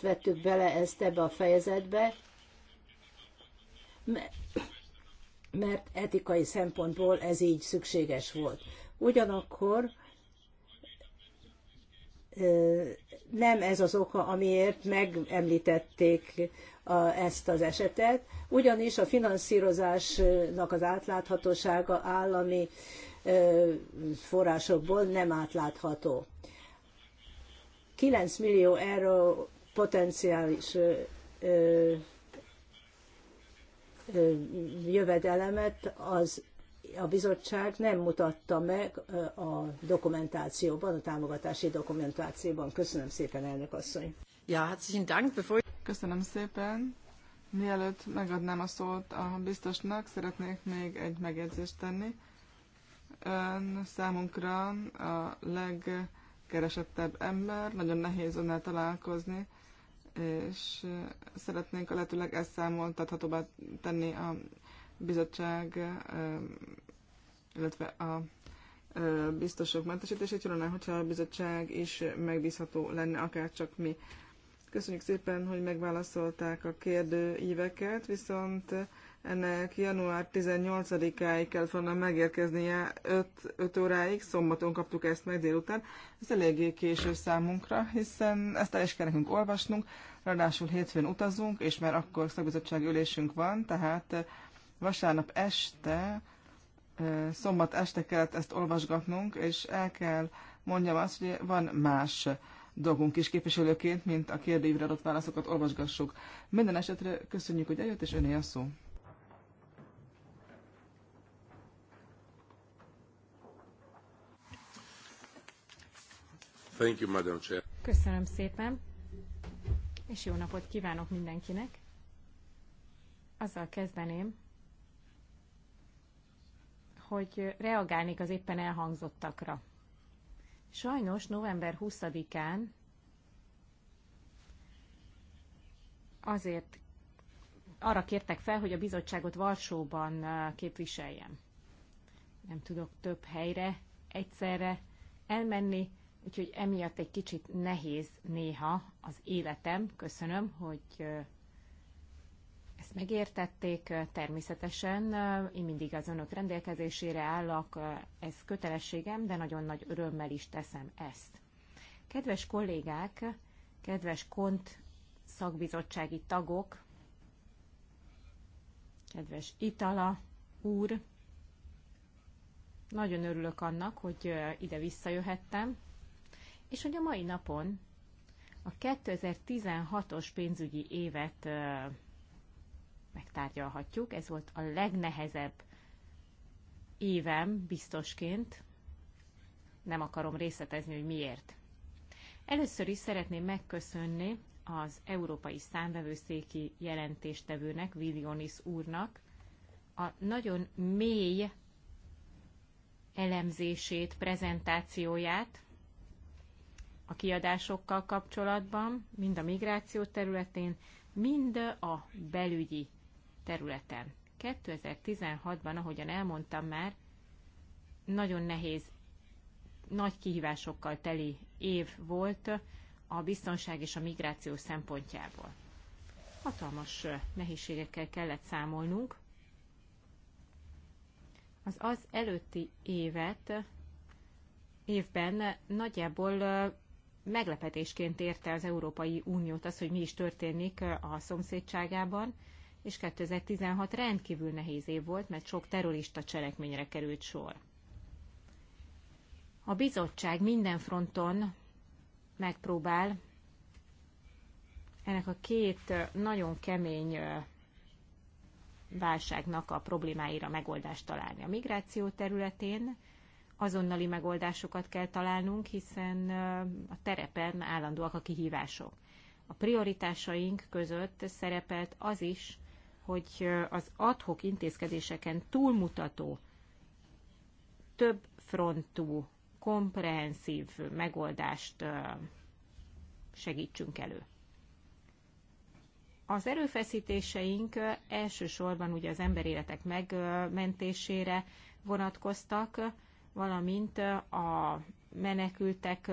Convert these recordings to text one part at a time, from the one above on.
vettük bele ezt ebbe a fejezetbe, mert etikai szempontból ez így szükséges volt. Ugyanakkor nem ez az oka, amiért megemlítették ezt az esetet, ugyanis a finanszírozásnak az átláthatósága állami forrásokból nem átlátható. 9 millió euró potenciális jövedelemet az a bizottság nem mutatta meg a dokumentációban, a támogatási dokumentációban. Köszönöm szépen, elnök asszony. Ja, herzlichen Dank. Bevor... Köszönöm szépen. Mielőtt megadnám a szót a biztosnak, szeretnék még egy megjegyzést tenni. Ön számunkra a legkeresettebb ember, nagyon nehéz önnel találkozni, és szeretnénk a lehetőleg elszámoltathatóbbá tenni a bizottság, illetve a biztosok mentesítését. Jó lenne, hogyha a bizottság is megbízható lenne, akár csak mi. Köszönjük szépen, hogy megválaszolták a kérdőíveket, viszont ennek január 18-áig kellett volna megérkeznie 5, 5 óráig, szombaton kaptuk ezt meg délután. Ez eléggé késő számunkra, hiszen ezt el is kell nekünk olvasnunk, ráadásul hétfőn utazunk, és már akkor szakbizottság ülésünk van, tehát eh, vasárnap este, eh, szombat este kellett ezt olvasgatnunk, és el kell mondjam azt, hogy van más dolgunk is képviselőként, mint a kérdőívre adott válaszokat olvasgassuk. Minden esetre köszönjük, hogy eljött, és öné a szó. Thank you, Madam Chair. Köszönöm szépen, és jó napot kívánok mindenkinek. Azzal kezdeném, hogy reagálnék az éppen elhangzottakra. Sajnos november 20-án azért arra kértek fel, hogy a bizottságot Varsóban uh, képviseljem. Nem tudok több helyre egyszerre elmenni, Úgyhogy emiatt egy kicsit nehéz néha az életem. Köszönöm, hogy ezt megértették. Természetesen én mindig az önök rendelkezésére állok, ez kötelességem, de nagyon nagy örömmel is teszem ezt. Kedves kollégák, kedves kont szakbizottsági tagok, kedves Itala úr, nagyon örülök annak, hogy ide visszajöhettem, és hogy a mai napon a 2016-os pénzügyi évet megtárgyalhatjuk. Ez volt a legnehezebb évem biztosként. Nem akarom részletezni, hogy miért. Először is szeretném megköszönni az Európai Számvevőszéki jelentéstevőnek, Vilionis úrnak, a nagyon mély elemzését, prezentációját, a kiadásokkal kapcsolatban, mind a migráció területén, mind a belügyi területen. 2016-ban, ahogyan elmondtam már, nagyon nehéz, nagy kihívásokkal teli év volt a biztonság és a migráció szempontjából. Hatalmas nehézségekkel kellett számolnunk. Az az előtti évet évben nagyjából meglepetésként érte az Európai Uniót az, hogy mi is történik a szomszédságában, és 2016 rendkívül nehéz év volt, mert sok terrorista cselekményre került sor. A bizottság minden fronton megpróbál ennek a két nagyon kemény válságnak a problémáira megoldást találni. A migráció területén azonnali megoldásokat kell találnunk, hiszen a terepen állandóak a kihívások. A prioritásaink között szerepelt az is, hogy az adhok intézkedéseken túlmutató, több frontú, komprehenszív megoldást segítsünk elő. Az erőfeszítéseink elsősorban ugye az emberéletek megmentésére vonatkoztak, valamint a menekültek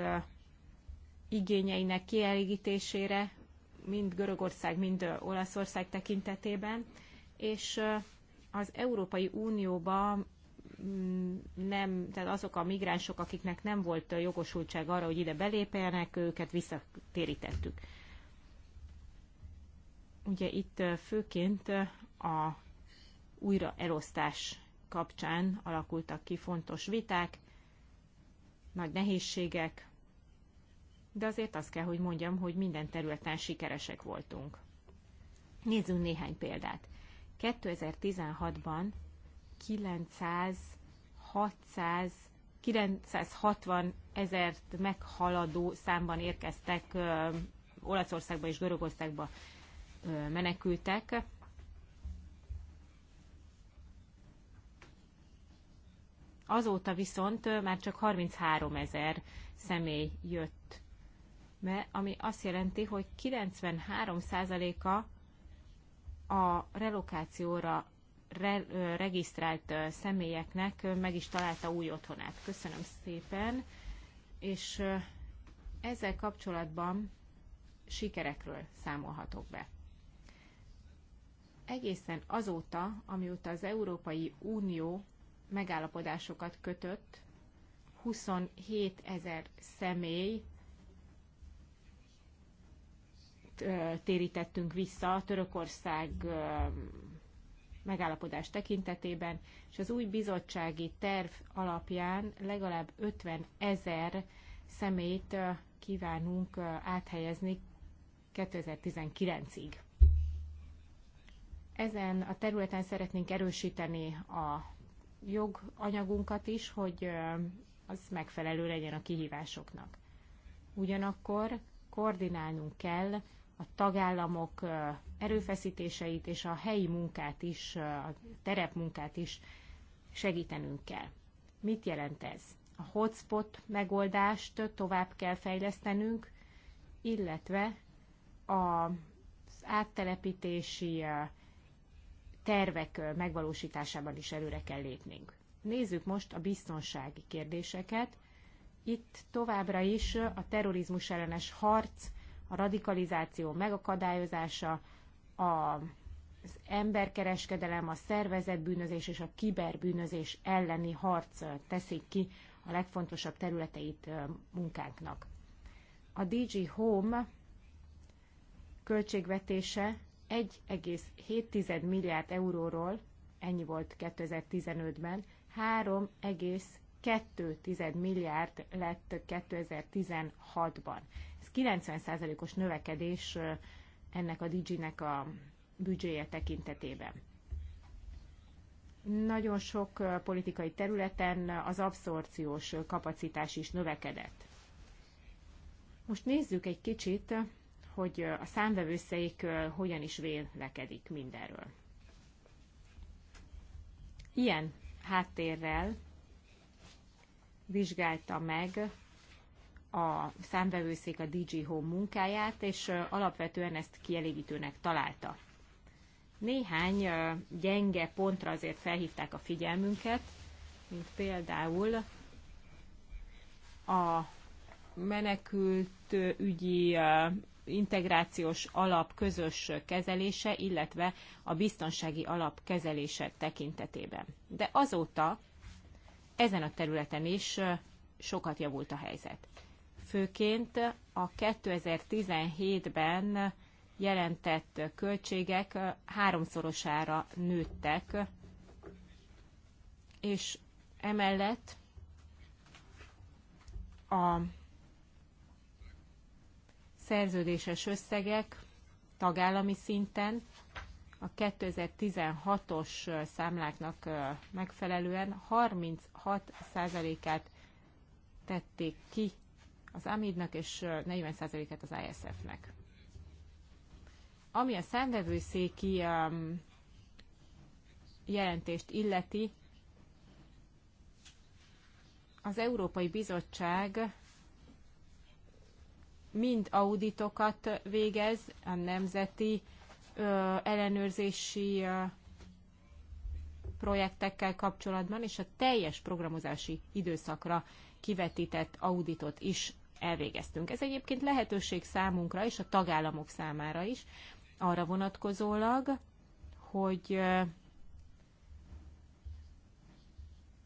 igényeinek kielégítésére, mind Görögország, mind Olaszország tekintetében, és az Európai Unióba mm, nem, tehát azok a migránsok, akiknek nem volt jogosultság arra, hogy ide belépjenek, őket visszatérítettük. Ugye itt főként a újraelosztás kapcsán alakultak ki fontos viták, nagy nehézségek, de azért azt kell, hogy mondjam, hogy minden területen sikeresek voltunk. Nézzünk néhány példát. 2016-ban 900 600 960 ezert meghaladó számban érkeztek Olaszországba és Görögországba menekültek, Azóta viszont már csak 33 ezer személy jött be, ami azt jelenti, hogy 93%-a a relokációra re, regisztrált személyeknek meg is találta új otthonát. Köszönöm szépen, és ezzel kapcsolatban sikerekről számolhatok be. Egészen azóta, amióta az Európai Unió megállapodásokat kötött 27 ezer személy térítettünk vissza a Törökország megállapodás tekintetében, és az új bizottsági terv alapján legalább 50 ezer személyt kívánunk áthelyezni 2019-ig. Ezen a területen szeretnénk erősíteni a joganyagunkat is, hogy az megfelelő legyen a kihívásoknak. Ugyanakkor koordinálnunk kell a tagállamok erőfeszítéseit és a helyi munkát is, a terepmunkát is segítenünk kell. Mit jelent ez? A hotspot megoldást tovább kell fejlesztenünk, illetve az áttelepítési tervek megvalósításában is előre kell lépnünk. Nézzük most a biztonsági kérdéseket. Itt továbbra is a terrorizmus ellenes harc, a radikalizáció megakadályozása, a az emberkereskedelem, a szervezett bűnözés és a kiberbűnözés elleni harc teszik ki a legfontosabb területeit munkánknak. A DG Home költségvetése 1,7 milliárd euróról, ennyi volt 2015-ben, 3,2 milliárd lett 2016-ban. Ez 90%-os növekedés ennek a DG-nek a büdzséje tekintetében. Nagyon sok politikai területen az abszorciós kapacitás is növekedett. Most nézzük egy kicsit hogy a számvevőszék hogyan is vélekedik mindenről. Ilyen háttérrel vizsgálta meg a számvevőszék a DG Home munkáját, és alapvetően ezt kielégítőnek találta. Néhány gyenge pontra azért felhívták a figyelmünket, mint például a menekült ügyi integrációs alap közös kezelése, illetve a biztonsági alap kezelése tekintetében. De azóta ezen a területen is sokat javult a helyzet. Főként a 2017-ben jelentett költségek háromszorosára nőttek, és emellett a szerződéses összegek tagállami szinten a 2016-os számláknak megfelelően 36%-át tették ki az AMID-nak és 40%-át az ISF-nek. Ami a számvevőszéki jelentést illeti, az Európai Bizottság mind auditokat végez a nemzeti ö, ellenőrzési ö, projektekkel kapcsolatban, és a teljes programozási időszakra kivetített auditot is elvégeztünk. Ez egyébként lehetőség számunkra és a tagállamok számára is, arra vonatkozólag, hogy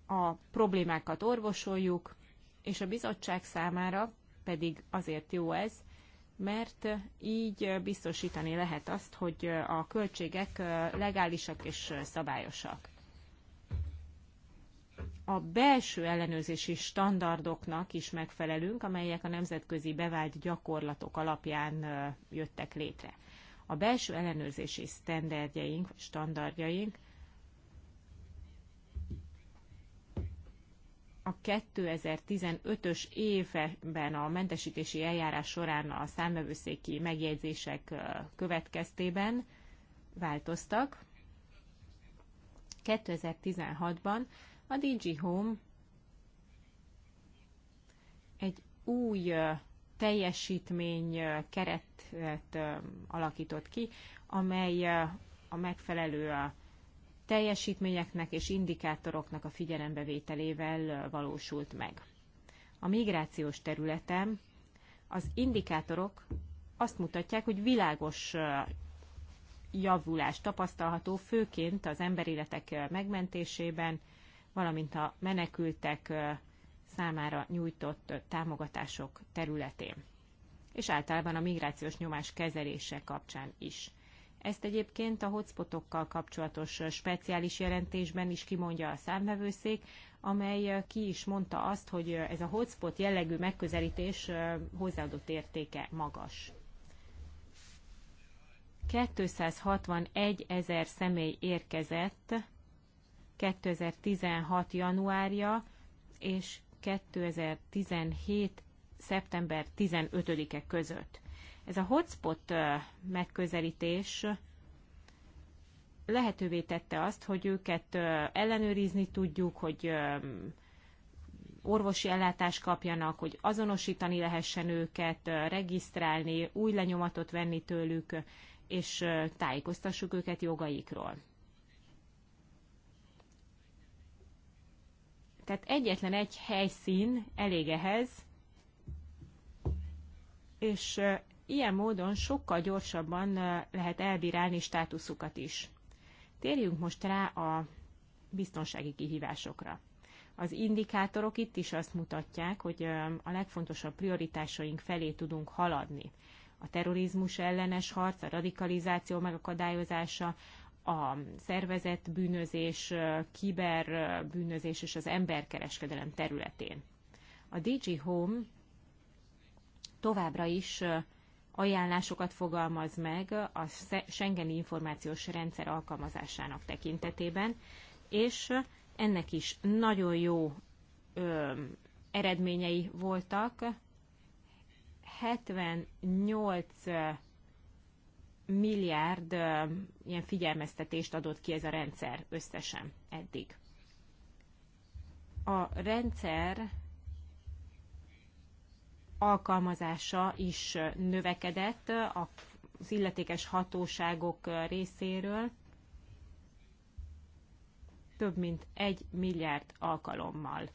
a problémákat orvosoljuk, és a bizottság számára pedig azért jó ez, mert így biztosítani lehet azt, hogy a költségek legálisak és szabályosak. A belső ellenőrzési standardoknak is megfelelünk, amelyek a nemzetközi bevált gyakorlatok alapján jöttek létre. A belső ellenőrzési standardjaink, standardjaink a 2015-ös évben a mentesítési eljárás során a számvevőszéki megjegyzések következtében változtak. 2016-ban a DG Home egy új teljesítmény keretet alakított ki, amely a megfelelő teljesítményeknek és indikátoroknak a figyelembevételével valósult meg. A migrációs területen az indikátorok azt mutatják, hogy világos javulás tapasztalható, főként az emberéletek megmentésében, valamint a menekültek számára nyújtott támogatások területén, és általában a migrációs nyomás kezelése kapcsán is. Ezt egyébként a hotspotokkal kapcsolatos speciális jelentésben is kimondja a számvevőszék, amely ki is mondta azt, hogy ez a hotspot jellegű megközelítés hozzáadott értéke magas. 261 ezer személy érkezett 2016. januárja és 2017. szeptember 15-e között. Ez a hotspot megközelítés lehetővé tette azt, hogy őket ellenőrizni tudjuk, hogy orvosi ellátást kapjanak, hogy azonosítani lehessen őket, regisztrálni, új lenyomatot venni tőlük, és tájékoztassuk őket jogaikról. Tehát egyetlen egy helyszín elég ehhez, és Ilyen módon sokkal gyorsabban lehet elbírálni státuszukat is. Térjünk most rá a biztonsági kihívásokra. Az indikátorok itt is azt mutatják, hogy a legfontosabb prioritásaink felé tudunk haladni. A terrorizmus ellenes harc, a radikalizáció megakadályozása, a szervezet bűnözés, bűnözés és az emberkereskedelem területén. A DG Home továbbra is ajánlásokat fogalmaz meg a Schengeni információs rendszer alkalmazásának tekintetében, és ennek is nagyon jó ö, eredményei voltak. 78 milliárd ö, ilyen figyelmeztetést adott ki ez a rendszer összesen eddig. A rendszer alkalmazása is növekedett az illetékes hatóságok részéről több mint egy milliárd alkalommal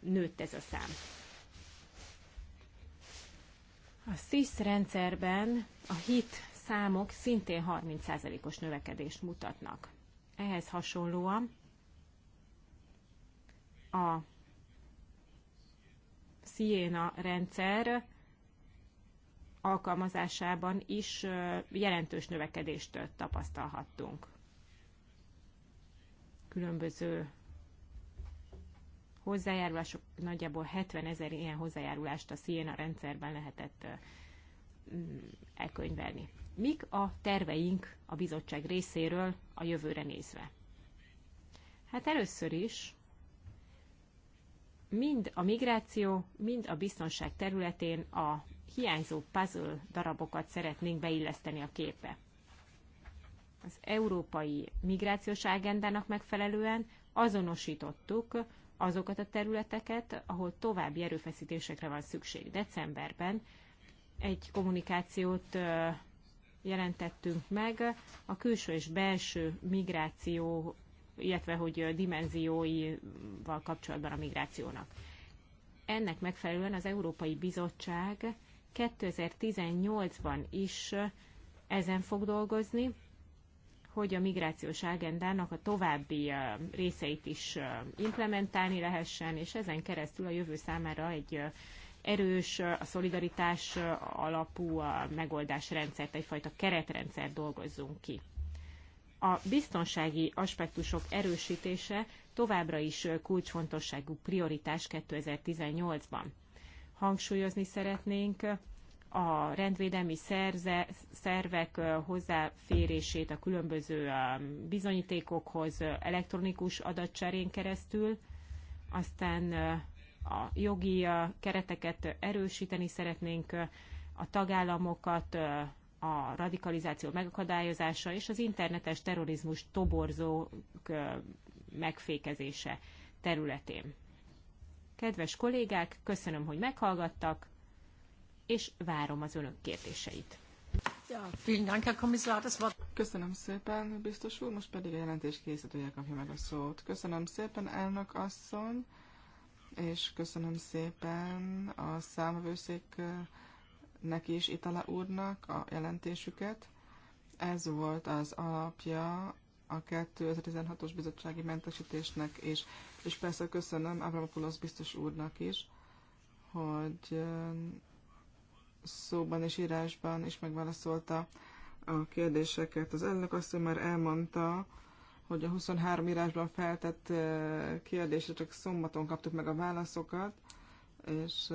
nőtt ez a szám. A SIS rendszerben a hit számok szintén 30%-os növekedést mutatnak. Ehhez hasonlóan a Siena rendszer alkalmazásában is jelentős növekedést tapasztalhattunk. Különböző hozzájárulások, nagyjából 70 ezer ilyen hozzájárulást a Siena rendszerben lehetett mm, elkönyvelni. Mik a terveink a bizottság részéről a jövőre nézve? Hát először is mind a migráció, mind a biztonság területén a hiányzó puzzle darabokat szeretnénk beilleszteni a képbe. Az európai migrációs agendának megfelelően azonosítottuk azokat a területeket, ahol további erőfeszítésekre van szükség. Decemberben egy kommunikációt jelentettünk meg a külső és belső migráció illetve hogy dimenzióival kapcsolatban a migrációnak. Ennek megfelelően az Európai Bizottság 2018-ban is ezen fog dolgozni, hogy a migrációs agendának a további részeit is implementálni lehessen, és ezen keresztül a jövő számára egy erős, a szolidaritás alapú megoldásrendszert, egyfajta keretrendszer dolgozzunk ki a biztonsági aspektusok erősítése továbbra is kulcsfontosságú prioritás 2018-ban. Hangsúlyozni szeretnénk a rendvédelmi szerze, szervek hozzáférését a különböző bizonyítékokhoz elektronikus adatcserén keresztül, aztán a jogi kereteket erősíteni szeretnénk, a tagállamokat a radikalizáció megakadályozása és az internetes terrorizmus toborzók megfékezése területén. Kedves kollégák, köszönöm, hogy meghallgattak, és várom az önök kérdéseit. Köszönöm szépen, biztos úr, most pedig a jelentés készítője kapja meg a szót. Köszönöm szépen, elnök asszony, és köszönöm szépen a számvőszék neki is, Itala úrnak a jelentésüket. Ez volt az alapja a 2016-os bizottsági mentesítésnek, és, és persze köszönöm Avramopoulos biztos úrnak is, hogy szóban és írásban is megválaszolta a kérdéseket. Az elnök azt már elmondta, hogy a 23 írásban feltett kérdésre csak szombaton kaptuk meg a válaszokat, és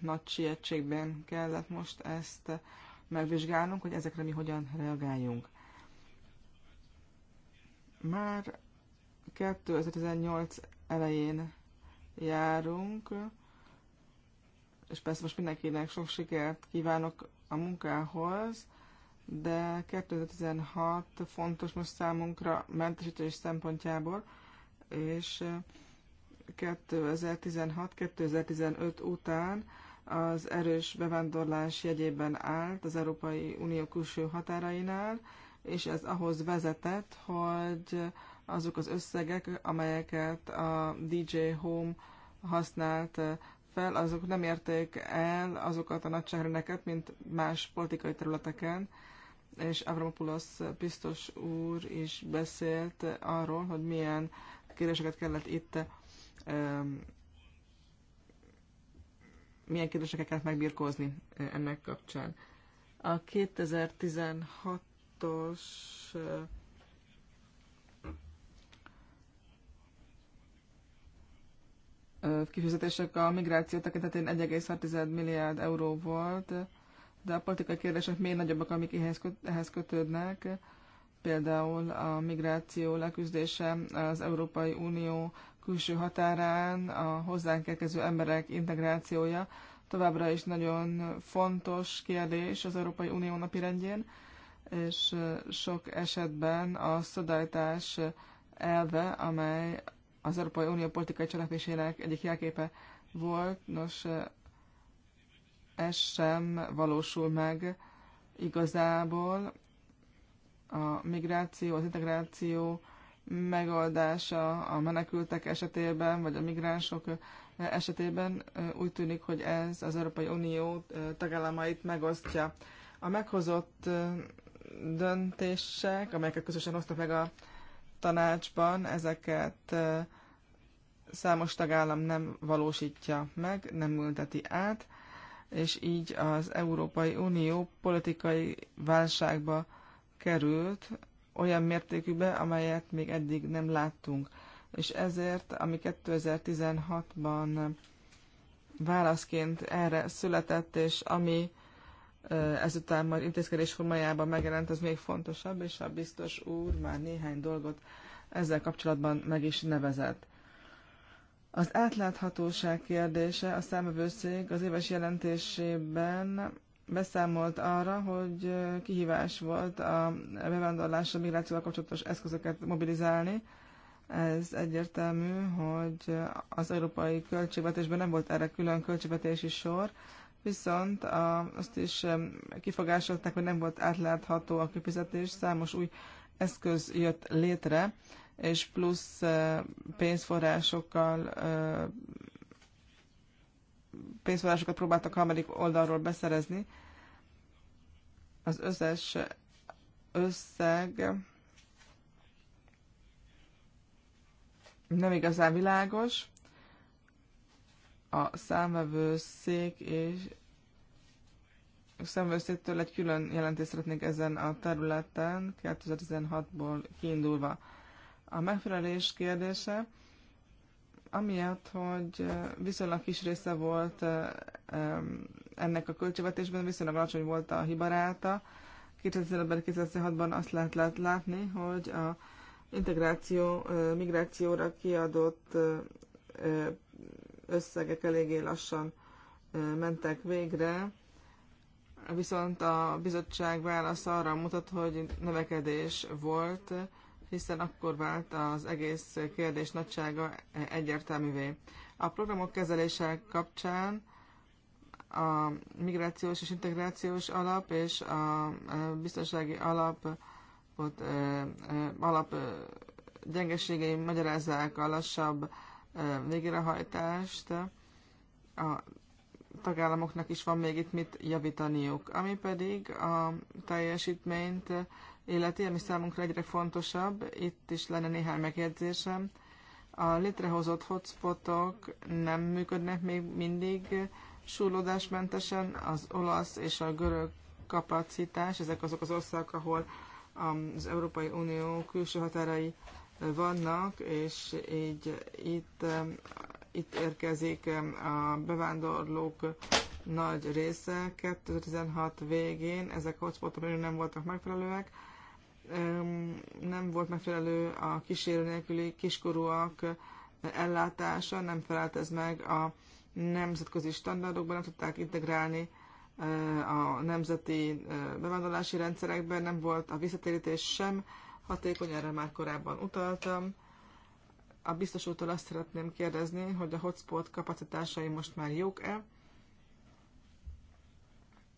nagy sietségben kellett most ezt megvizsgálnunk, hogy ezekre mi hogyan reagáljunk. Már 2018 elején járunk, és persze most mindenkinek sok sikert kívánok a munkához, de 2016 fontos most számunkra mentesítés szempontjából, és 2016-2015 után az erős bevándorlás jegyében állt az Európai Unió külső határainál, és ez ahhoz vezetett, hogy azok az összegek, amelyeket a DJ Home használt fel, azok nem érték el azokat a nagyságrendeket, mint más politikai területeken, és Avramopoulos biztos úr is beszélt arról, hogy milyen kérdéseket kellett itt milyen kérdéseket kellett megbirkózni ennek kapcsán. A 2016-os kifizetések a migráció tekintetén 1,6 milliárd euró volt, de a politikai kérdések még nagyobbak, amik ehhez kötődnek, például a migráció leküzdése az Európai Unió külső határán a hozzánk érkező emberek integrációja továbbra is nagyon fontos kérdés az Európai Unió napirendjén, és sok esetben a szodajtás elve, amely az Európai Unió politikai cselekvésének egyik jelképe volt, nos, ez sem valósul meg igazából. A migráció, az integráció megoldása a menekültek esetében, vagy a migránsok esetében. Úgy tűnik, hogy ez az Európai Unió tagállamait megosztja. A meghozott döntések, amelyeket közösen osztott meg a tanácsban, ezeket számos tagállam nem valósítja meg, nem ülteti át, és így az Európai Unió politikai válságba került, olyan mértékűbe, amelyet még eddig nem láttunk. És ezért, ami 2016-ban válaszként erre született, és ami ezután majd intézkedés formájában megjelent, az még fontosabb, és a biztos úr már néhány dolgot ezzel kapcsolatban meg is nevezett. Az átláthatóság kérdése a számövőszék az éves jelentésében beszámolt arra, hogy kihívás volt a bevándorlással, migrációval kapcsolatos eszközöket mobilizálni. Ez egyértelmű, hogy az európai költségvetésben nem volt erre külön költségvetési sor, viszont azt is kifogásolták, hogy nem volt átlátható a kifizetés, számos új eszköz jött létre, és plusz pénzforrásokkal pénzforrásokat próbáltak harmadik oldalról beszerezni. Az összes összeg nem igazán világos. A számvevőszék és a számvevőszéktől egy külön jelentést szeretnék ezen a területen 2016-ból kiindulva. A megfelelés kérdése amiatt, hogy viszonylag kis része volt ennek a költségvetésben, viszonylag alacsony volt a hibaráta. 2005-ben, 2006-ban azt lehet, lehet látni, hogy a integráció, migrációra kiadott összegek eléggé lassan mentek végre, viszont a bizottság válasz arra mutat, hogy növekedés volt, hiszen akkor vált az egész kérdés nagysága egyértelművé. A programok kezelése kapcsán a migrációs és integrációs alap és a biztonsági alap ott, ö, ö, alap ö, gyengeségei magyarázzák a lassabb ö, végrehajtást. A tagállamoknak is van még itt mit javítaniuk. Ami pedig a teljesítményt életi, ami számunkra egyre fontosabb. Itt is lenne néhány megjegyzésem. A létrehozott hotspotok nem működnek még mindig súlódásmentesen. Az olasz és a görög kapacitás, ezek azok az országok, ahol az Európai Unió külső határai vannak, és így itt, itt érkezik a bevándorlók nagy része. 2016 végén ezek a hotspotok nem voltak megfelelőek, nem volt megfelelő a kísérő nélküli kiskorúak ellátása, nem felelt ez meg a nemzetközi standardokban, nem tudták integrálni e, a nemzeti e, bevándorlási rendszerekben, nem volt a visszatérítés sem hatékony, erre már korábban utaltam. A biztos úrtól azt szeretném kérdezni, hogy a hotspot kapacitásai most már jók-e,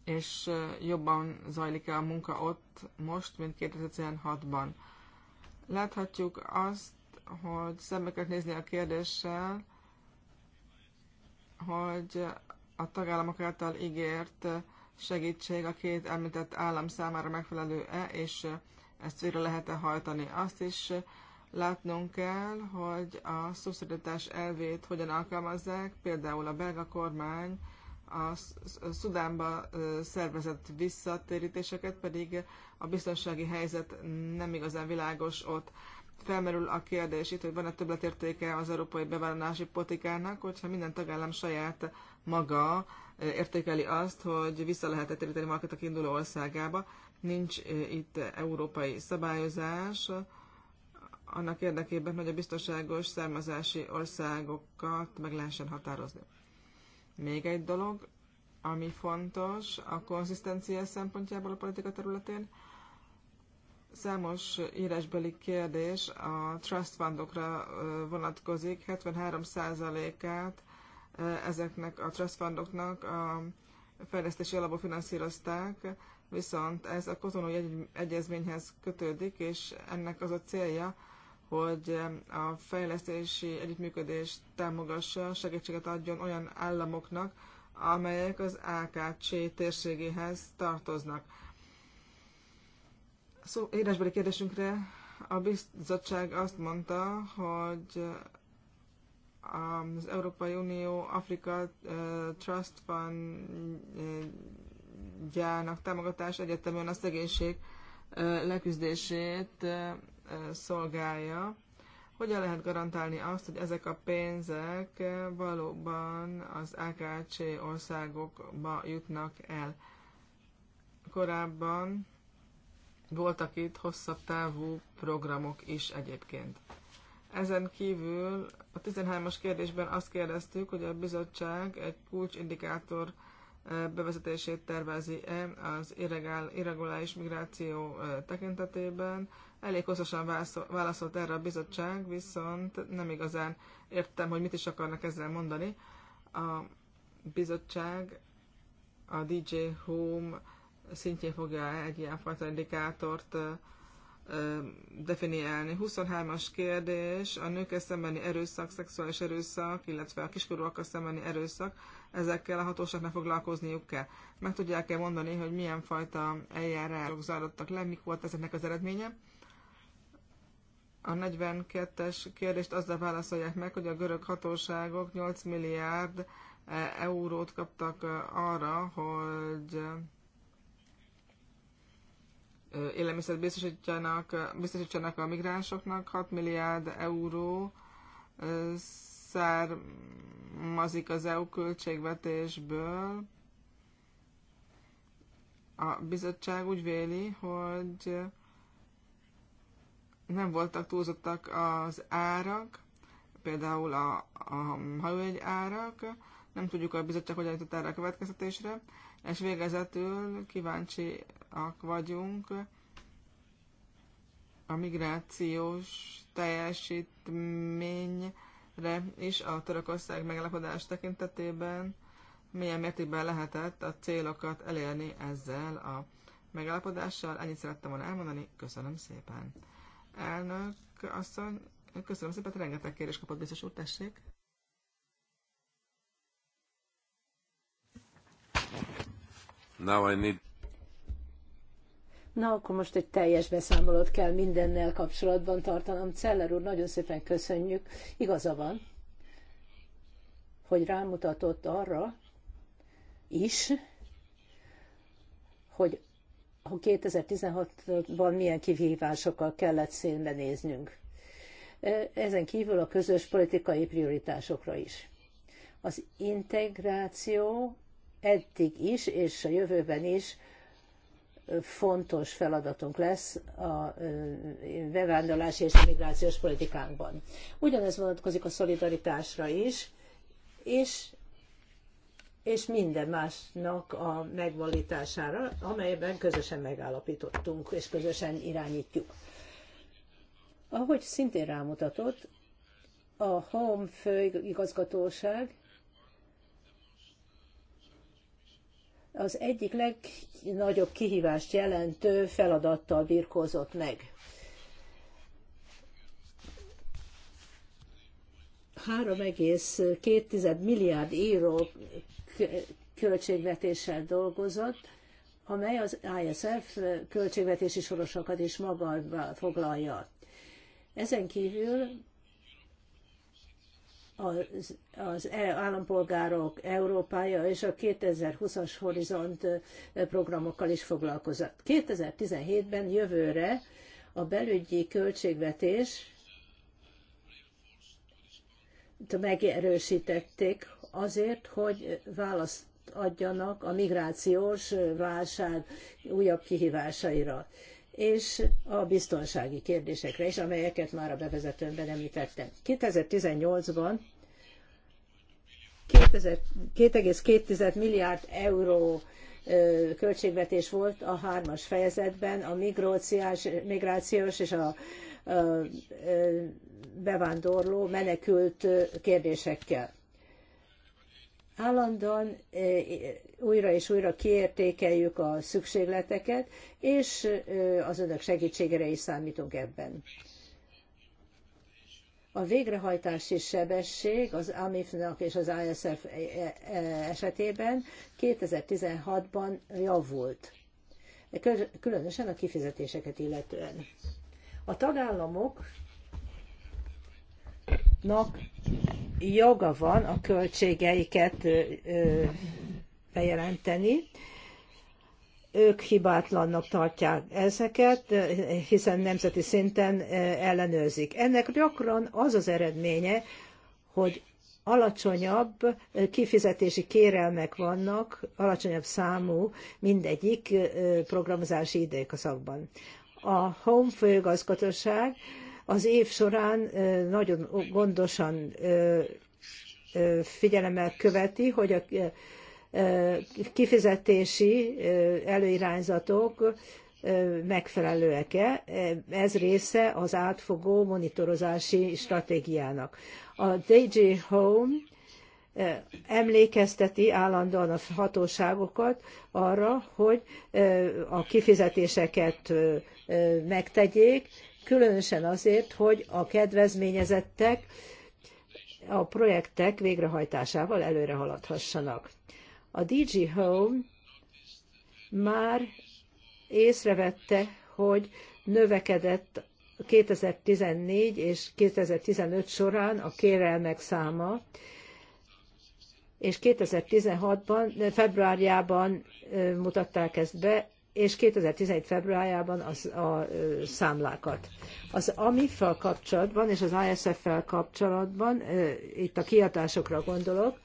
és jobban zajlik el a munka ott most, mint 2016-ban. Láthatjuk azt, hogy szembe kell nézni a kérdéssel, hogy a tagállamok által ígért segítség a két említett állam számára megfelelő-e, és ezt végre lehet-e hajtani. Azt is látnunk kell, hogy a szubszidiaritás elvét hogyan alkalmazzák, például a belga kormány a Szudánba szervezett visszatérítéseket, pedig a biztonsági helyzet nem igazán világos ott. Felmerül a kérdés itt, hogy van-e többletértéke az európai bevállalási politikának, hogyha minden tagállam saját maga értékeli azt, hogy vissza lehet -e téríteni valakit a kiinduló országába. Nincs itt európai szabályozás annak érdekében, hogy a biztonságos származási országokat meg lehessen határozni. Még egy dolog, ami fontos a konzisztencia szempontjából a politika területén, számos írásbeli kérdés a trust fundokra vonatkozik, 73%-át ezeknek a trust fundoknak a fejlesztési alapból finanszírozták, viszont ez a kotonói egyezményhez kötődik, és ennek az a célja, hogy a fejlesztési együttműködést támogassa, segítséget adjon olyan államoknak, amelyek az AKC térségéhez tartoznak. Szó, írásbeli kérdésünkre a bizottság azt mondta, hogy az Európai Unió Afrika Trust Fundjának támogatás egyetemben a szegénység leküzdését szolgálja. Hogyan lehet garantálni azt, hogy ezek a pénzek valóban az AKC országokba jutnak el? Korábban voltak itt hosszabb távú programok is egyébként. Ezen kívül a 13-as kérdésben azt kérdeztük, hogy a bizottság egy kulcsindikátor bevezetését tervezi-e az irreguláris migráció tekintetében, Elég hosszasan válaszolt erre a bizottság, viszont nem igazán értem, hogy mit is akarnak ezzel mondani. A bizottság a DJ Home szintjén fogja egy ilyen fajta indikátort definiálni. 23-as kérdés, a nők szembeni erőszak, szexuális erőszak, illetve a kiskorúak szembeni erőszak, ezekkel a hatóságnak foglalkozniuk kell. Meg tudják-e mondani, hogy milyen fajta eljárások zajlottak le, mik volt ezeknek az eredménye? A 42-es kérdést azzal válaszolják meg, hogy a görög hatóságok 8 milliárd eh, eurót kaptak eh, arra, hogy eh, élelmiszert biztosítsanak, biztosítsanak a migránsoknak, 6 milliárd euró származik az EU költségvetésből. A bizottság úgy véli, hogy nem voltak túlzottak az árak, például a, a hajóegy árak, nem tudjuk a bizottság hogyan jutott erre a következtetésre, és végezetül kíváncsiak vagyunk a migrációs teljesítményre is a Törökország megállapodás tekintetében, milyen mértékben lehetett a célokat elérni ezzel a megállapodással. Ennyit szerettem volna elmondani, köszönöm szépen! Elnök asszony, köszönöm szépen, rengeteg kérés kapott biztos úr, tessék. Now I need... Na, akkor most egy teljes beszámolót kell mindennel kapcsolatban tartanom. Celler úr, nagyon szépen köszönjük. Igaza van, hogy rámutatott arra is, hogy 2016-ban milyen kihívásokkal kellett szénbenéznünk. E, ezen kívül a közös politikai prioritásokra is. Az integráció eddig is, és a jövőben is fontos feladatunk lesz a e, bevándorlási és migrációs politikánkban. Ugyanez vonatkozik a szolidaritásra is, és és minden másnak a megvalítására, amelyben közösen megállapítottunk és közösen irányítjuk. Ahogy szintén rámutatott, a HOM főigazgatóság az egyik legnagyobb kihívást jelentő feladattal birkózott meg. Három egész 3,2 milliárd euró költségvetéssel dolgozott, amely az ISF költségvetési sorosokat is magába foglalja. Ezen kívül az, az e állampolgárok Európája és a 2020-as horizont programokkal is foglalkozott. 2017-ben jövőre a belügyi költségvetés megerősítették, azért, hogy választ adjanak a migrációs válság újabb kihívásaira és a biztonsági kérdésekre is, amelyeket már a bevezetőmben említettem. 2018-ban 2,2 milliárd euró költségvetés volt a hármas fejezetben a migrációs, migrációs és a, a, a bevándorló menekült kérdésekkel. Állandóan e, e, újra és újra kiértékeljük a szükségleteket, és e, az önök segítségére is számítunk ebben. A végrehajtási sebesség az AMIF-nak és az ISF esetében 2016-ban javult, különösen a kifizetéseket illetően. A tagállamok tagállamoknak joga van a költségeiket bejelenteni. Ők hibátlannak tartják ezeket, hiszen nemzeti szinten ellenőrzik. Ennek gyakran az az eredménye, hogy alacsonyabb kifizetési kérelmek vannak, alacsonyabb számú mindegyik programozási időszakban. A Home főgazgatóság az év során nagyon gondosan figyelemmel követi, hogy a kifizetési előirányzatok megfelelőek-e. Ez része az átfogó monitorozási stratégiának. A DG Home emlékezteti állandóan a hatóságokat arra, hogy a kifizetéseket megtegyék, különösen azért, hogy a kedvezményezettek a projektek végrehajtásával előre haladhassanak. A DG Home már észrevette, hogy növekedett 2014 és 2015 során a kérelmek száma, és 2016-ban, februárjában mutatták ezt be, és 2017. februárjában az, a számlákat. Az AMIF-fel kapcsolatban és az ISF-fel kapcsolatban, itt a kiadásokra gondolok,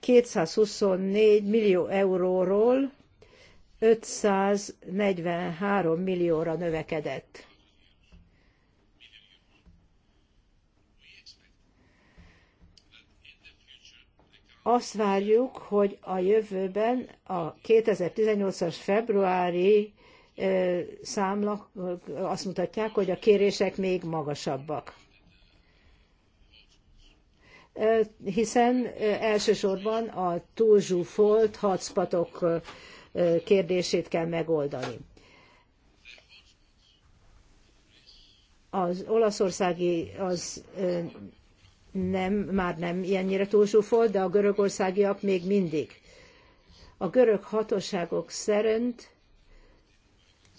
224 millió euróról 543 millióra növekedett. azt várjuk, hogy a jövőben a 2018-as februári számla azt mutatják, hogy a kérések még magasabbak. Hiszen elsősorban a túlzsúfolt hotspotok kérdését kell megoldani. Az olaszországi az nem, már nem ilyennyire túlzsúfolt, de a görögországiak még mindig. A görög hatóságok szerint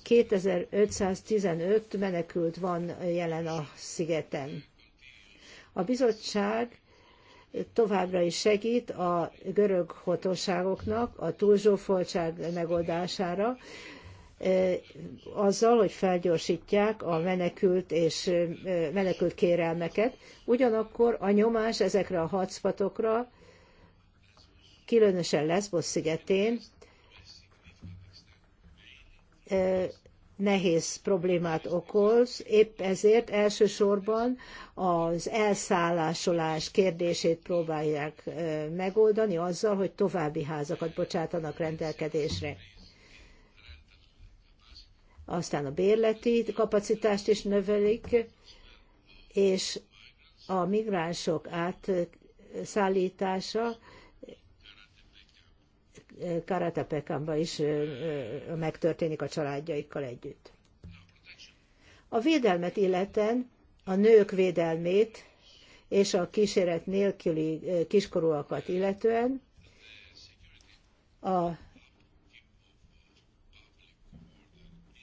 2515 menekült van jelen a szigeten. A bizottság továbbra is segít a görög hatóságoknak a túlzsófoltság megoldására, azzal, hogy felgyorsítják a menekült és menekült kérelmeket. Ugyanakkor a nyomás ezekre a hotspotokra, különösen Lesbos szigetén, nehéz problémát okoz, épp ezért elsősorban az elszállásolás kérdését próbálják megoldani azzal, hogy további házakat bocsátanak rendelkedésre aztán a bérleti kapacitást is növelik, és a migránsok átszállítása Karatepekanban is megtörténik a családjaikkal együtt. A védelmet illeten, a nők védelmét és a kíséret nélküli kiskorúakat illetően a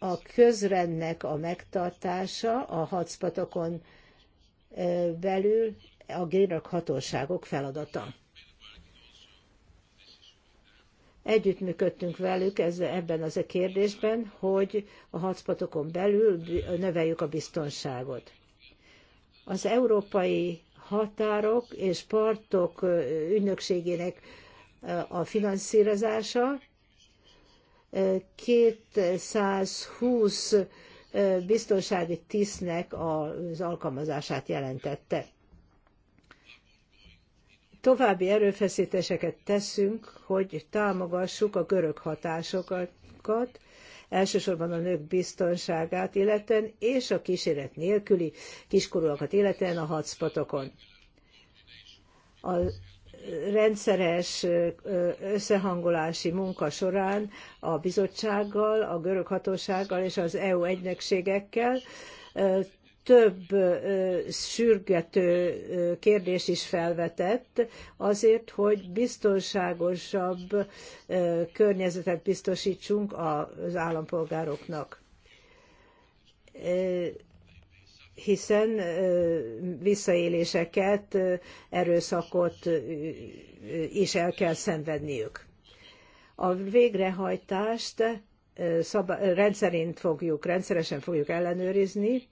a közrendnek a megtartása a hadszpatokon belül a grénak hatóságok feladata. Együttműködtünk velük ez, ebben az a kérdésben, hogy a hadszpatokon belül növeljük a biztonságot. Az európai határok és partok ügynökségének a finanszírozása 220 biztonsági tisztnek az alkalmazását jelentette. További erőfeszítéseket teszünk, hogy támogassuk a görög hatásokat, elsősorban a nők biztonságát illetően, és a kíséret nélküli kiskorúakat illetően a hotspotokon. A rendszeres összehangolási munka során a bizottsággal, a görög hatósággal és az EU egynökségekkel több sürgető kérdés is felvetett azért, hogy biztonságosabb környezetet biztosítsunk az állampolgároknak hiszen visszaéléseket, erőszakot is el kell szenvedniük. A végrehajtást szab- rendszerint fogjuk, rendszeresen fogjuk ellenőrizni,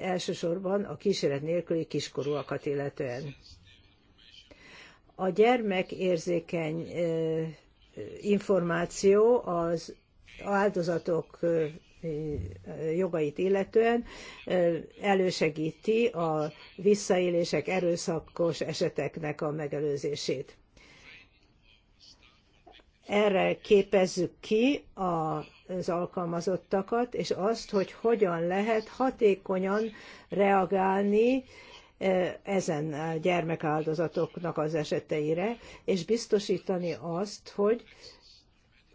elsősorban a kísérlet nélküli kiskorúakat illetően. A gyermekérzékeny információ az áldozatok jogait illetően elősegíti a visszaélések erőszakos eseteknek a megelőzését. Erre képezzük ki az alkalmazottakat, és azt, hogy hogyan lehet hatékonyan reagálni ezen gyermekáldozatoknak az eseteire, és biztosítani azt, hogy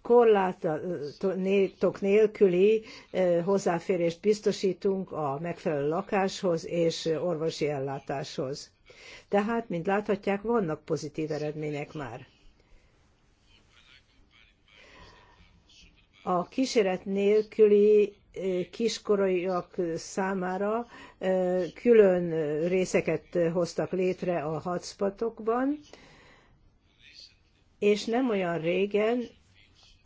korlátok nélküli hozzáférést biztosítunk a megfelelő lakáshoz és orvosi ellátáshoz. Tehát, mint láthatják, vannak pozitív eredmények már. A kíséret nélküli kiskorúak számára külön részeket hoztak létre a hotspotokban, és nem olyan régen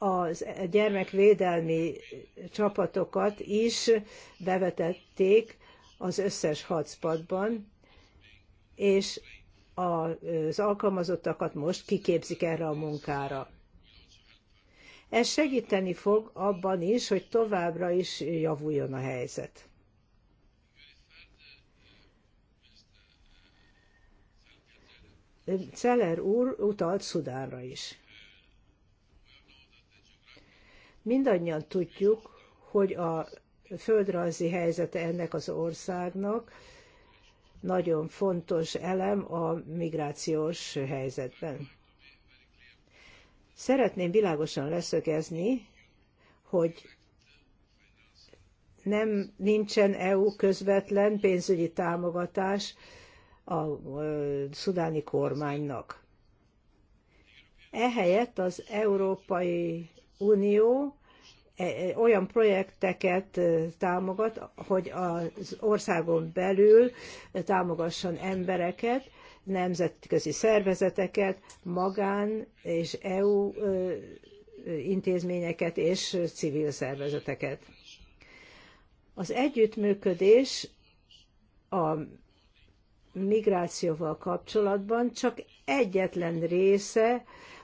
a gyermekvédelmi csapatokat is bevetették az összes hadspadban, és az alkalmazottakat most kiképzik erre a munkára. Ez segíteni fog abban is, hogy továbbra is javuljon a helyzet. Celer úr utalt Szudánra is. Mindannyian tudjuk, hogy a földrajzi helyzete ennek az országnak nagyon fontos elem a migrációs helyzetben. Szeretném világosan leszögezni, hogy nem nincsen EU közvetlen pénzügyi támogatás a szudáni kormánynak. Ehelyett az Európai Unió e, e, olyan projekteket e, támogat, hogy az országon belül támogasson embereket, nemzetközi szervezeteket, magán és EU intézményeket és civil szervezeteket. Az együttműködés a migrációval kapcsolatban csak egyetlen része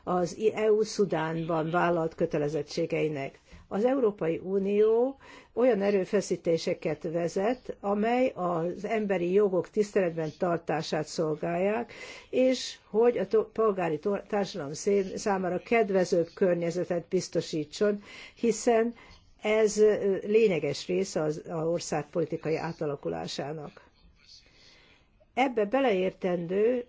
az EU-Szudánban vállalt kötelezettségeinek. Az Európai Unió olyan erőfeszítéseket vezet, amely az emberi jogok tiszteletben tartását szolgálják, és hogy a polgári társadalom számára kedvezőbb környezetet biztosítson, hiszen ez lényeges része az, az ország politikai átalakulásának. Ebbe beleértendő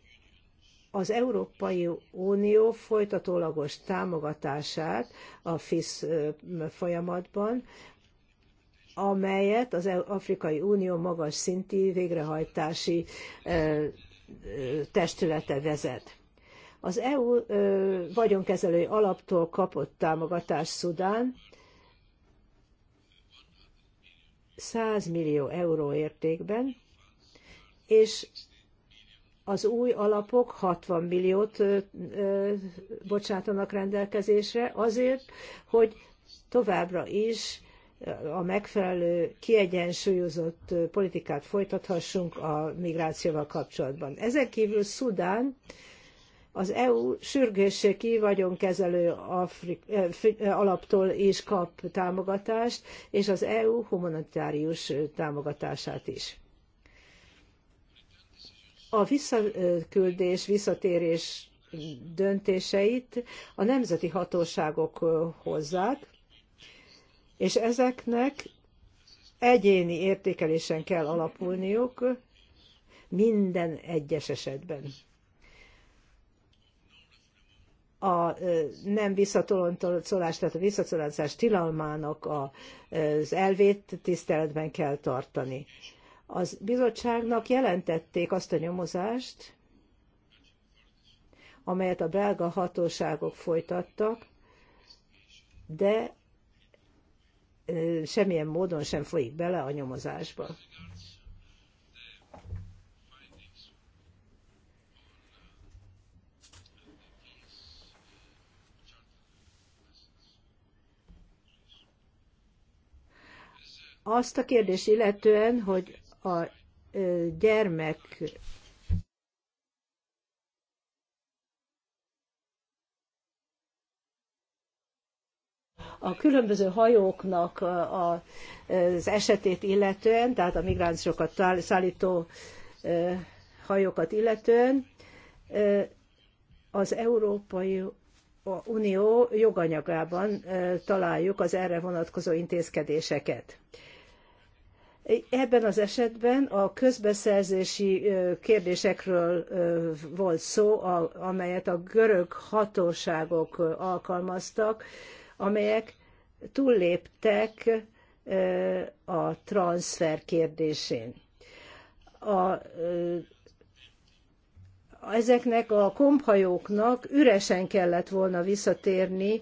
az Európai Unió folytatólagos támogatását a FISZ folyamatban, amelyet az e- Afrikai Unió magas szinti végrehajtási testülete vezet. Az EU vagyonkezelői alaptól kapott támogatást Szudán 100 millió euró értékben, és az új alapok 60 milliót bocsátanak rendelkezésre azért, hogy továbbra is a megfelelő, kiegyensúlyozott politikát folytathassunk a migrációval kapcsolatban. Ezen kívül Szudán az EU ki vagyonkezelő Afrik, alaptól is kap támogatást, és az EU humanitárius támogatását is a visszaküldés, visszatérés döntéseit a nemzeti hatóságok hozzák, és ezeknek egyéni értékelésen kell alapulniuk minden egyes esetben. A nem visszatolontolás, tehát a visszatoloncolás tilalmának az elvét tiszteletben kell tartani. Az bizottságnak jelentették azt a nyomozást, amelyet a belga hatóságok folytattak, de semmilyen módon sem folyik bele a nyomozásba. Azt a kérdést illetően, hogy a gyermek a különböző hajóknak az esetét illetően, tehát a migránsokat szállító hajókat illetően, az Európai Unió joganyagában találjuk az erre vonatkozó intézkedéseket. Ebben az esetben a közbeszerzési kérdésekről volt szó, amelyet a görög hatóságok alkalmaztak, amelyek túlléptek a transfer kérdésén. A, ezeknek a komphajóknak üresen kellett volna visszatérni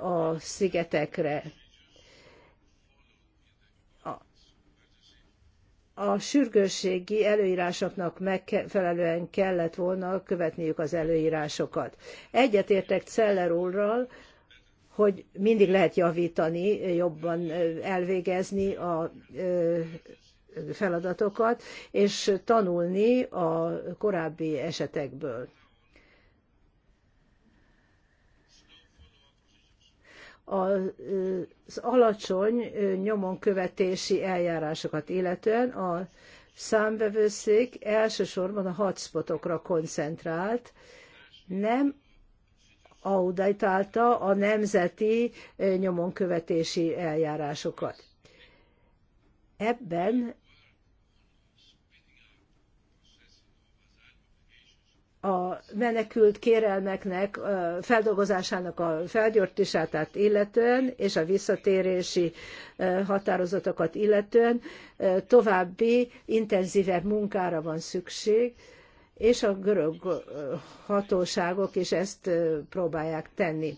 a szigetekre a sürgősségi előírásoknak megfelelően kellett volna követniük az előírásokat. Egyetértek Celler úrral, hogy mindig lehet javítani, jobban elvégezni a feladatokat, és tanulni a korábbi esetekből. az alacsony nyomon követési eljárásokat illetően a számvevőszék elsősorban a hotspotokra koncentrált, nem auditálta a nemzeti nyomonkövetési eljárásokat. Ebben a menekült kérelmeknek feldolgozásának a felgyorsítását illetően és a visszatérési határozatokat illetően további intenzívebb munkára van szükség, és a görög hatóságok is ezt próbálják tenni.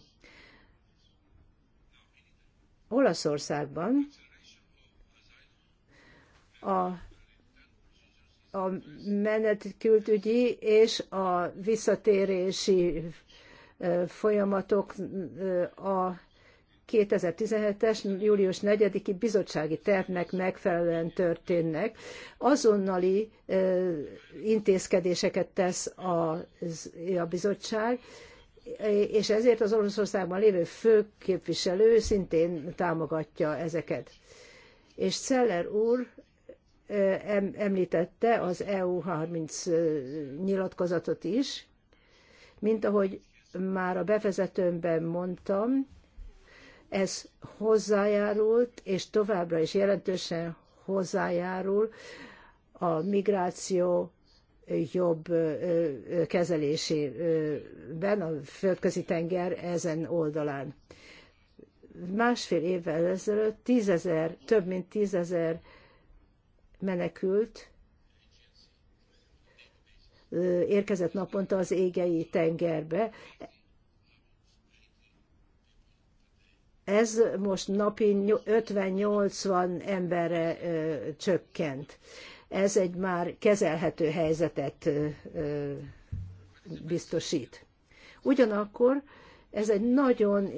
Olaszországban a a menetkültügyi és a visszatérési folyamatok a 2017-es július 4-i bizottsági tervnek megfelelően történnek. Azonnali intézkedéseket tesz a, a bizottság, és ezért az Oroszországban lévő főképviselő szintén támogatja ezeket. És Szeller úr említette az EU30 nyilatkozatot is, mint ahogy már a bevezetőmben mondtam, ez hozzájárult, és továbbra is jelentősen hozzájárul a migráció jobb kezelésében a földközi tenger ezen oldalán. Másfél évvel ezelőtt tízezer, több mint tízezer menekült érkezett naponta az égei tengerbe. Ez most napi 50-80 emberre csökkent. Ez egy már kezelhető helyzetet biztosít. Ugyanakkor ez egy nagyon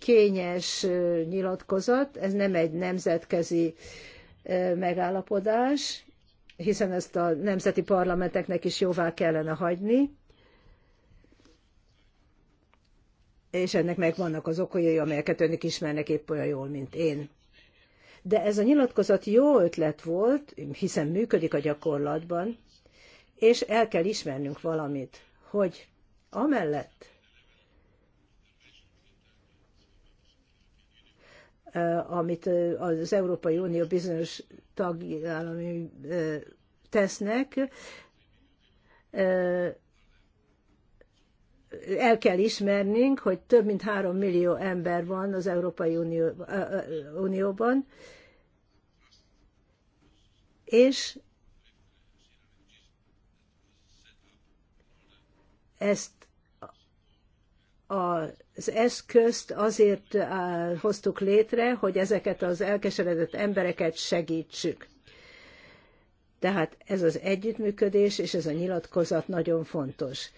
kényes nyilatkozat, ez nem egy nemzetközi megállapodás, hiszen ezt a nemzeti parlamenteknek is jóvá kellene hagyni, és ennek megvannak az okai, amelyeket önök ismernek épp olyan jól, mint én. De ez a nyilatkozat jó ötlet volt, hiszen működik a gyakorlatban, és el kell ismernünk valamit, hogy amellett, amit az Európai Unió bizonyos tagállami tesznek, el kell ismernünk, hogy több mint három millió ember van az Európai Unió, Unióban, és ezt a az eszközt azért hoztuk létre, hogy ezeket az elkeseredett embereket segítsük. Tehát ez az együttműködés és ez a nyilatkozat nagyon fontos.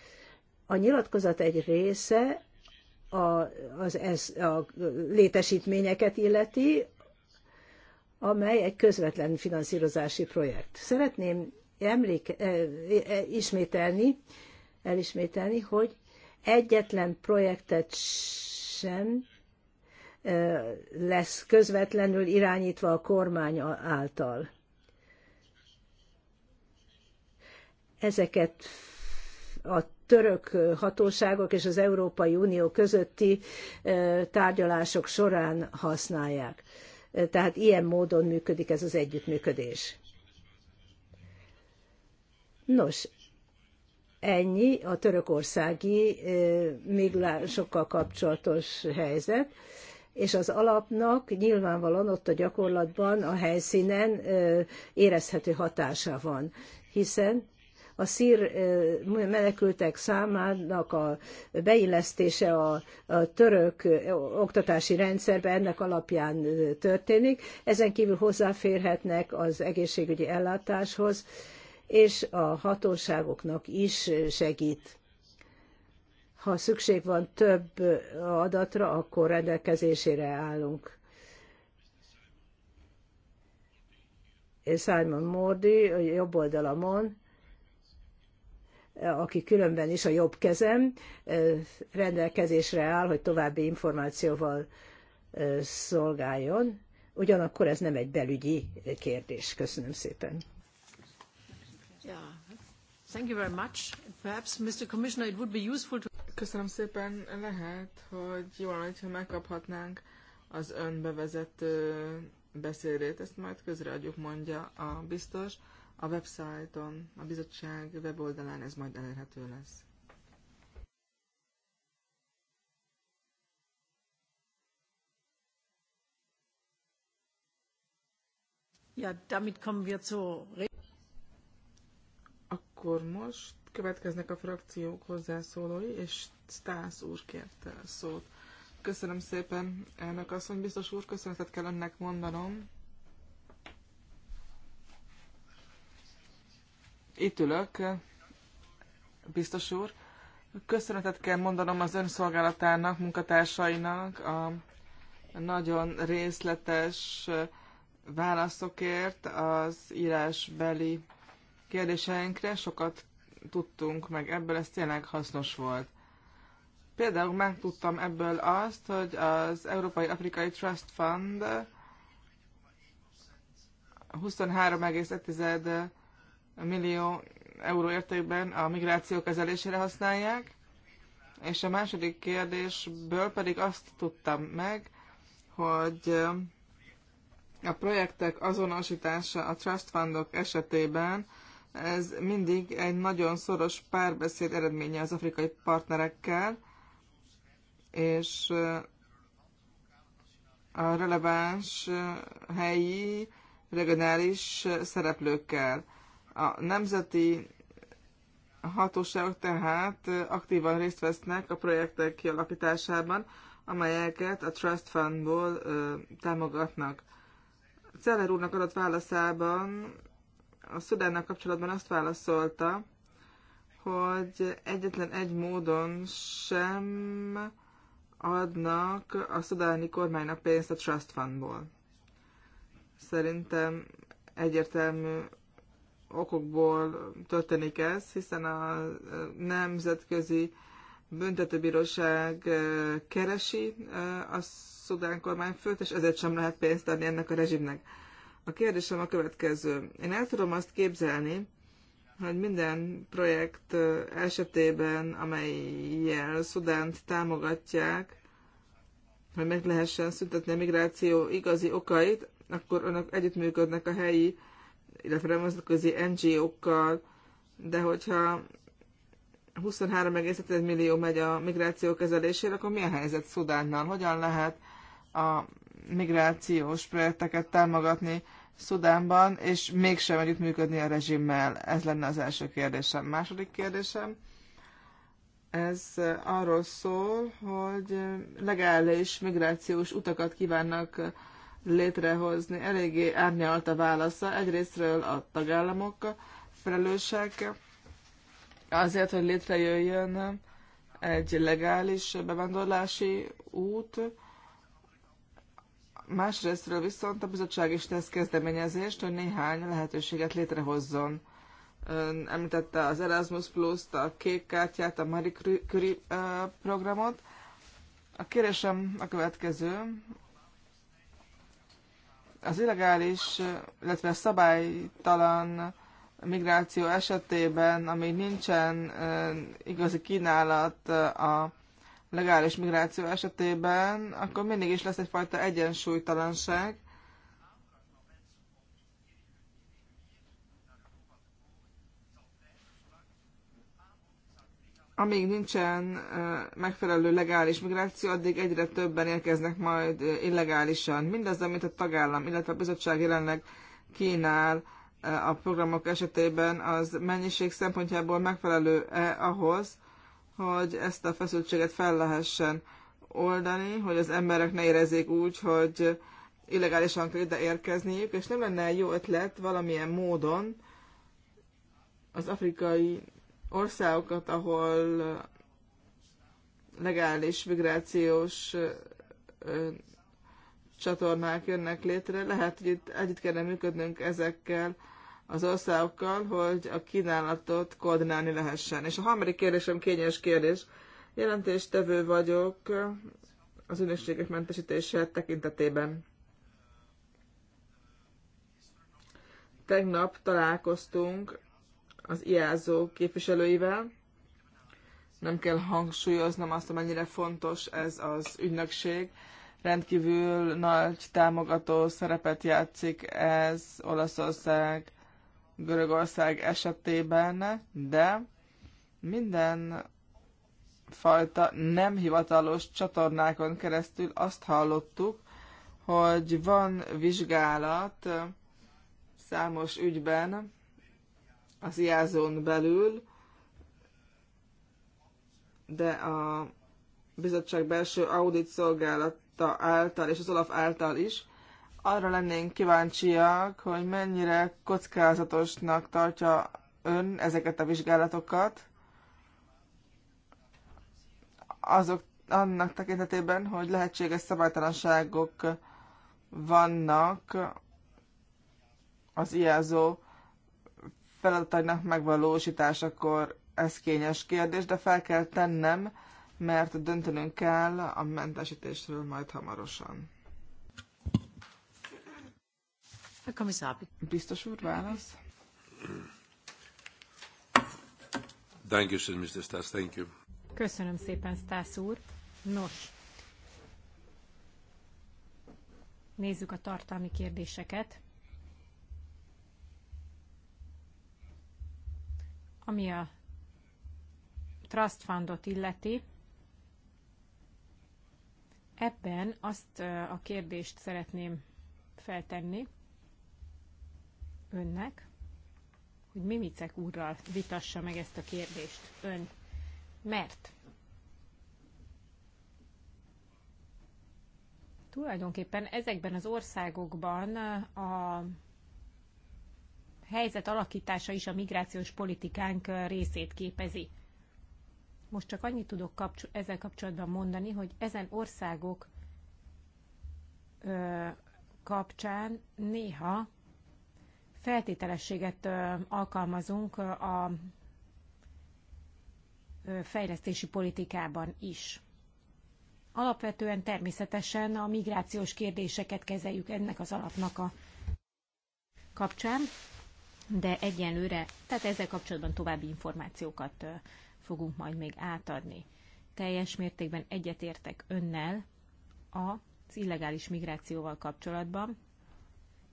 A nyilatkozat egy része a, az ez, a létesítményeket illeti, amely egy közvetlen finanszírozási projekt. Szeretném emléke, ismételni, elismételni, hogy Egyetlen projektet sem lesz közvetlenül irányítva a kormány által. Ezeket a török hatóságok és az Európai Unió közötti tárgyalások során használják. Tehát ilyen módon működik ez az együttműködés. Nos, Ennyi a törökországi migránsokkal kapcsolatos helyzet, és az alapnak nyilvánvalóan ott a gyakorlatban, a helyszínen érezhető hatása van, hiszen a szír menekültek számának a beillesztése a, török oktatási rendszerbe ennek alapján történik. Ezen kívül hozzáférhetnek az egészségügyi ellátáshoz, és a hatóságoknak is segít. Ha szükség van több adatra, akkor rendelkezésére állunk. Simon Mordi, a jobb oldalamon, aki különben is a jobb kezem, rendelkezésre áll, hogy további információval szolgáljon. Ugyanakkor ez nem egy belügyi kérdés. Köszönöm szépen. Köszönöm szépen. Lehet, hogy jó lenne, ha megkaphatnánk az önbevezető beszédét. Ezt majd közreadjuk, mondja a biztos. A websájton, a bizottság weboldalán ez majd elérhető lesz. Ja, damit kommen wir zu akkor most következnek a frakciók hozzászólói, és Stász úr kérte a szót. Köszönöm szépen, elnök asszony, biztos úr, köszönetet kell önnek mondanom. Itt ülök, biztos úr. Köszönetet kell mondanom az önszolgálatának, munkatársainak a nagyon részletes válaszokért az írásbeli kérdéseinkre, sokat tudtunk meg ebből, ez tényleg hasznos volt. Például megtudtam ebből azt, hogy az Európai Afrikai Trust Fund 23,1 millió euró értékben a migráció kezelésére használják, és a második kérdésből pedig azt tudtam meg, hogy a projektek azonosítása a trust fundok esetében ez mindig egy nagyon szoros párbeszéd eredménye az afrikai partnerekkel, és a releváns helyi, regionális szereplőkkel. A nemzeti hatóságok tehát aktívan részt vesznek a projektek kialakításában, amelyeket a Trust Fundból ö, támogatnak. Celler úrnak adott válaszában a Szudánnal kapcsolatban azt válaszolta, hogy egyetlen egy módon sem adnak a szudáni kormánynak pénzt a Trust Fundból. Szerintem egyértelmű okokból történik ez, hiszen a nemzetközi büntetőbíróság eh, keresi eh, a szudán kormányfőt, és ezért sem lehet pénzt adni ennek a rezsimnek. A kérdésem a következő. Én el tudom azt képzelni, hogy minden projekt esetében, amelyel Szudánt támogatják, hogy meg lehessen szüntetni a migráció igazi okait, akkor önök együttműködnek a helyi, illetve nemzetközi NGO-kkal, de hogyha 23,7 millió megy a migráció kezelésére, akkor mi a helyzet Szudánnal? Hogyan lehet a migrációs projekteket támogatni Szudánban, és mégsem együtt működni a rezsimmel? Ez lenne az első kérdésem. Második kérdésem, ez arról szól, hogy legális migrációs utakat kívánnak létrehozni. Eléggé árnyalt a válasza. Egyrésztről a tagállamok felelősek azért, hogy létrejöjjön egy legális bevándorlási út, Másrésztről viszont a bizottság is tesz kezdeményezést, hogy néhány lehetőséget létrehozzon. Ön említette az Erasmus plus a kék kártyát, a Marie Curie programot. A kérésem a következő. Az illegális, illetve szabálytalan migráció esetében, amíg nincsen igazi kínálat a legális migráció esetében, akkor mindig is lesz egyfajta egyensúlytalanság. Amíg nincsen megfelelő legális migráció, addig egyre többen érkeznek majd illegálisan. Mindaz, amit a tagállam, illetve a bizottság jelenleg kínál a programok esetében, az mennyiség szempontjából megfelelő -e ahhoz, hogy ezt a feszültséget fel lehessen oldani, hogy az emberek ne érezzék úgy, hogy illegálisan kell ide érkezniük, és nem lenne jó ötlet valamilyen módon az afrikai országokat, ahol legális migrációs csatornák jönnek létre. Lehet, hogy itt együtt kellene működnünk ezekkel az országokkal, hogy a kínálatot koordinálni lehessen. És a harmadik kérdésem kényes kérdés. Jelentéstevő vagyok az ügynökségek mentesítése tekintetében. Tegnap találkoztunk az IAZO képviselőivel. Nem kell hangsúlyoznom azt, mennyire fontos ez az ügynökség. Rendkívül nagy támogató szerepet játszik ez Olaszország, Görögország esetében, de minden fajta nem hivatalos csatornákon keresztül azt hallottuk, hogy van vizsgálat számos ügyben az IAZON belül, de a bizottság belső audit szolgálata által és az Olaf által is arra lennénk kíváncsiak, hogy mennyire kockázatosnak tartja ön ezeket a vizsgálatokat, azok annak tekintetében, hogy lehetséges szabálytalanságok vannak az IAZO feladatainak megvalósításakor ez kényes kérdés, de fel kell tennem, mert döntenünk kell a mentesítésről majd hamarosan. Biztos úr, válasz. Thank you, Mr. Stas, thank you. Köszönöm szépen, Stász úr. Nos, nézzük a tartalmi kérdéseket. Ami a Trust Fundot illeti, ebben azt a kérdést szeretném feltenni, önnek, hogy Mimicek úrral vitassa meg ezt a kérdést ön. Mert tulajdonképpen ezekben az országokban a helyzet alakítása is a migrációs politikánk részét képezi. Most csak annyit tudok kapcs- ezzel kapcsolatban mondani, hogy ezen országok ö, kapcsán néha feltételességet alkalmazunk a fejlesztési politikában is. Alapvetően természetesen a migrációs kérdéseket kezeljük ennek az alapnak a kapcsán, de egyenlőre, tehát ezzel kapcsolatban további információkat fogunk majd még átadni. Teljes mértékben egyetértek önnel az illegális migrációval kapcsolatban,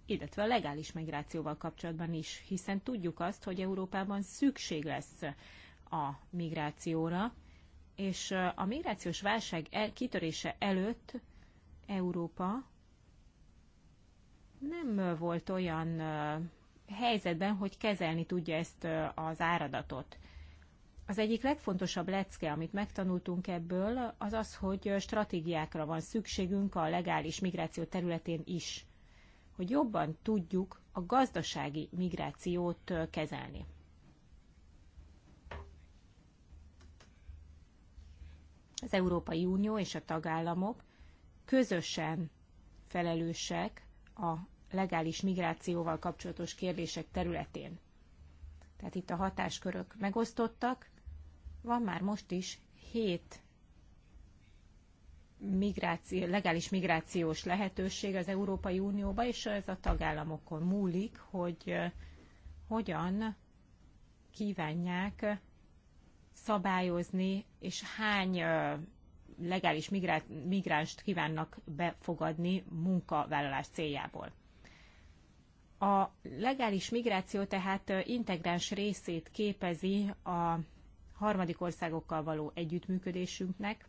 illetve a legális migrációval kapcsolatban is, hiszen tudjuk azt, hogy Európában szükség lesz a migrációra, és a migrációs válság el, kitörése előtt Európa nem volt olyan helyzetben, hogy kezelni tudja ezt az áradatot. Az egyik legfontosabb lecke, amit megtanultunk ebből, az az, hogy stratégiákra van szükségünk a legális migráció területén is hogy jobban tudjuk a gazdasági migrációt kezelni. Az Európai Unió és a tagállamok közösen felelősek a legális migrációval kapcsolatos kérdések területén. Tehát itt a hatáskörök megosztottak, van már most is hét migráció, legális migrációs lehetőség az Európai Unióba, és ez a tagállamokon múlik, hogy hogyan kívánják szabályozni, és hány legális migránst kívánnak befogadni munkavállalás céljából. A legális migráció tehát integráns részét képezi a harmadik országokkal való együttműködésünknek,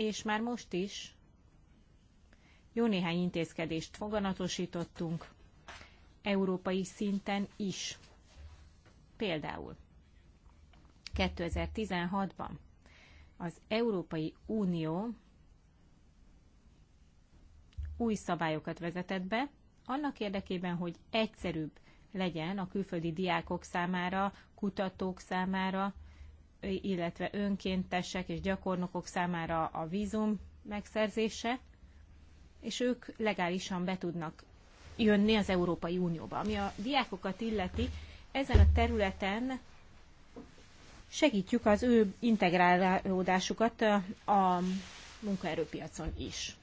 és már most is jó néhány intézkedést foganatosítottunk európai szinten is. Például 2016-ban az Európai Unió új szabályokat vezetett be, annak érdekében, hogy egyszerűbb legyen a külföldi diákok számára, kutatók számára illetve önkéntesek és gyakornokok számára a vízum megszerzése, és ők legálisan be tudnak jönni az Európai Unióba. Ami a diákokat illeti, ezen a területen segítjük az ő integrálódásukat a munkaerőpiacon is.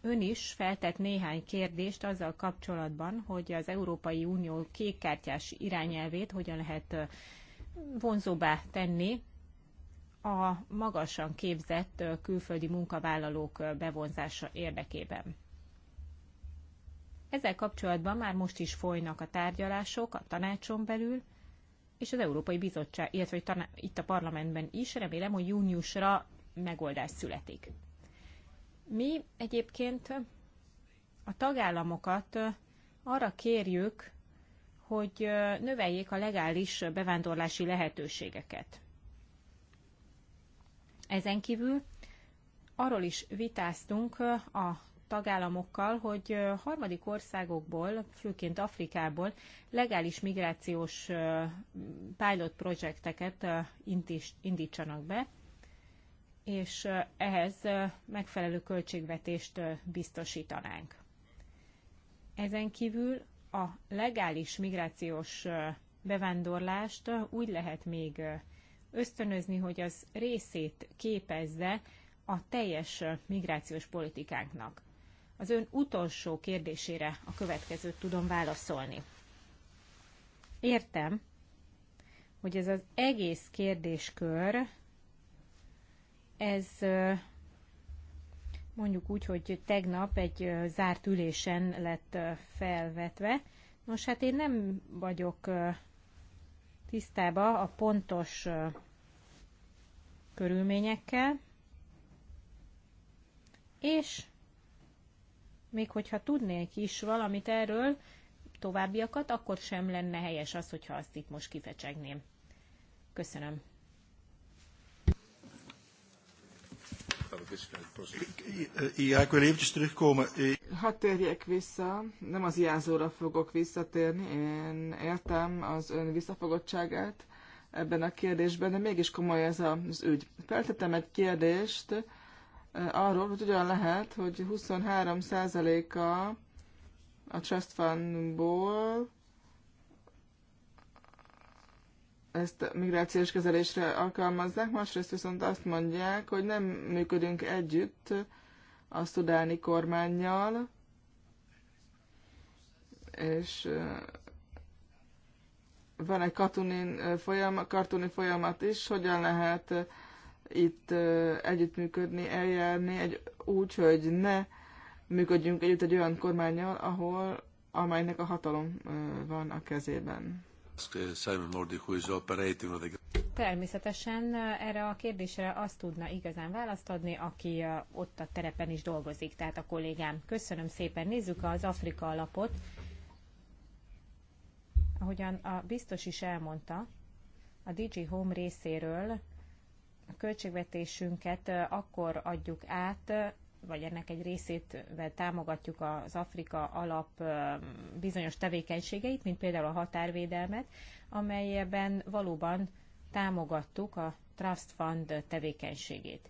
Ön is feltett néhány kérdést azzal kapcsolatban, hogy az Európai Unió kékkártyás irányelvét hogyan lehet vonzóbbá tenni a magasan képzett külföldi munkavállalók bevonzása érdekében. Ezzel kapcsolatban már most is folynak a tárgyalások a tanácson belül, és az Európai Bizottság, illetve itt a parlamentben is, remélem, hogy júniusra megoldás születik. Mi egyébként a tagállamokat arra kérjük, hogy növeljék a legális bevándorlási lehetőségeket. Ezen kívül arról is vitáztunk a tagállamokkal, hogy harmadik országokból, főként Afrikából legális migrációs pilot projekteket indítsanak be, és ehhez megfelelő költségvetést biztosítanánk. Ezen kívül a legális migrációs bevándorlást úgy lehet még ösztönözni, hogy az részét képezze a teljes migrációs politikánknak. Az ön utolsó kérdésére a következőt tudom válaszolni. Értem, hogy ez az egész kérdéskör, ez mondjuk úgy, hogy tegnap egy zárt ülésen lett felvetve. Nos, hát én nem vagyok tisztába a pontos körülményekkel, és még hogyha tudnék is valamit erről, továbbiakat, akkor sem lenne helyes az, hogyha azt itt most kifecsegném. Köszönöm. Iák, Hadd térjek vissza, nem az iázóra fogok visszatérni, én értem az ön visszafogottságát ebben a kérdésben, de mégis komoly ez az ügy. Feltettem egy kérdést arról, hogy ugyan lehet, hogy 23%-a a trust fundból ezt a migrációs kezelésre alkalmazzák, másrészt viszont azt mondják, hogy nem működünk együtt a szudáni kormányjal, és van egy katunin folyamat, kartuni folyamat is, hogyan lehet itt együttműködni, eljárni egy, úgy, hogy ne működjünk együtt egy olyan kormányjal, ahol, amelynek a hatalom van a kezében. Természetesen eh, erre a kérdésre azt tudna igazán választ adni, aki eh, ott a terepen is dolgozik, tehát a kollégám. Köszönöm szépen. Nézzük az Afrika alapot. Ahogyan a biztos is elmondta, a DJ Home részéről a költségvetésünket eh, akkor adjuk át, vagy ennek egy részét támogatjuk az Afrika alap bizonyos tevékenységeit, mint például a határvédelmet, amelyben valóban támogattuk a Trust Fund tevékenységét.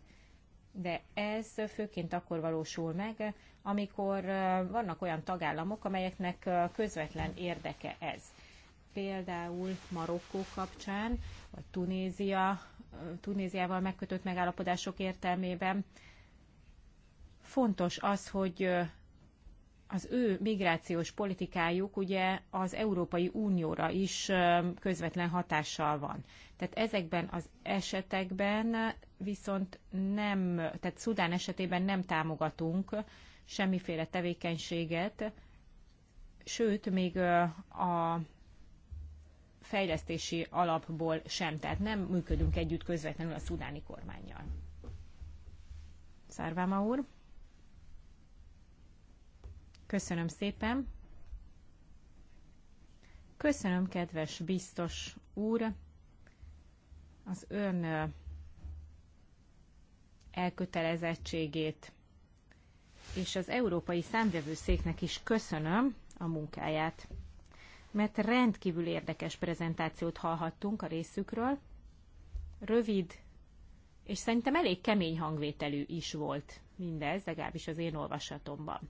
De ez főként akkor valósul meg, amikor vannak olyan tagállamok, amelyeknek közvetlen érdeke ez. Például Marokkó kapcsán, vagy Tunézia, Tunéziával megkötött megállapodások értelmében, Fontos az, hogy az ő migrációs politikájuk ugye az Európai Unióra is közvetlen hatással van. Tehát ezekben az esetekben viszont nem, tehát Szudán esetében nem támogatunk semmiféle tevékenységet, sőt, még a fejlesztési alapból sem, tehát nem működünk együtt közvetlenül a szudáni kormányjal. Szárváma úr. Köszönöm szépen. Köszönöm, kedves biztos úr, az ön elkötelezettségét, és az Európai Számvevőszéknek is köszönöm a munkáját, mert rendkívül érdekes prezentációt hallhattunk a részükről. Rövid, és szerintem elég kemény hangvételű is volt mindez, legalábbis az én olvasatomban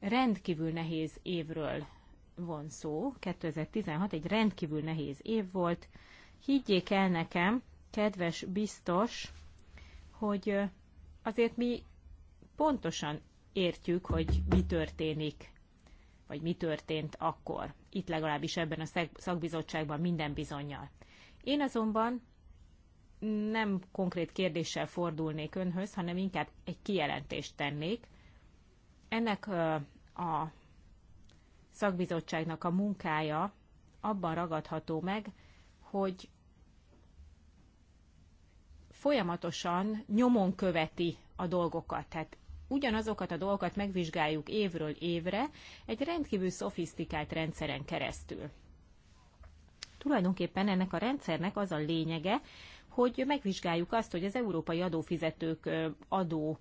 rendkívül nehéz évről van szó. 2016 egy rendkívül nehéz év volt. Higgyék el nekem, kedves biztos, hogy azért mi pontosan értjük, hogy mi történik, vagy mi történt akkor. Itt legalábbis ebben a szakbizottságban minden bizonyal. Én azonban nem konkrét kérdéssel fordulnék önhöz, hanem inkább egy kijelentést tennék, ennek a szakbizottságnak a munkája abban ragadható meg, hogy folyamatosan nyomon követi a dolgokat. Tehát ugyanazokat a dolgokat megvizsgáljuk évről évre egy rendkívül szofisztikált rendszeren keresztül. Tulajdonképpen ennek a rendszernek az a lényege, hogy megvizsgáljuk azt, hogy az európai adófizetők adó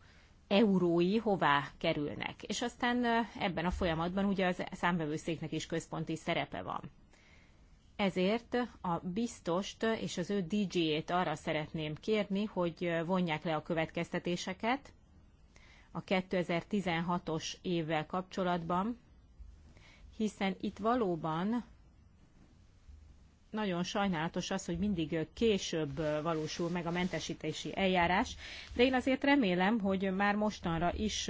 eurói hová kerülnek. És aztán ebben a folyamatban ugye az számvevőszéknek is központi szerepe van. Ezért a biztost és az ő DJ-ét arra szeretném kérni, hogy vonják le a következtetéseket a 2016-os évvel kapcsolatban, hiszen itt valóban nagyon sajnálatos az, hogy mindig később valósul meg a mentesítési eljárás, de én azért remélem, hogy már mostanra is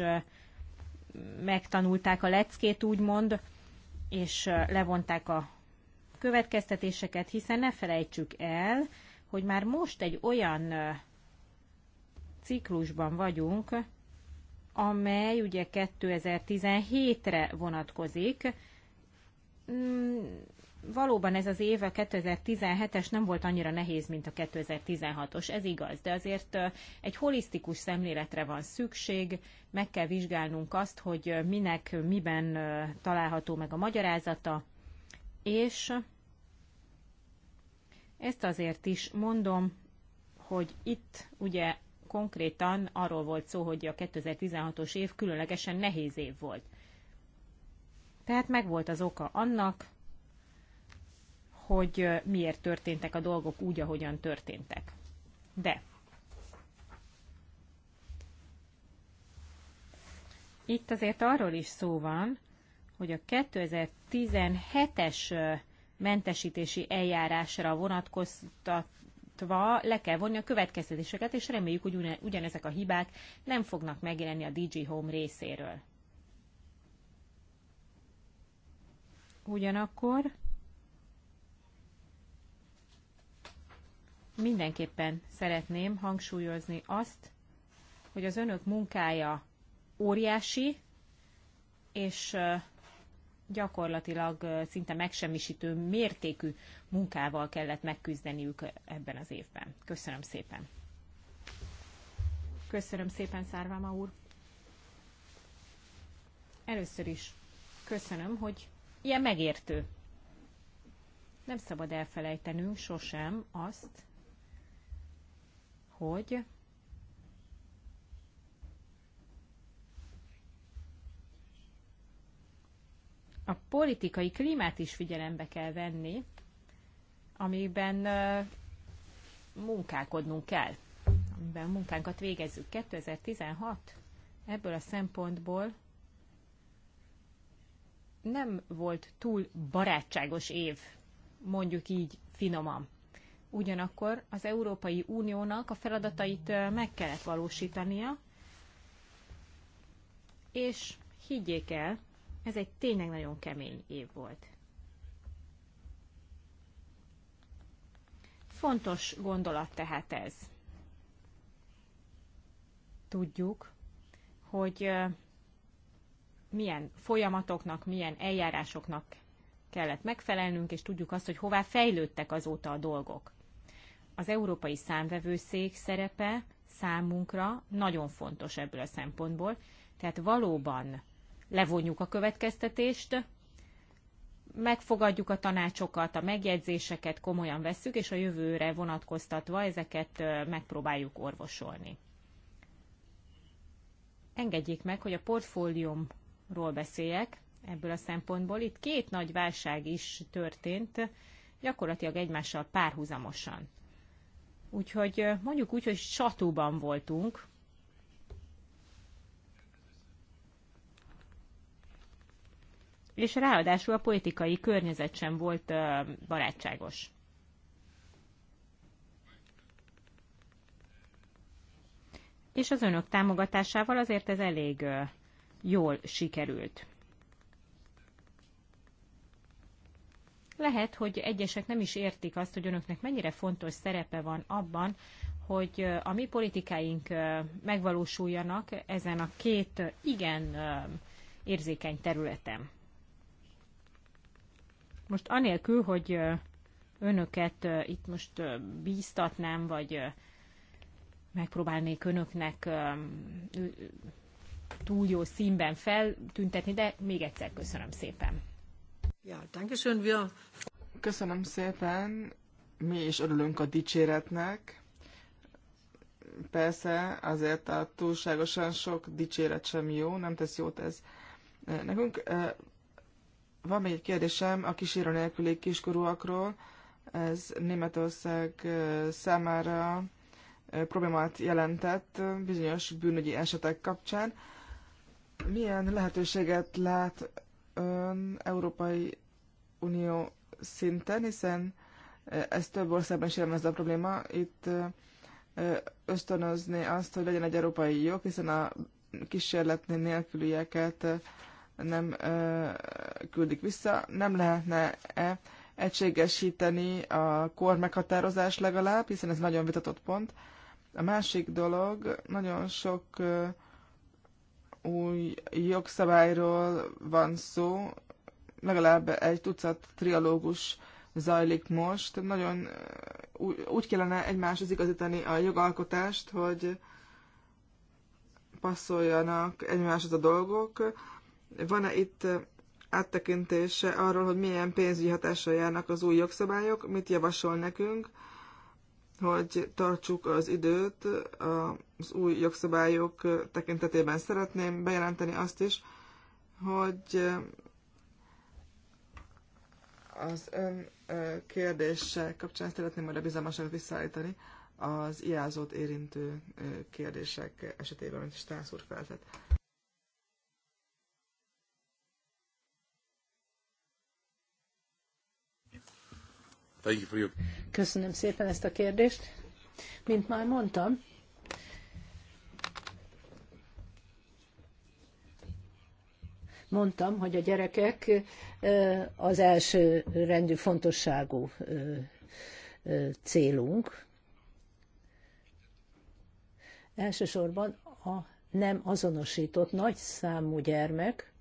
megtanulták a leckét, úgymond, és levonták a következtetéseket, hiszen ne felejtsük el, hogy már most egy olyan ciklusban vagyunk, amely ugye 2017-re vonatkozik, Mm, valóban ez az év, a 2017-es nem volt annyira nehéz, mint a 2016-os, ez igaz, de azért egy holisztikus szemléletre van szükség, meg kell vizsgálnunk azt, hogy minek, miben található meg a magyarázata, és ezt azért is mondom, hogy itt ugye konkrétan arról volt szó, hogy a 2016-os év különlegesen nehéz év volt. Tehát megvolt az oka annak, hogy miért történtek a dolgok úgy, ahogyan történtek. De itt azért arról is szó van, hogy a 2017-es mentesítési eljárásra vonatkoztatva le kell vonni a következtetéseket, és reméljük, hogy ugyanezek a hibák nem fognak megjelenni a DG Home részéről. Ugyanakkor mindenképpen szeretném hangsúlyozni azt, hogy az önök munkája óriási, és gyakorlatilag szinte megsemmisítő mértékű munkával kellett megküzdeniük ebben az évben. Köszönöm szépen. Köszönöm szépen, Szárváma úr. Először is köszönöm, hogy ilyen megértő. Nem szabad elfelejtenünk sosem azt, hogy a politikai klímát is figyelembe kell venni, amiben munkálkodnunk kell, amiben munkánkat végezzük. 2016 ebből a szempontból nem volt túl barátságos év, mondjuk így finoman. Ugyanakkor az Európai Uniónak a feladatait meg kellett valósítania, és higgyék el, ez egy tényleg nagyon kemény év volt. Fontos gondolat tehát ez. Tudjuk, hogy milyen folyamatoknak, milyen eljárásoknak kellett megfelelnünk, és tudjuk azt, hogy hová fejlődtek azóta a dolgok. Az Európai Számvevőszék szerepe számunkra nagyon fontos ebből a szempontból, tehát valóban levonjuk a következtetést, megfogadjuk a tanácsokat, a megjegyzéseket komolyan vesszük, és a jövőre vonatkoztatva ezeket megpróbáljuk orvosolni. Engedjék meg, hogy a portfólióm ról beszéljek ebből a szempontból. Itt két nagy válság is történt, gyakorlatilag egymással párhuzamosan. Úgyhogy mondjuk úgy, hogy satúban voltunk. És ráadásul a politikai környezet sem volt barátságos. És az önök támogatásával azért ez elég jól sikerült. Lehet, hogy egyesek nem is értik azt, hogy önöknek mennyire fontos szerepe van abban, hogy a mi politikáink megvalósuljanak ezen a két igen érzékeny területen. Most anélkül, hogy önöket itt most bíztatnám, vagy megpróbálnék önöknek túl jó színben feltüntetni, de még egyszer köszönöm szépen. Ja, dankeschön, Köszönöm szépen, mi is örülünk a dicséretnek. Persze azért a túlságosan sok dicséret sem jó, nem tesz jót ez nekünk. Van még egy kérdésem a kísérő nélküli kiskorúakról. Ez Németország számára problémát jelentett bizonyos bűnügyi esetek kapcsán. Milyen lehetőséget lát ön Európai Unió szinten, hiszen eh, ez több országban is jellemez a probléma. Itt eh, eh, ösztönözni azt, hogy legyen egy európai jog, hiszen a kísérletnél nélkülieket nem küldik vissza. Nem lehetne-e egységesíteni a kor meghatározás legalább, hiszen ez nagyon vitatott pont. A másik dolog, nagyon sok új jogszabályról van szó, legalább egy tucat trialógus zajlik most. Nagyon úgy kellene egymáshoz igazítani a jogalkotást, hogy passzoljanak egymáshoz a dolgok. Van-e itt áttekintése arról, hogy milyen pénzügyi hatással járnak az új jogszabályok, mit javasol nekünk, hogy tartsuk az időt az új jogszabályok tekintetében. Szeretném bejelenteni azt is, hogy az ön kérdése kapcsán szeretném majd a bizalmaságot visszaállítani az iázót érintő kérdések esetében, amit Stász úr feltett. Köszönöm szépen ezt a kérdést. Mint már mondtam, mondtam, hogy a gyerekek az első rendű fontosságú célunk. Elsősorban a nem azonosított nagy számú gyermek,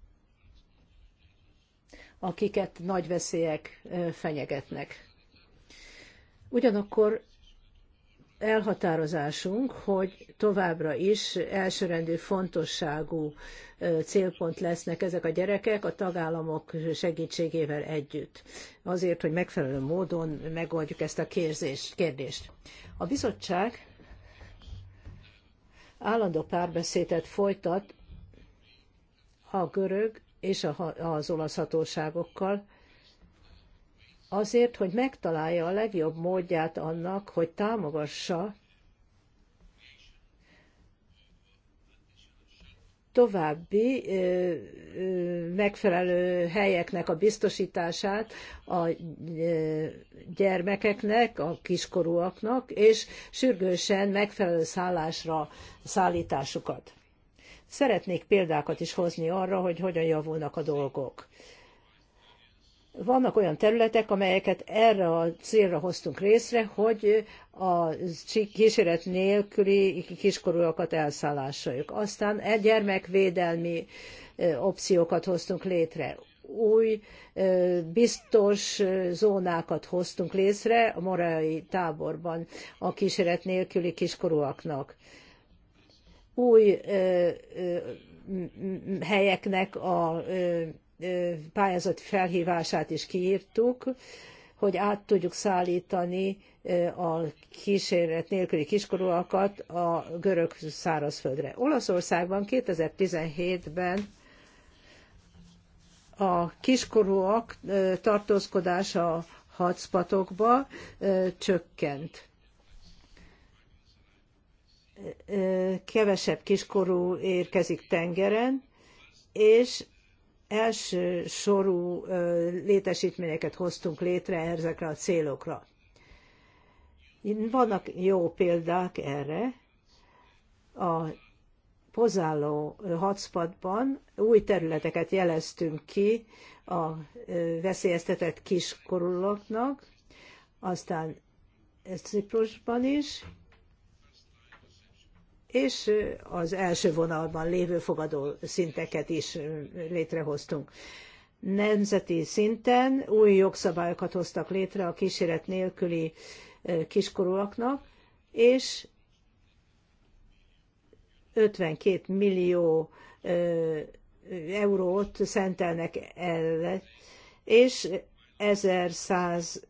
akiket nagy veszélyek fenyegetnek. Ugyanakkor elhatározásunk, hogy továbbra is elsőrendű fontosságú célpont lesznek ezek a gyerekek a tagállamok segítségével együtt, azért, hogy megfelelő módon megoldjuk ezt a kérdést. A bizottság állandó párbeszédet folytat a görög és az olasz hatóságokkal, azért, hogy megtalálja a legjobb módját annak, hogy támogassa további ö, ö, megfelelő helyeknek a biztosítását a ö, gyermekeknek, a kiskorúaknak, és sürgősen megfelelő szállásra szállításukat. Szeretnék példákat is hozni arra, hogy hogyan javulnak a dolgok. Vannak olyan területek, amelyeket erre a célra hoztunk részre, hogy a kíséret nélküli kiskorúakat elszállásoljuk. Aztán egy gyermekvédelmi opciókat hoztunk létre új biztos zónákat hoztunk létre a morai táborban a kísérlet nélküli kiskorúaknak. Új helyeknek a pályázat felhívását is kiírtuk, hogy át tudjuk szállítani a kísérlet nélküli kiskorúakat a görög szárazföldre. Olaszországban 2017-ben a kiskorúak tartózkodása hadszpatokba csökkent. Kevesebb kiskorú érkezik tengeren, és első sorú létesítményeket hoztunk létre ezekre a célokra. Vannak jó példák erre. A pozálló hotspotban új területeket jeleztünk ki a veszélyeztetett kiskorulóknak, aztán Ciprusban is, és az első vonalban lévő fogadó szinteket is létrehoztunk. Nemzeti szinten új jogszabályokat hoztak létre a kíséret nélküli kiskorúaknak, és 52 millió eurót szentelnek erre, és 1100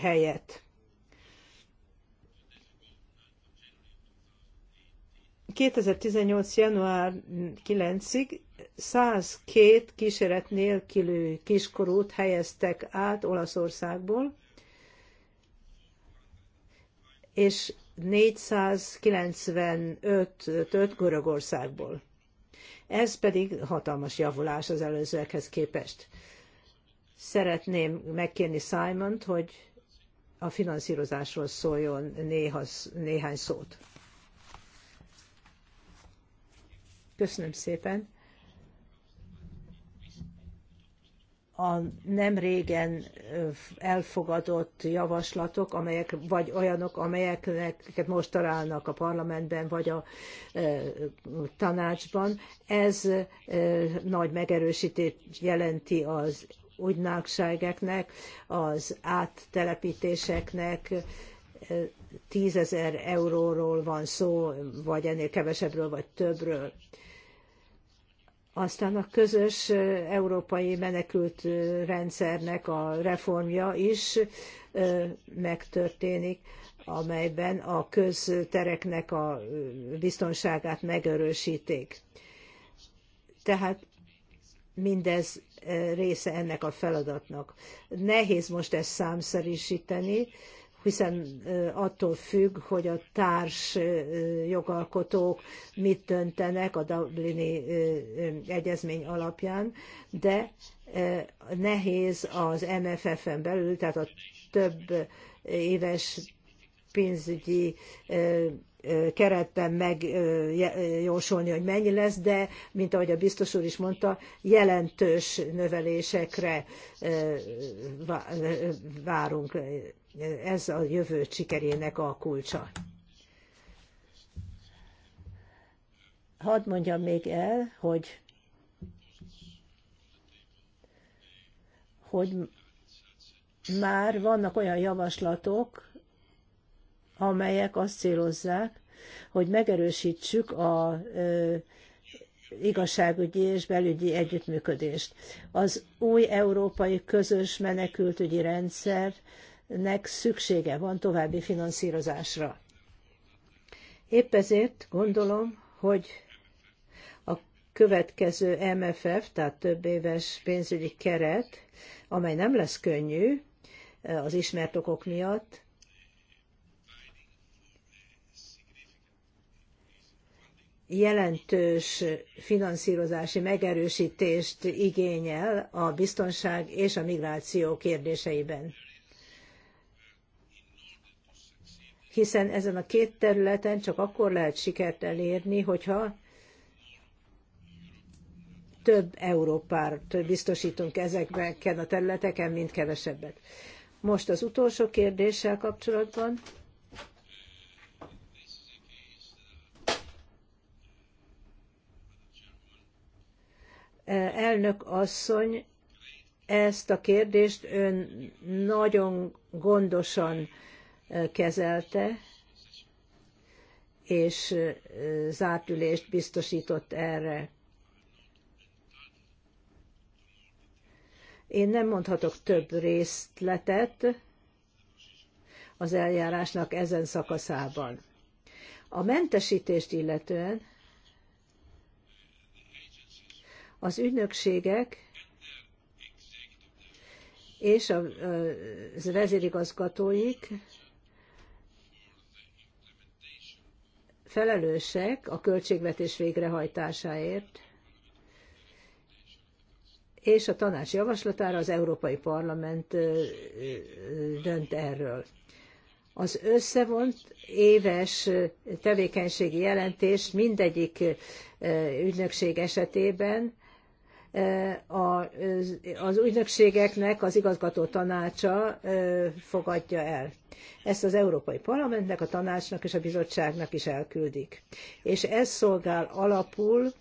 helyet. 2018. január 9-ig 102 kíséret nélkülő kiskorút helyeztek át Olaszországból, és 495-öt Görögországból. Ez pedig hatalmas javulás az előzőekhez képest. Szeretném megkérni Simont, hogy a finanszírozásról szóljon néha, néhány szót. Köszönöm szépen. A nem régen elfogadott javaslatok, amelyek vagy olyanok, amelyeket most találnak a parlamentben, vagy a e, tanácsban, ez e, nagy megerősítést jelenti az ügynökségeknek, az áttelepítéseknek, tízezer euróról van szó, vagy ennél kevesebbről, vagy többről. Aztán a közös európai menekült rendszernek a reformja is megtörténik, amelyben a köztereknek a biztonságát megerősítik. Tehát mindez része ennek a feladatnak. Nehéz most ezt számszerűsíteni, hiszen attól függ, hogy a társ jogalkotók mit döntenek a Dublini egyezmény alapján, de nehéz az MFF-en belül, tehát a több éves pénzügyi keretben megjósolni, hogy mennyi lesz, de, mint ahogy a biztos úr is mondta, jelentős növelésekre várunk ez a jövő sikerének a kulcsa. Hadd mondjam még el, hogy hogy már vannak olyan javaslatok, amelyek azt célozzák, hogy megerősítsük a ö, igazságügyi és belügyi együttműködést. Az új európai közös menekültügyi rendszer nek szüksége van további finanszírozásra. Épp ezért gondolom, hogy a következő MFF, tehát több éves pénzügyi keret, amely nem lesz könnyű eh, az ismert okok miatt, jelentős finanszírozási megerősítést igényel a biztonság és a migráció kérdéseiben. hiszen ezen a két területen csak akkor lehet sikert elérni, hogyha több európár, több biztosítunk ezekben a területeken, mint kevesebbet. Most az utolsó kérdéssel kapcsolatban. Elnök asszony, ezt a kérdést ön nagyon gondosan kezelte, és zárt ülést biztosított erre. Én nem mondhatok több részletet az eljárásnak ezen szakaszában. A mentesítést illetően az ügynökségek és a vezérigazgatóik felelősek a költségvetés végrehajtásáért, és a tanács javaslatára az Európai Parlament dönt erről. Az összevont éves tevékenységi jelentés mindegyik ügynökség esetében az ügynökségeknek az igazgató tanácsa fogadja el. Ezt az Európai Parlamentnek, a tanácsnak és a bizottságnak is elküldik. És ez szolgál alapul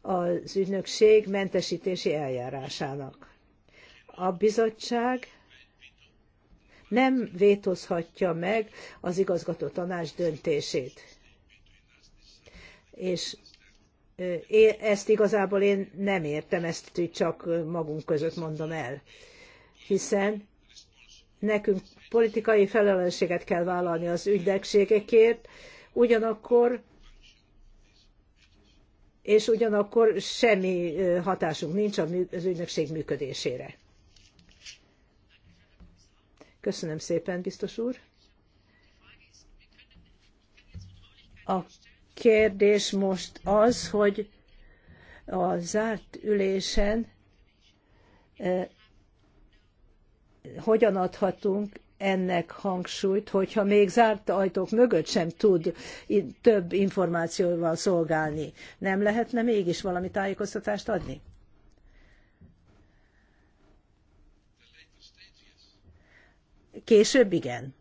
az ügynökség mentesítési eljárásának. A bizottság nem vétózhatja meg az igazgató tanács döntését. És ezt igazából én nem értem, ezt csak magunk között mondom el. Hiszen nekünk politikai felelősséget kell vállalni az ügynökségekért, ugyanakkor és ugyanakkor semmi hatásunk nincs az ügynökség működésére. Köszönöm szépen, biztos úr. A kérdés most az, hogy a zárt ülésen e, hogyan adhatunk ennek hangsúlyt, hogyha még zárt ajtók mögött sem tud több információval szolgálni. Nem lehetne mégis valami tájékoztatást adni? Később igen.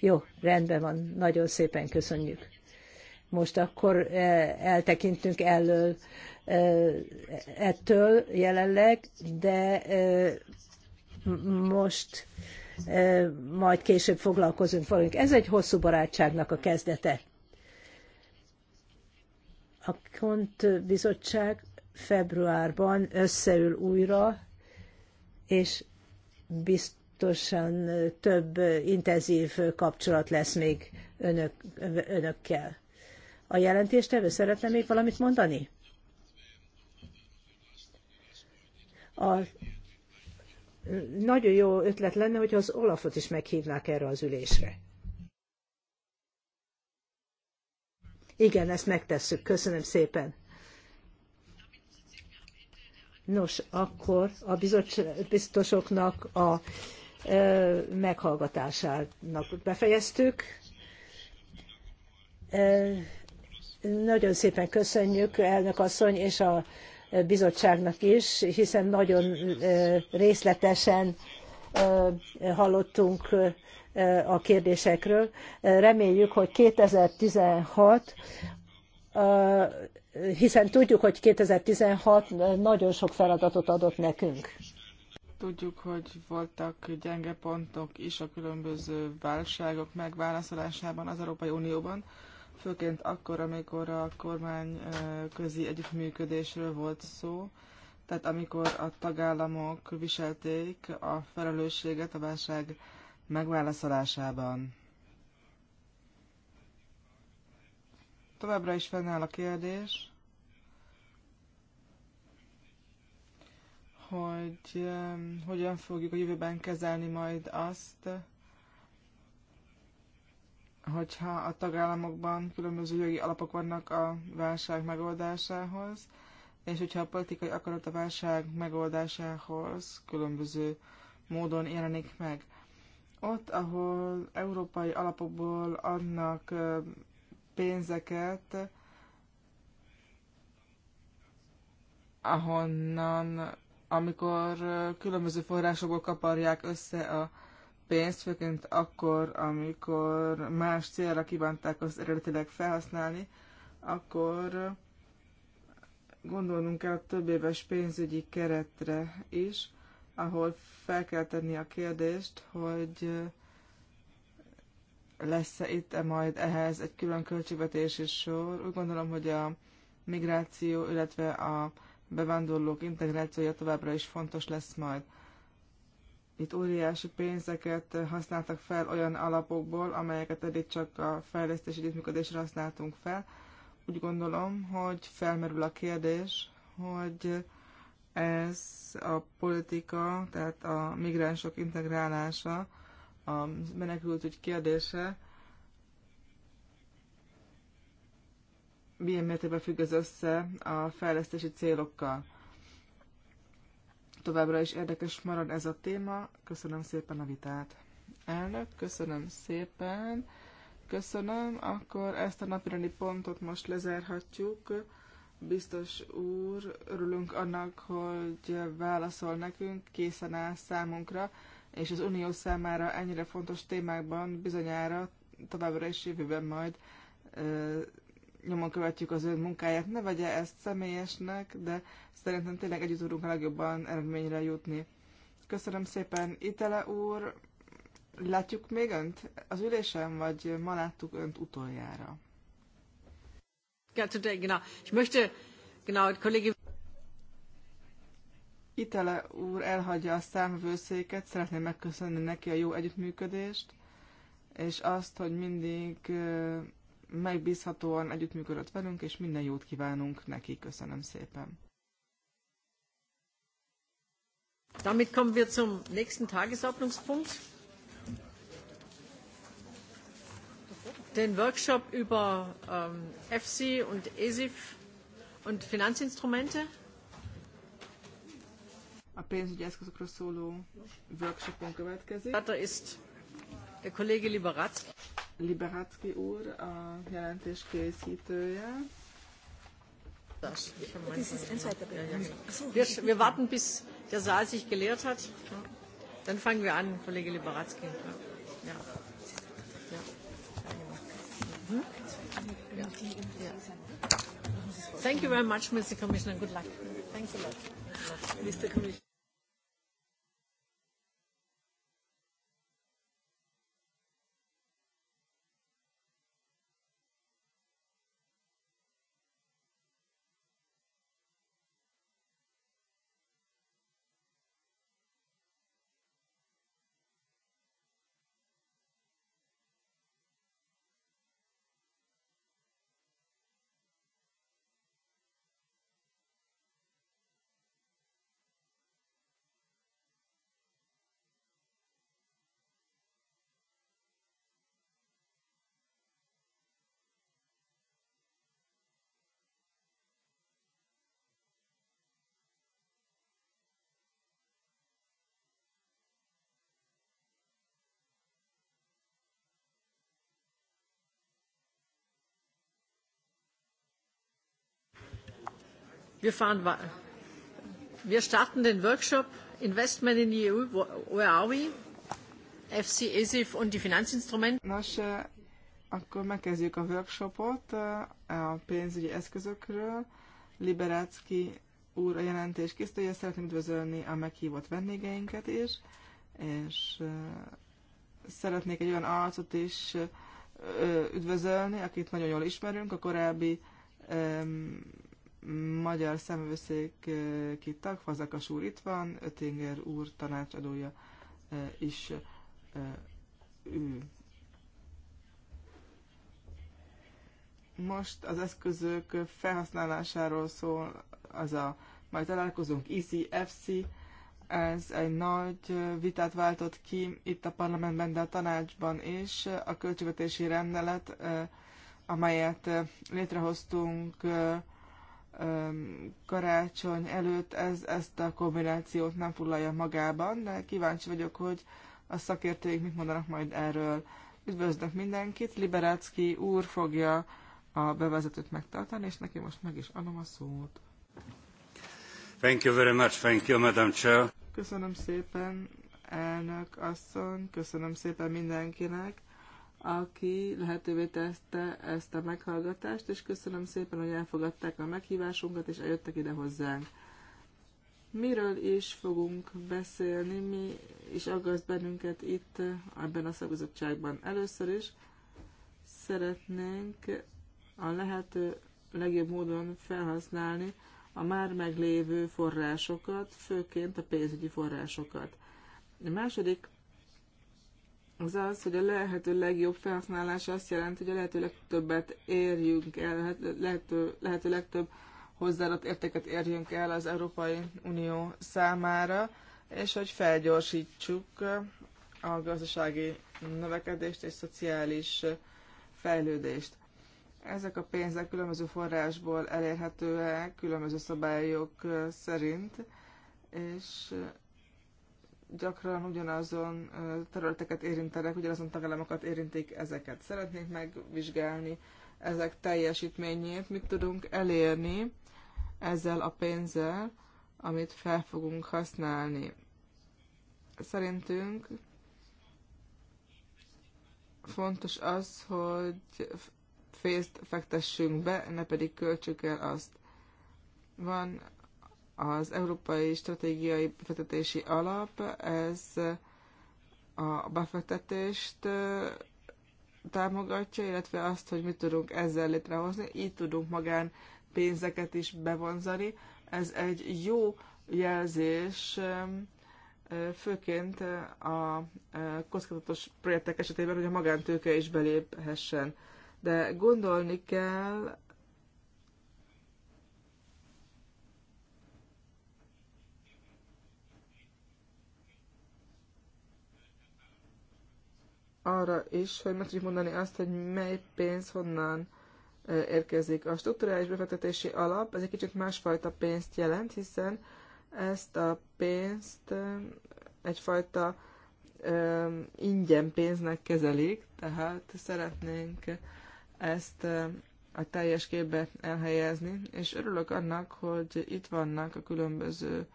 Jó, rendben van, nagyon szépen köszönjük. Most akkor eh, eltekintünk elől eh, ettől jelenleg, de eh, most majd később foglalkozunk velünk. Ez egy hosszú barátságnak a kezdete. A Kont Bizottság februárban összeül újra, és biztos, biztosan több intenzív kapcsolat lesz még önök, önökkel. A jelentéstevő szeretne még valamit mondani? A, nagyon jó ötlet lenne, hogy az Olafot is meghívnák erre az ülésre. Igen, ezt megtesszük. Köszönöm szépen. Nos, akkor a biztosoknak a meghallgatásának befejeztük. Nagyon szépen köszönjük elnök asszony és a bizottságnak is, hiszen nagyon részletesen hallottunk a kérdésekről. Reméljük, hogy 2016 hiszen tudjuk, hogy 2016 nagyon sok feladatot adott nekünk. Tudjuk, hogy voltak gyenge pontok is a különböző válságok megválaszolásában az Európai Unióban, főként akkor, amikor a kormány közi együttműködésről volt szó, tehát amikor a tagállamok viselték a felelősséget a válság megválaszolásában. Továbbra is fennáll a kérdés, hogy hogyan fogjuk a jövőben kezelni majd azt, hogyha a tagállamokban különböző jogi alapok vannak a válság megoldásához, és hogyha a politikai akarat a válság megoldásához különböző módon jelenik meg. Ott, ahol európai alapokból adnak pénzeket, ahonnan amikor különböző forrásokból kaparják össze a pénzt, főként akkor, amikor más célra kívánták az eredetileg felhasználni, akkor gondolnunk kell a több éves pénzügyi keretre is, ahol fel kell tenni a kérdést, hogy lesz-e itt -e majd ehhez egy külön költségvetési sor. Úgy gondolom, hogy a migráció, illetve a bevándorlók integrációja továbbra is fontos lesz majd. Itt óriási pénzeket használtak fel olyan alapokból, amelyeket eddig csak a fejlesztési együttműködésre használtunk fel. Úgy gondolom, hogy felmerül a kérdés, hogy ez a politika, tehát a migránsok integrálása, a menekültügy kérdése milyen mértékben függ ez össze a fejlesztési célokkal. Továbbra is érdekes marad ez a téma. Köszönöm szépen a vitát. Elnök, köszönöm szépen. Köszönöm, akkor ezt a napirendi pontot most lezárhatjuk. Biztos úr, örülünk annak, hogy válaszol nekünk, készen áll számunkra, és az Unió számára ennyire fontos témákban bizonyára továbbra is jövőben majd nyomon követjük az ön munkáját. Ne vegye ezt személyesnek, de szerintem tényleg együtt tudunk a legjobban eredményre jutni. Köszönöm szépen, Itele úr. Látjuk még önt az ülésen, vagy ma láttuk önt utoljára? Itele úr elhagyja a számvőszéket, szeretném megköszönni neki a jó együttműködést, és azt, hogy mindig megbízhatóan együttműködött velünk, és minden jót kívánunk neki. Köszönöm szépen. Damit kommen wir zum nächsten Tagesordnungspunkt. Den Workshop über ähm, EFSI und ESIF und Finanzinstrumente. A pénzügyi szóló workshopon következik. Vater ist der Kollege Liberatz. Liberacki úr, a jelentés készítője. Wir, wir warten, bis der Saal sich geleert hat. Dann fangen wir an, Kollege Liberatzki. Ja. Ja. Ja. Ja. Thank you very much, Mr. Commissioner. Good luck. Thank you, Mr. Commissioner. Wir, fahren, wir starten den Workshop Investment in the EU. Where are we? FC, ESIF und die Finanzinstrumente. Nos, eh, akkor megkezdjük a workshopot eh, a pénzügyi eszközökről. Liberácki úr a jelentés készítője, szeretném üdvözölni a meghívott vendégeinket is, és eh, szeretnék egy olyan arcot is üdvözölni, akit nagyon jól ismerünk, a korábbi magyar szemvőszéki tag, Fazakas úr itt van, Ötinger úr tanácsadója is ő. Most az eszközök felhasználásáról szól az a majd találkozunk ECFC, ez egy nagy vitát váltott ki itt a parlamentben, de a tanácsban is. A költségvetési rendelet, amelyet létrehoztunk, karácsony előtt ez, ezt a kombinációt nem foglalja magában, de kíváncsi vagyok, hogy a szakértőik mit mondanak majd erről. Üdvözlök mindenkit, Liberácki úr fogja a bevezetőt megtartani, és neki most meg is adom a szót. Thank you very much, thank you, Madam Chair. Köszönöm szépen, elnök asszony, köszönöm szépen mindenkinek aki lehetővé tette ezt a meghallgatást, és köszönöm szépen, hogy elfogadták a meghívásunkat, és eljöttek ide hozzánk. Miről is fogunk beszélni, mi is aggaszt bennünket itt ebben a szakbizottságban. Először is szeretnénk a lehető legjobb módon felhasználni a már meglévő forrásokat, főként a pénzügyi forrásokat. A második az az, hogy a lehető legjobb felhasználása azt jelenti, hogy a lehető legtöbbet érjünk el, hát lehető, lehető legtöbb hozzáadott értéket érjünk el az Európai Unió számára, és hogy felgyorsítsuk a gazdasági növekedést és szociális fejlődést. Ezek a pénzek különböző forrásból elérhetőek, különböző szabályok szerint, és gyakran ugyanazon területeket érintenek, ugyanazon tagállamokat érintik ezeket. Szeretnénk megvizsgálni ezek teljesítményét, mit tudunk elérni ezzel a pénzzel, amit fel fogunk használni. Szerintünk fontos az, hogy fészt fektessünk be, ne pedig költsük el azt. Van az Európai Stratégiai Befektetési Alap, ez a befektetést támogatja, illetve azt, hogy mit tudunk ezzel létrehozni. Így tudunk magán pénzeket is bevonzani. Ez egy jó jelzés, főként a kockázatos projektek esetében, hogy a magántőke is beléphessen. De gondolni kell arra is, hogy meg tudjuk mondani azt, hogy mely pénz honnan érkezik. A strukturális befektetési alap, ez egy kicsit másfajta pénzt jelent, hiszen ezt a pénzt egyfajta ingyen pénznek kezelik, tehát szeretnénk ezt a teljes képbe elhelyezni, és örülök annak, hogy itt vannak a különböző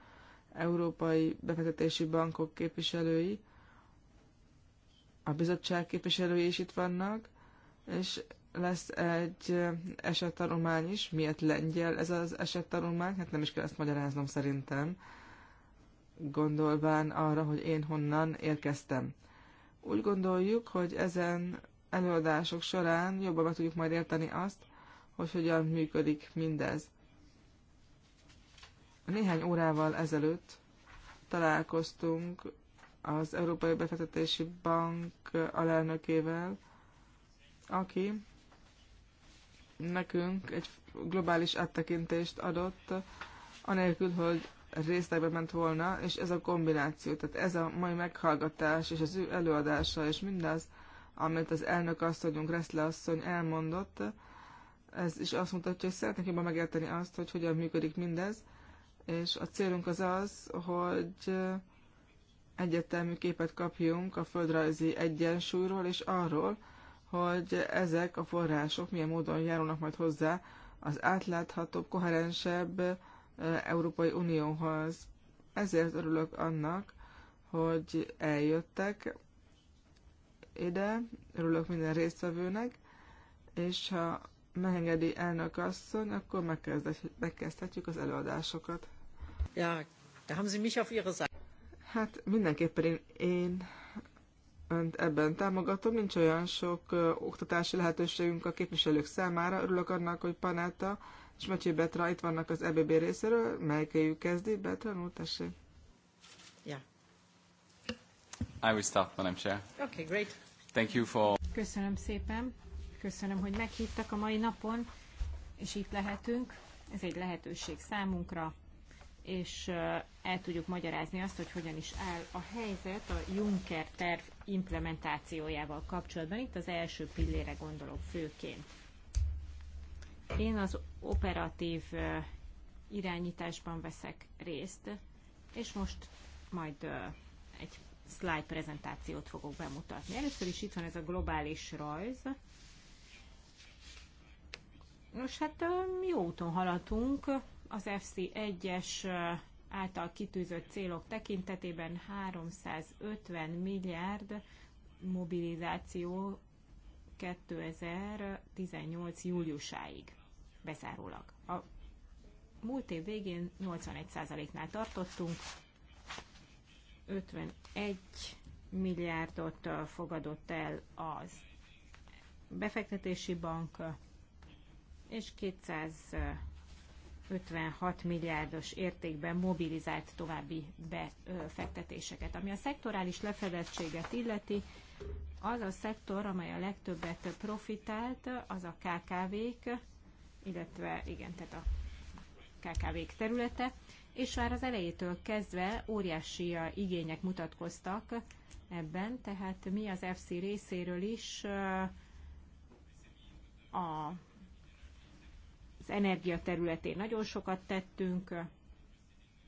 európai befektetési bankok képviselői, a bizottság képviselői is itt vannak, és lesz egy esettanulmány is. Miért lengyel ez az esettanulmány? Hát nem is kell ezt magyaráznom szerintem, gondolván arra, hogy én honnan érkeztem. Úgy gondoljuk, hogy ezen előadások során jobban meg tudjuk majd érteni azt, hogy hogyan működik mindez. Néhány órával ezelőtt találkoztunk az Európai Befektetési Bank alelnökével, aki nekünk egy globális áttekintést adott, anélkül, hogy részlegbe ment volna, és ez a kombináció, tehát ez a mai meghallgatás, és az ő előadása, és mindaz, amit az elnök asszonyunk, Reszle asszony elmondott, ez is azt mutatja, hogy szeretnék jobban megérteni azt, hogy hogyan működik mindez, és a célunk az az, hogy egyetemű képet kapjunk a földrajzi egyensúlyról és arról, hogy ezek a források milyen módon járulnak majd hozzá az átláthatóbb, koherensebb Európai Unióhoz. Ezért örülök annak, hogy eljöttek ide, örülök minden résztvevőnek, és ha megengedi elnök asszony, akkor megkezdhetjük az előadásokat. Ja, da haben Sie mich auf Ihre Seite. Hát mindenképpen én, én önt ebben támogatom. Nincs olyan sok ö, oktatási lehetőségünk a képviselők számára. Örülök annak, hogy Panetta és Mecsi Betra itt vannak az EBB részéről. Melyikéjük kezdi? Betra, no, tessék. Yeah. I will start, Madam Chair. Okay, great. Thank you for... Köszönöm szépen. Köszönöm, hogy meghívtak a mai napon, és itt lehetünk. Ez egy lehetőség számunkra, és el tudjuk magyarázni azt, hogy hogyan is áll a helyzet a Juncker terv implementációjával kapcsolatban. Itt az első pillére gondolok főként. Én az operatív irányításban veszek részt, és most majd egy slide prezentációt fogok bemutatni. Először is itt van ez a globális rajz. Nos, hát jó úton haladunk, az FC1-es által kitűzött célok tekintetében 350 milliárd mobilizáció 2018. júliusáig bezárólag. A múlt év végén 81%-nál tartottunk, 51 milliárdot fogadott el az befektetési bank, és 200 56 milliárdos értékben mobilizált további befektetéseket. Ami a szektorális lefedettséget illeti, az a szektor, amely a legtöbbet profitált, az a KKV-k, illetve igen, tehát a KKV-k területe, és már az elejétől kezdve óriási igények mutatkoztak ebben, tehát mi az FC részéről is a az energia területén nagyon sokat tettünk,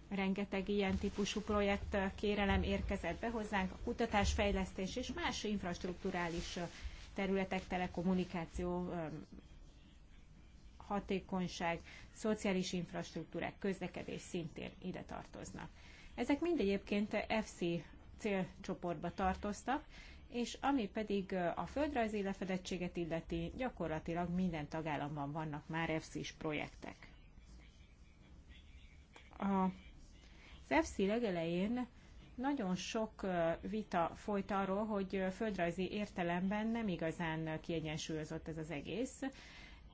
rengeteg ilyen típusú projekt eh, kérelem érkezett be hozzánk, a kutatásfejlesztés és más infrastruktúrális eh, területek, telekommunikáció, eh, hatékonyság, szociális infrastruktúrák, közlekedés szintén ide tartoznak. Ezek mind egyébként FC célcsoportba tartoztak, és ami pedig a földrajzi lefedettséget illeti, gyakorlatilag minden tagállamban vannak már EFSI-s projektek. A az FC legelején nagyon sok vita folyt arról, hogy földrajzi értelemben nem igazán kiegyensúlyozott ez az egész.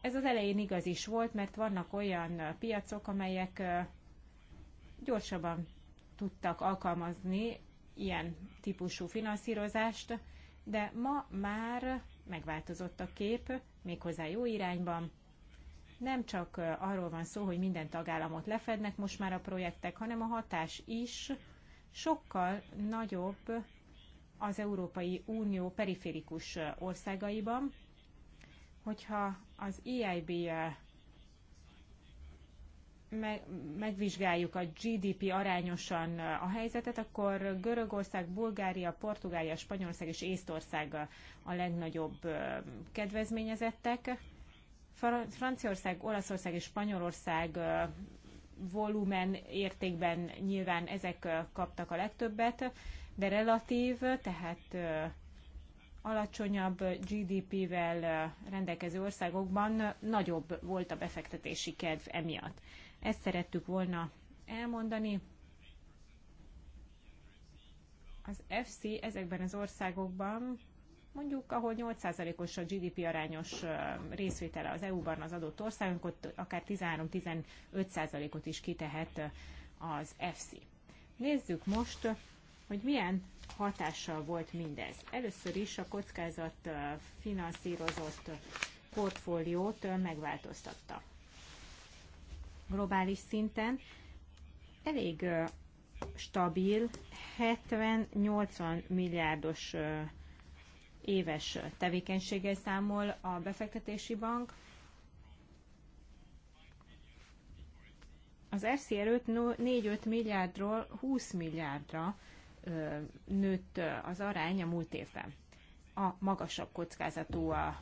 Ez az elején igaz is volt, mert vannak olyan piacok, amelyek gyorsabban tudtak alkalmazni ilyen típusú finanszírozást, de ma már megváltozott a kép, méghozzá jó irányban. Nem csak arról van szó, hogy minden tagállamot lefednek most már a projektek, hanem a hatás is sokkal nagyobb az Európai Unió periférikus országaiban. Hogyha az EIB megvizsgáljuk a GDP arányosan a helyzetet, akkor Görögország, Bulgária, Portugália, Spanyolország és Észtország a legnagyobb kedvezményezettek. Franciaország, Olaszország és Spanyolország volumen értékben nyilván ezek kaptak a legtöbbet, de relatív, tehát alacsonyabb GDP-vel rendelkező országokban nagyobb volt a befektetési kedv emiatt. Ezt szerettük volna elmondani. Az FC ezekben az országokban mondjuk, ahol 8%-os a GDP arányos részvétele az EU-ban az adott országunk, ott akár 13-15%-ot is kitehet az FC. Nézzük most, hogy milyen hatással volt mindez. Először is a kockázat finanszírozott portfóliót megváltoztatta globális szinten elég stabil, 70-80 milliárdos éves tevékenységgel számol a befektetési bank. Az RC 5 4-5 milliárdról 20 milliárdra nőtt az arány a múlt évben. A magasabb kockázatú a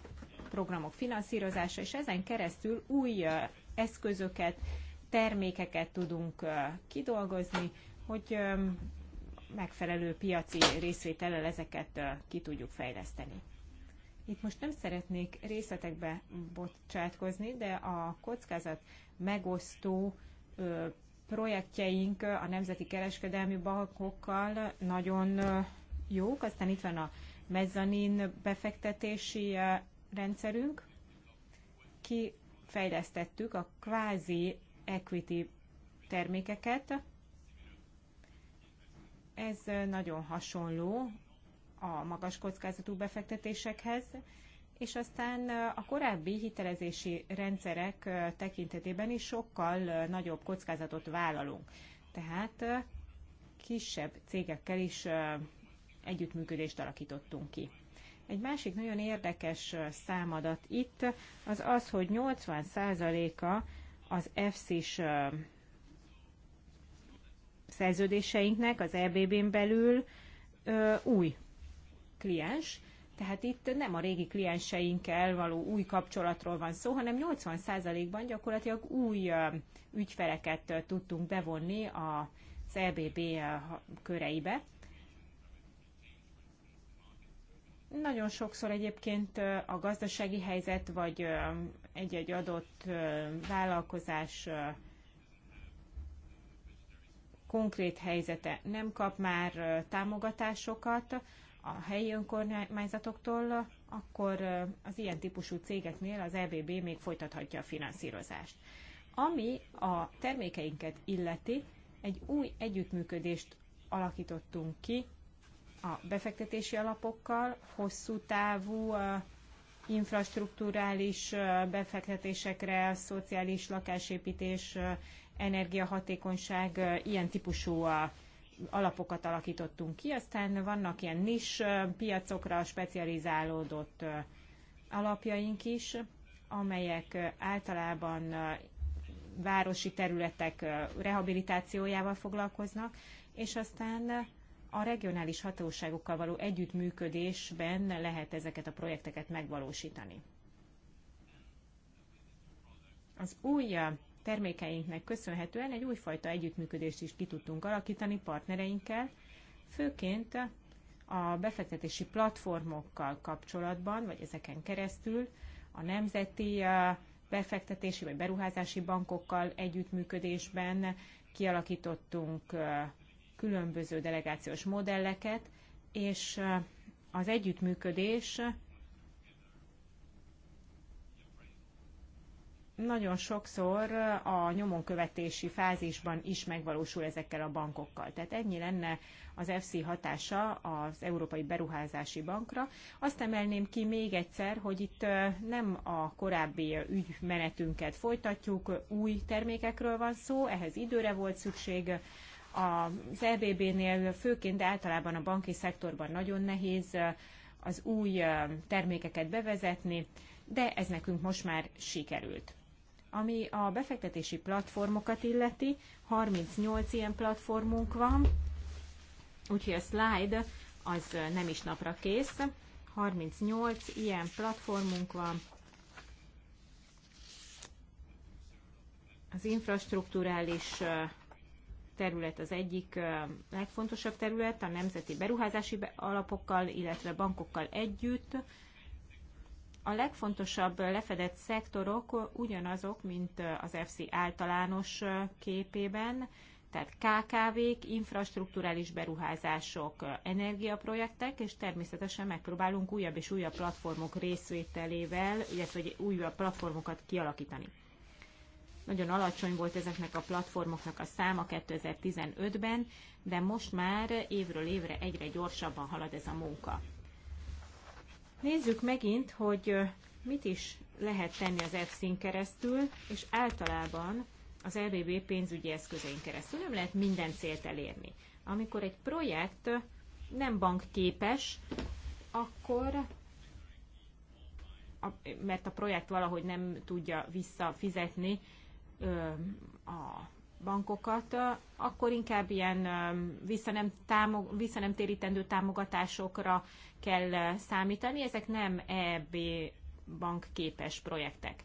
programok finanszírozása, és ezen keresztül új eszközöket, termékeket tudunk kidolgozni, hogy megfelelő piaci részvétellel ezeket ki tudjuk fejleszteni. Itt most nem szeretnék részletekbe bocsátkozni, de a kockázat megosztó projektjeink a nemzeti kereskedelmi bankokkal nagyon jók. Aztán itt van a mezzanin befektetési rendszerünk. Ki fejlesztettük a kvázi equity termékeket. Ez nagyon hasonló a magas kockázatú befektetésekhez, és aztán a korábbi hitelezési rendszerek tekintetében is sokkal nagyobb kockázatot vállalunk. Tehát kisebb cégekkel is együttműködést alakítottunk ki. Egy másik nagyon érdekes számadat itt az az, hogy 80%-a az EFSZ-is szerződéseinknek az EBB-n belül ö, új kliens, tehát itt nem a régi klienseinkkel való új kapcsolatról van szó, hanem 80%-ban gyakorlatilag új ügyfeleket tudtunk bevonni az EBB köreibe. Nagyon sokszor egyébként a gazdasági helyzet, vagy egy-egy adott vállalkozás konkrét helyzete nem kap már támogatásokat a helyi önkormányzatoktól, akkor az ilyen típusú cégeknél az EBB még folytathatja a finanszírozást. Ami a termékeinket illeti, egy új együttműködést alakítottunk ki a befektetési alapokkal, hosszú távú infrastruktúrális befektetésekre, szociális lakásépítés, energiahatékonyság, ilyen típusú alapokat alakítottunk ki. Aztán vannak ilyen nis piacokra specializálódott alapjaink is, amelyek általában városi területek rehabilitációjával foglalkoznak, és aztán a regionális hatóságokkal való együttműködésben lehet ezeket a projekteket megvalósítani. Az új termékeinknek köszönhetően egy újfajta együttműködést is ki tudtunk alakítani partnereinkkel, főként a befektetési platformokkal kapcsolatban, vagy ezeken keresztül a nemzeti befektetési vagy beruházási bankokkal együttműködésben kialakítottunk különböző delegációs modelleket, és az együttműködés nagyon sokszor a nyomonkövetési fázisban is megvalósul ezekkel a bankokkal. Tehát ennyi lenne az FC hatása az Európai Beruházási Bankra. Azt emelném ki még egyszer, hogy itt nem a korábbi ügymenetünket folytatjuk, új termékekről van szó, ehhez időre volt szükség, az EBB-nél főként, de általában a banki szektorban nagyon nehéz az új termékeket bevezetni, de ez nekünk most már sikerült. Ami a befektetési platformokat illeti, 38 ilyen platformunk van, úgyhogy a slide az nem is napra kész. 38 ilyen platformunk van. Az infrastruktúrális terület az egyik legfontosabb terület a nemzeti beruházási alapokkal, illetve bankokkal együtt. A legfontosabb lefedett szektorok ugyanazok, mint az FC általános képében, tehát KKV-k, infrastruktúrális beruházások, energiaprojektek, és természetesen megpróbálunk újabb és újabb platformok részvételével, illetve újabb platformokat kialakítani. Nagyon alacsony volt ezeknek a platformoknak a száma 2015-ben, de most már évről évre egyre gyorsabban halad ez a munka. Nézzük megint, hogy mit is lehet tenni az EFSZ-n keresztül, és általában az LBB pénzügyi eszközein keresztül. Nem lehet minden célt elérni. Amikor egy projekt nem bankképes, akkor a, mert a projekt valahogy nem tudja visszafizetni a bankokat, akkor inkább ilyen vissza nem, támog, vissza nem térítendő támogatásokra kell számítani. Ezek nem EB bankképes projektek.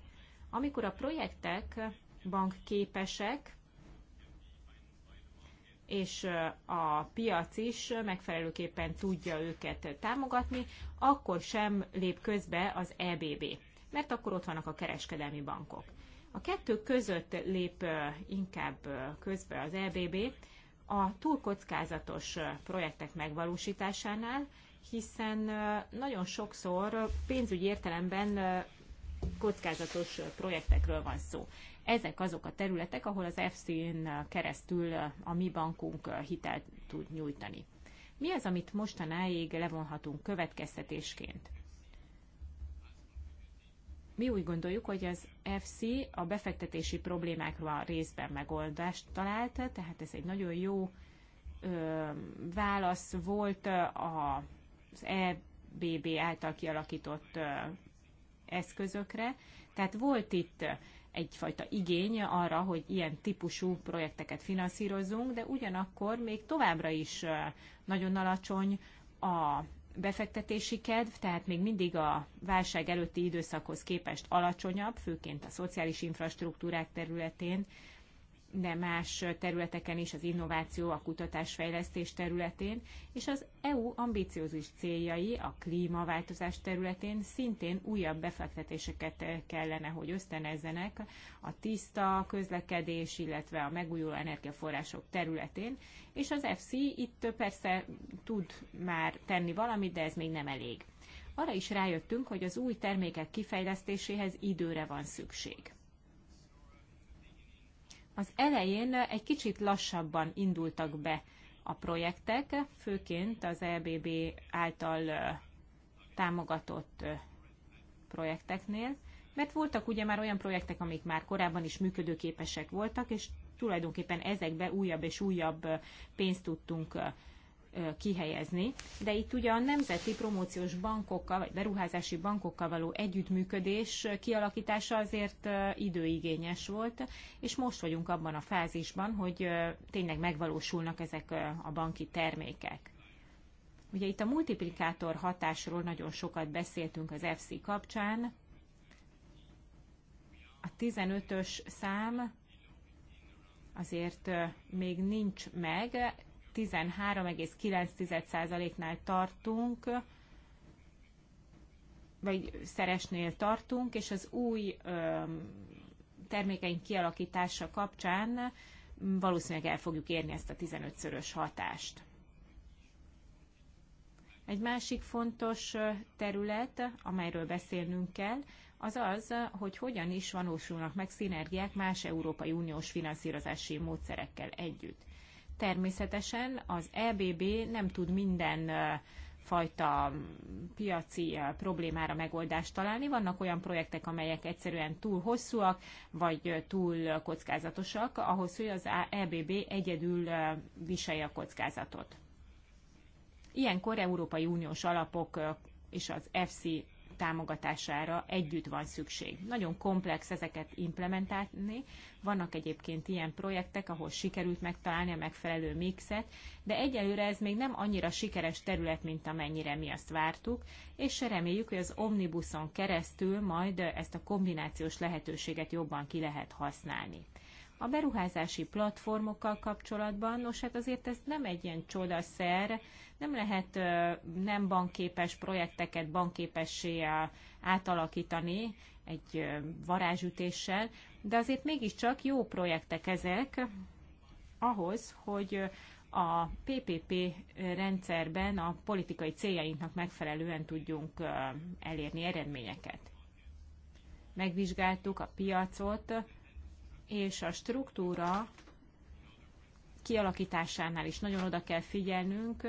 Amikor a projektek bankképesek, és a piac is megfelelőképpen tudja őket támogatni, akkor sem lép közbe az EBB, mert akkor ott vannak a kereskedelmi bankok. A kettő között lép inkább közbe az EBB a túlkockázatos projektek megvalósításánál, hiszen nagyon sokszor pénzügyi értelemben kockázatos projektekről van szó. Ezek azok a területek, ahol az EFSZ-n keresztül a mi bankunk hitelt tud nyújtani. Mi az, amit mostanáig levonhatunk következtetésként? Mi úgy gondoljuk, hogy az FC a befektetési problémákra részben megoldást talált, tehát ez egy nagyon jó ö, válasz volt a, az EBB által kialakított ö, eszközökre. Tehát volt itt egyfajta igény arra, hogy ilyen típusú projekteket finanszírozzunk, de ugyanakkor még továbbra is nagyon alacsony a befektetési kedv, tehát még mindig a válság előtti időszakhoz képest alacsonyabb, főként a szociális infrastruktúrák területén, de más területeken is, az innováció, a kutatásfejlesztés területén, és az EU ambiciózus céljai a klímaváltozás területén szintén újabb befektetéseket kellene, hogy ösztönezzenek a tiszta közlekedés, illetve a megújuló energiaforrások területén, és az FC itt persze tud már tenni valamit, de ez még nem elég. Arra is rájöttünk, hogy az új termékek kifejlesztéséhez időre van szükség az elején egy kicsit lassabban indultak be a projektek, főként az EBB által támogatott projekteknél, mert voltak ugye már olyan projektek, amik már korábban is működőképesek voltak, és tulajdonképpen ezekbe újabb és újabb pénzt tudtunk kihelyezni, de itt ugye a nemzeti promóciós bankokkal, vagy beruházási bankokkal való együttműködés kialakítása azért időigényes volt, és most vagyunk abban a fázisban, hogy tényleg megvalósulnak ezek a banki termékek. Ugye itt a multiplikátor hatásról nagyon sokat beszéltünk az FC kapcsán. A 15-ös szám azért még nincs meg, 13,9%-nál tartunk, vagy szeresnél tartunk, és az új termékeink kialakítása kapcsán valószínűleg el fogjuk érni ezt a 15-szörös hatást. Egy másik fontos terület, amelyről beszélnünk kell, az az, hogy hogyan is valósulnak meg szinergiák más Európai Uniós finanszírozási módszerekkel együtt. Természetesen az EBB nem tud minden fajta piaci problémára megoldást találni. Vannak olyan projektek, amelyek egyszerűen túl hosszúak, vagy túl kockázatosak, ahhoz, hogy az EBB egyedül viselje a kockázatot. Ilyenkor Európai Uniós alapok és az FC támogatására együtt van szükség. Nagyon komplex ezeket implementálni. Vannak egyébként ilyen projektek, ahol sikerült megtalálni a megfelelő mixet, de egyelőre ez még nem annyira sikeres terület, mint amennyire mi azt vártuk, és reméljük, hogy az omnibuson keresztül majd ezt a kombinációs lehetőséget jobban ki lehet használni. A beruházási platformokkal kapcsolatban, nos hát azért ez nem egy ilyen csodaszer, nem lehet nem bankképes projekteket bankképessé átalakítani egy varázsütéssel, de azért mégiscsak jó projektek ezek ahhoz, hogy a PPP rendszerben a politikai céljainknak megfelelően tudjunk elérni eredményeket. Megvizsgáltuk a piacot, és a struktúra kialakításánál is nagyon oda kell figyelnünk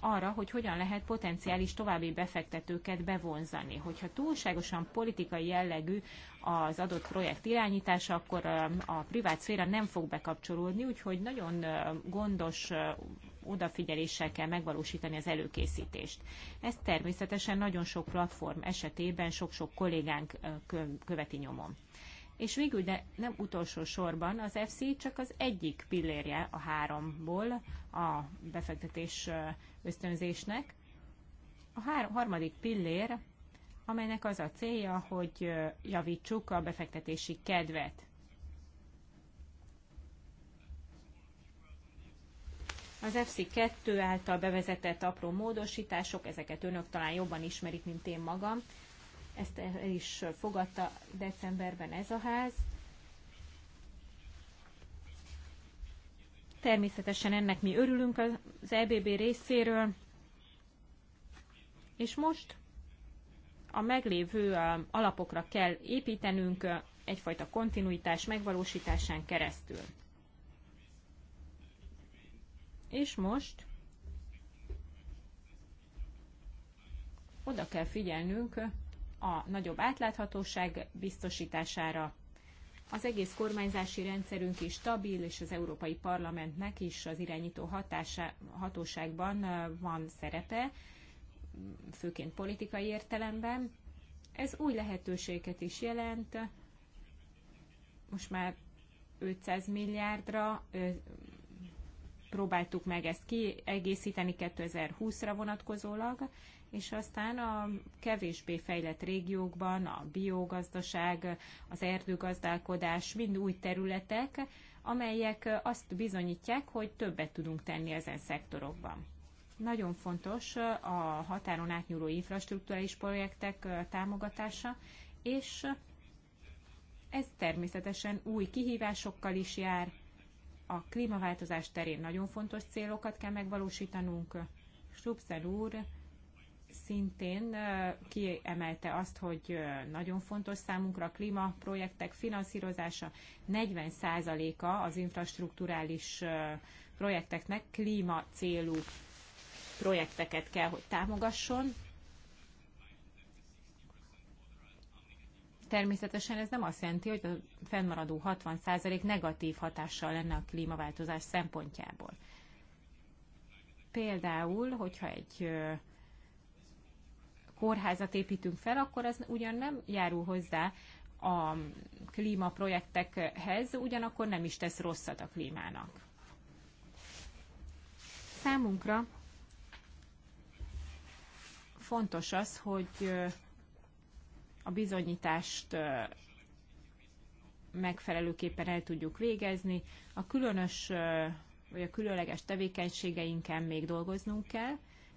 arra, hogy hogyan lehet potenciális további befektetőket bevonzani. Hogyha túlságosan politikai jellegű az adott projekt irányítása, akkor a privát szféra nem fog bekapcsolódni, úgyhogy nagyon gondos odafigyeléssel kell megvalósítani az előkészítést. Ezt természetesen nagyon sok platform esetében sok-sok kollégánk követi nyomon. És végül, de nem utolsó sorban, az FC csak az egyik pillérje a háromból a befektetés ösztönzésnek. A hár, harmadik pillér, amelynek az a célja, hogy javítsuk a befektetési kedvet. Az FC2 által bevezetett apró módosítások, ezeket önök talán jobban ismerik, mint én magam. Ezt el is fogadta decemberben ez a ház. Természetesen ennek mi örülünk az EBB részéről. És most a meglévő alapokra kell építenünk egyfajta kontinuitás megvalósításán keresztül. És most oda kell figyelnünk a nagyobb átláthatóság biztosítására, az egész kormányzási rendszerünk is stabil, és az Európai Parlamentnek is az irányító hatása, hatóságban van szerepe, főként politikai értelemben. Ez új lehetőséget is jelent. Most már 500 milliárdra próbáltuk meg ezt kiegészíteni 2020-ra vonatkozólag, és aztán a kevésbé fejlett régiókban a biogazdaság, az erdőgazdálkodás mind új területek, amelyek azt bizonyítják, hogy többet tudunk tenni ezen szektorokban. Nagyon fontos a határon átnyúló infrastruktúrális projektek támogatása, és ez természetesen új kihívásokkal is jár. A klímaváltozás terén nagyon fontos célokat kell megvalósítanunk. Stubszer úr szintén kiemelte azt, hogy nagyon fontos számunkra a klímaprojektek finanszírozása. 40%-a az infrastruktúrális projekteknek klíma célú projekteket kell, hogy támogasson. Természetesen ez nem azt jelenti, hogy a fennmaradó 60% negatív hatással lenne a klímaváltozás szempontjából. Például, hogyha egy kórházat építünk fel, akkor az ugyan nem járul hozzá a klímaprojektekhez, ugyanakkor nem is tesz rosszat a klímának. Számunkra fontos az, hogy a bizonyítást megfelelőképpen el tudjuk végezni. A különös vagy a különleges tevékenységeinken még dolgoznunk kell,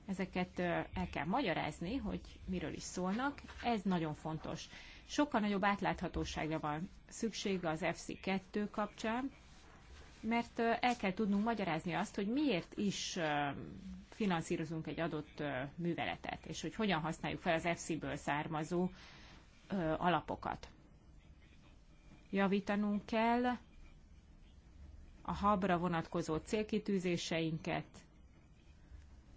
Ezeket el kell magyarázni, hogy miről is szólnak. Ez nagyon fontos. Sokkal nagyobb átláthatóságra van szükség az FC2 kapcsán, mert el kell tudnunk magyarázni azt, hogy miért is finanszírozunk egy adott műveletet, és hogy hogyan használjuk fel az FC-ből származó alapokat. Javítanunk kell a habra vonatkozó célkitűzéseinket,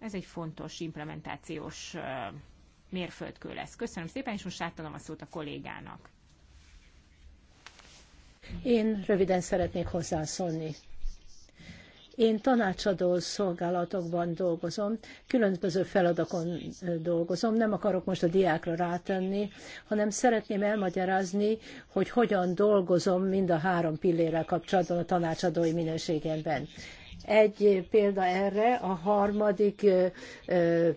ez egy fontos implementációs mérföldkő lesz. Köszönöm szépen, és most átadom a szót a kollégának. Én röviden szeretnék hozzászólni. Én tanácsadó szolgálatokban dolgozom, különböző feladatokon dolgozom, nem akarok most a diákra rátenni, hanem szeretném elmagyarázni, hogy hogyan dolgozom mind a három pillérrel kapcsolatban a tanácsadói minőségemben. Egy példa erre a harmadik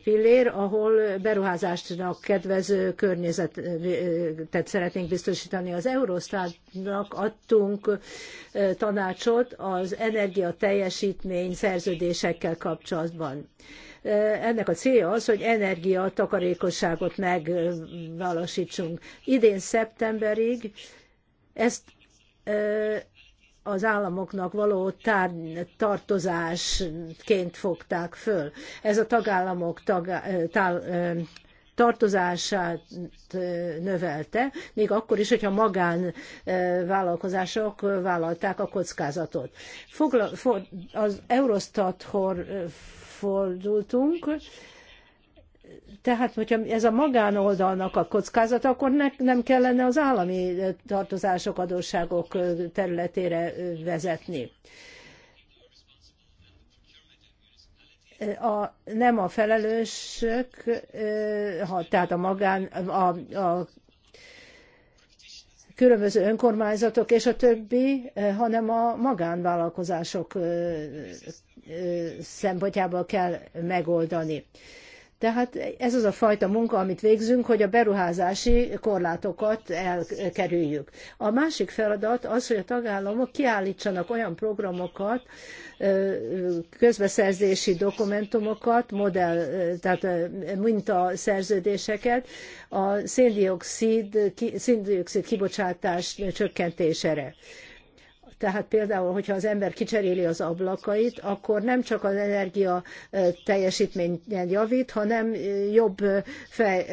pillér, ahol beruházásnak kedvező környezetet szeretnénk biztosítani. Az Eurostatnak adtunk tanácsot az energia teljesítmény szerződésekkel kapcsolatban ennek a célja az, hogy energia takarékosságot megvalósítsunk. Idén szeptemberig ezt az államoknak való tár, tartozásként fogták föl. Ez a tagállamok tartozását növelte, még akkor is, hogyha magánvállalkozások vállalták a kockázatot. Fogla, for, az Eurostathoz fordultunk, tehát, hogyha ez a magánoldalnak a kockázata, akkor ne, nem kellene az állami eh, tartozások, adósságok eh, területére eh, vezetni. A, nem a felelősök, ha, tehát a magán, a, a különböző önkormányzatok és a többi, hanem a magánvállalkozások szempontjából kell megoldani. Tehát ez az a fajta munka, amit végzünk, hogy a beruházási korlátokat elkerüljük. A másik feladat az, hogy a tagállamok kiállítsanak olyan programokat, közbeszerzési dokumentumokat, modell, tehát minta szerződéseket a széndiokszid, széndiokszid kibocsátás csökkentésére. Tehát például, hogyha az ember kicseréli az ablakait, akkor nem csak az energia teljesítményen javít, hanem jobb fej,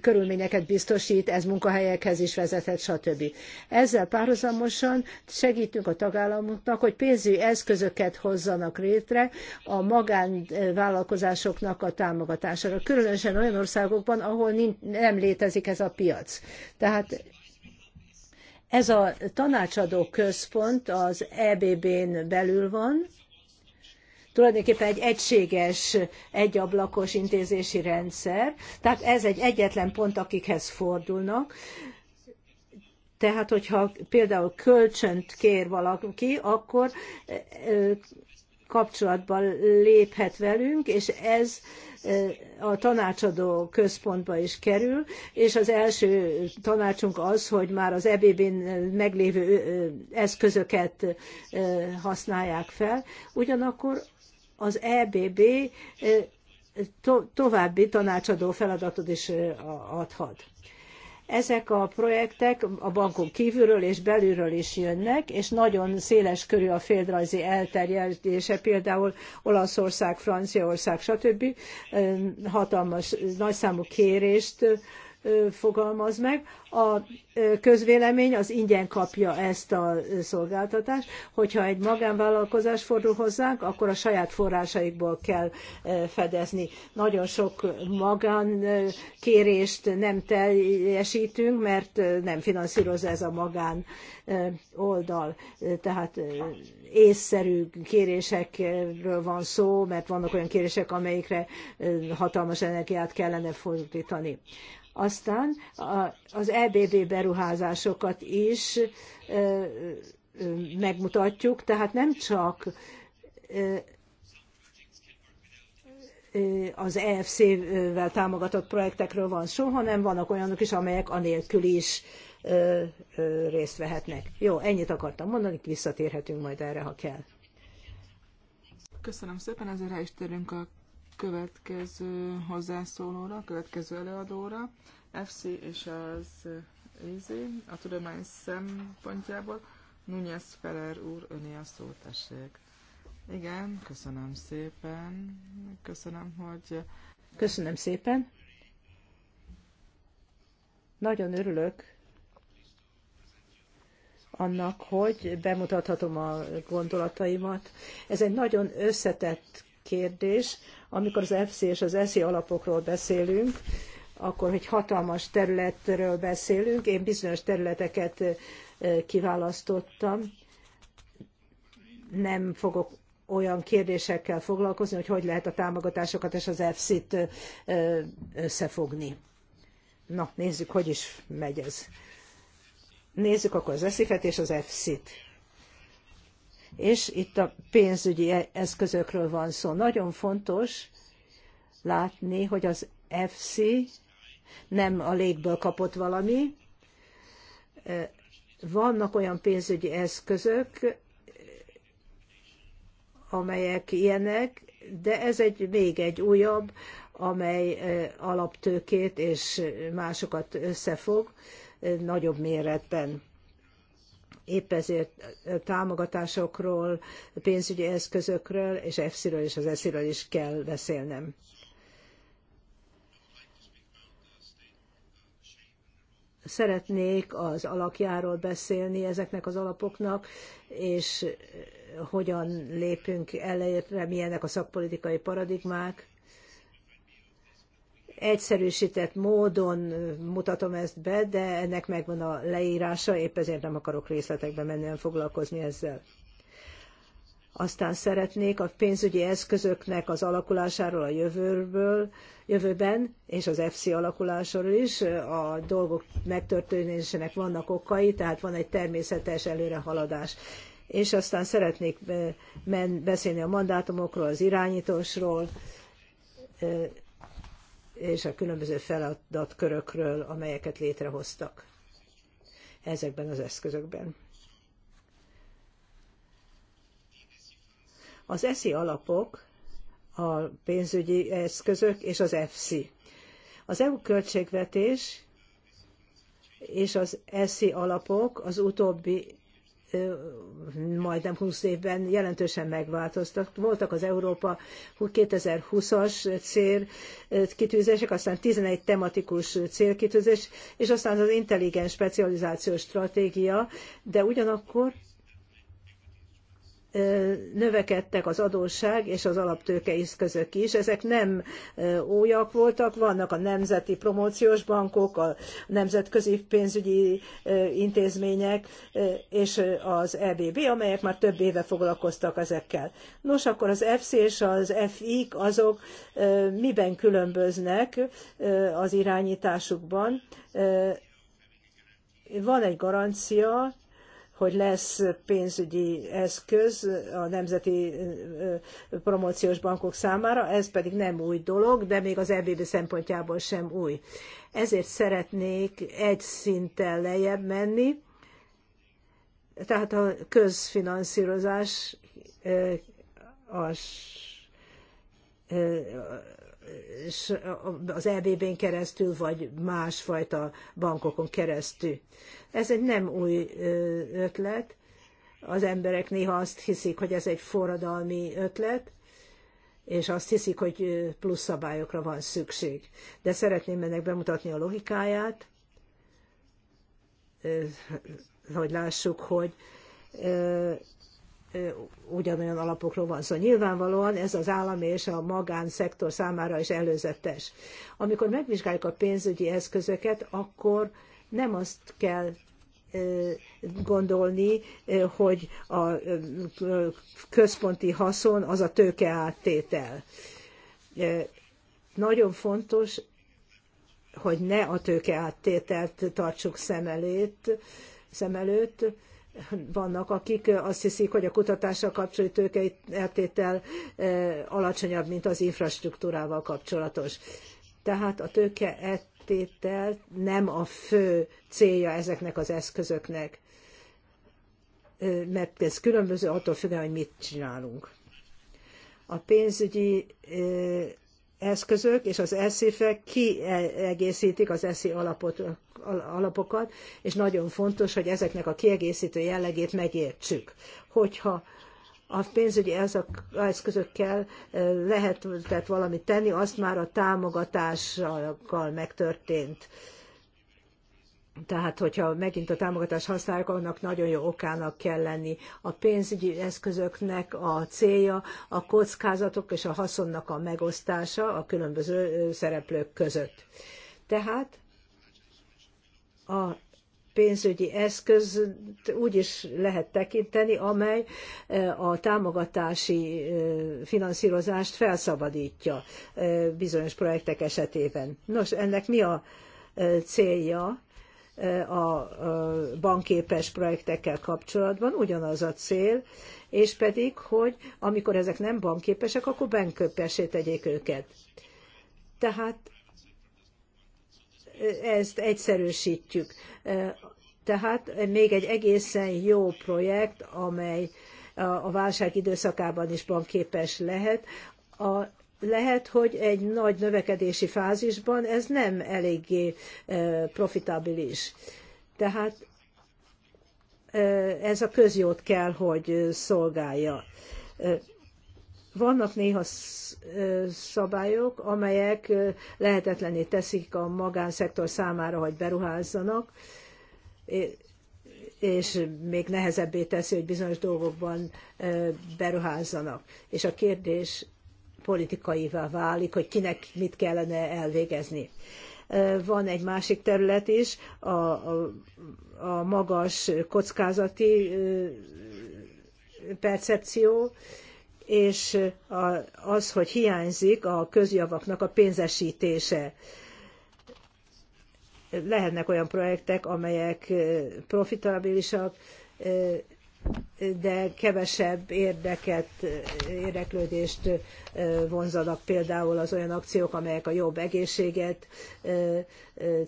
körülményeket biztosít, ez munkahelyekhez is vezethet, stb. Ezzel párhuzamosan segítünk a tagállamoknak, hogy pénzügyi eszközöket hozzanak létre a magánvállalkozásoknak a támogatására. Különösen olyan országokban, ahol nem létezik ez a piac. Tehát ez a tanácsadó központ az EBB-n belül van, tulajdonképpen egy egységes, egyablakos intézési rendszer, tehát ez egy egyetlen pont, akikhez fordulnak. Tehát, hogyha például kölcsönt kér valaki, akkor kapcsolatban léphet velünk, és ez a tanácsadó központba is kerül, és az első tanácsunk az, hogy már az EBB-n meglévő eszközöket használják fel. Ugyanakkor az EBB további tanácsadó feladatot is adhat. Ezek a projektek a bankon kívülről és belülről is jönnek, és nagyon széles körű a földrajzi elterjedése, például Olaszország, Franciaország, stb. Hatalmas, nagyszámú kérést fogalmaz meg, a közvélemény az ingyen kapja ezt a szolgáltatást, hogyha egy magánvállalkozás fordul hozzánk, akkor a saját forrásaikból kell fedezni. Nagyon sok magánkérést nem teljesítünk, mert nem finanszírozza ez a magán oldal. Tehát észszerű kérésekről van szó, mert vannak olyan kérések, amelyikre hatalmas energiát kellene fordítani. Aztán az EBB beruházásokat is megmutatjuk, tehát nem csak az EFC-vel támogatott projektekről van szó, hanem vannak olyanok is, amelyek anélkül is részt vehetnek. Jó, ennyit akartam mondani, visszatérhetünk majd erre, ha kell. Köszönöm szépen, ezért rá is térünk a következő hozzászólóra, a következő előadóra, FC és az Easy, a tudomány szempontjából. Núñez Feller úr, öné a szó, tessék. Igen, köszönöm szépen. Köszönöm, hogy... Köszönöm szépen. Nagyon örülök annak, hogy bemutathatom a gondolataimat. Ez egy nagyon összetett kérdés, amikor az FC és az ESZI alapokról beszélünk, akkor, egy hatalmas területről beszélünk, én bizonyos területeket kiválasztottam, nem fogok olyan kérdésekkel foglalkozni, hogy hogy lehet a támogatásokat és az EFSZ-t összefogni. Na, nézzük, hogy is megy ez. Nézzük akkor az ESZIF-et és az EFSZ-t és itt a pénzügyi eszközökről van szó. Nagyon fontos látni, hogy az FC nem a légből kapott valami. Vannak olyan pénzügyi eszközök, amelyek ilyenek, de ez egy még egy újabb, amely alaptőkét és másokat összefog nagyobb méretben épp ezért támogatásokról, pénzügyi eszközökről és EFSZ-ről és az ESZ-ről is kell beszélnem. Szeretnék az alakjáról beszélni ezeknek az alapoknak, és hogyan lépünk elejétre, milyenek a szakpolitikai paradigmák egyszerűsített módon mutatom ezt be, de ennek megvan a leírása, épp ezért nem akarok részletekbe menően foglalkozni ezzel. Aztán szeretnék a pénzügyi eszközöknek az alakulásáról a jövőből, jövőben, és az FC alakulásáról is. A dolgok megtörténésének vannak okai, tehát van egy természetes előrehaladás és aztán szeretnék beszélni a mandátumokról, az irányítósról és a különböző feladatkörökről, amelyeket létrehoztak ezekben az eszközökben. Az ESZI alapok, a pénzügyi eszközök és az EFSI. Az EU költségvetés és az ESZI alapok az utóbbi majdnem 20 évben jelentősen megváltoztak. Voltak az Európa 2020-as célkitűzések, aztán 11 tematikus célkitűzés, és aztán az intelligens specializációs stratégia, de ugyanakkor növekedtek az adósság és az alaptőke közök is. Ezek nem újak voltak, vannak a nemzeti promóciós bankok, a nemzetközi pénzügyi intézmények és az EBB, amelyek már több éve foglalkoztak ezekkel. Nos, akkor az FC és az fi azok miben különböznek az irányításukban? Van egy garancia, hogy lesz pénzügyi eszköz a nemzeti promóciós bankok számára, ez pedig nem új dolog, de még az EBB szempontjából sem új. Ezért szeretnék egy szinten lejjebb menni, tehát a közfinanszírozás a az EBB-n keresztül, vagy másfajta bankokon keresztül. Ez egy nem új ötlet. Az emberek néha azt hiszik, hogy ez egy forradalmi ötlet, és azt hiszik, hogy plusz szabályokra van szükség. De szeretném ennek bemutatni a logikáját, hogy lássuk, hogy ugyanolyan alapokról van szó. Szóval nyilvánvalóan ez az állami és a magánszektor számára is előzetes. Amikor megvizsgáljuk a pénzügyi eszközöket, akkor nem azt kell gondolni, hogy a központi haszon az a tőke áttétel. Nagyon fontos, hogy ne a tőke áttételt tartsuk szem, elét, szem előtt, vannak, akik azt hiszik, hogy a kutatással kapcsolatos egy eltétel eh, alacsonyabb, mint az infrastruktúrával kapcsolatos. Tehát a tőke eltétel nem a fő célja ezeknek az eszközöknek, eh, mert ez különböző attól függően, hogy mit csinálunk. A pénzügyi eh, eszközök és az eszéfek kiegészítik az eszi alapot, alapokat, és nagyon fontos, hogy ezeknek a kiegészítő jellegét megértsük. Hogyha a pénzügyi eszközökkel lehetett valamit tenni, azt már a támogatással megtörtént tehát, hogyha megint a támogatást használjuk, annak nagyon jó okának kell lenni. A pénzügyi eszközöknek a célja a kockázatok és a haszonnak a megosztása a különböző szereplők között. Tehát a pénzügyi eszköz úgy is lehet tekinteni, amely a támogatási finanszírozást felszabadítja bizonyos projektek esetében. Nos, ennek mi a célja? a banképes projektekkel kapcsolatban, ugyanaz a cél, és pedig, hogy amikor ezek nem banképesek akkor bankképesé tegyék őket. Tehát ezt egyszerűsítjük. Tehát még egy egészen jó projekt, amely a válság időszakában is bankképes lehet, a lehet, hogy egy nagy növekedési fázisban ez nem eléggé e, profitabilis. Tehát e, ez a közjót kell, hogy e, szolgálja. Vannak néha szabályok, amelyek lehetetlené teszik a magánszektor számára, hogy beruházzanak, és még nehezebbé teszi, hogy bizonyos dolgokban beruházzanak. És a kérdés politikaivá válik, hogy kinek mit kellene elvégezni. Van egy másik terület is, a, a, a magas kockázati percepció, és az, hogy hiányzik a közjavaknak a pénzesítése. Lehetnek olyan projektek, amelyek profitabilisak, de kevesebb érdeket, érdeklődést vonzanak például az olyan akciók, amelyek a jobb egészséget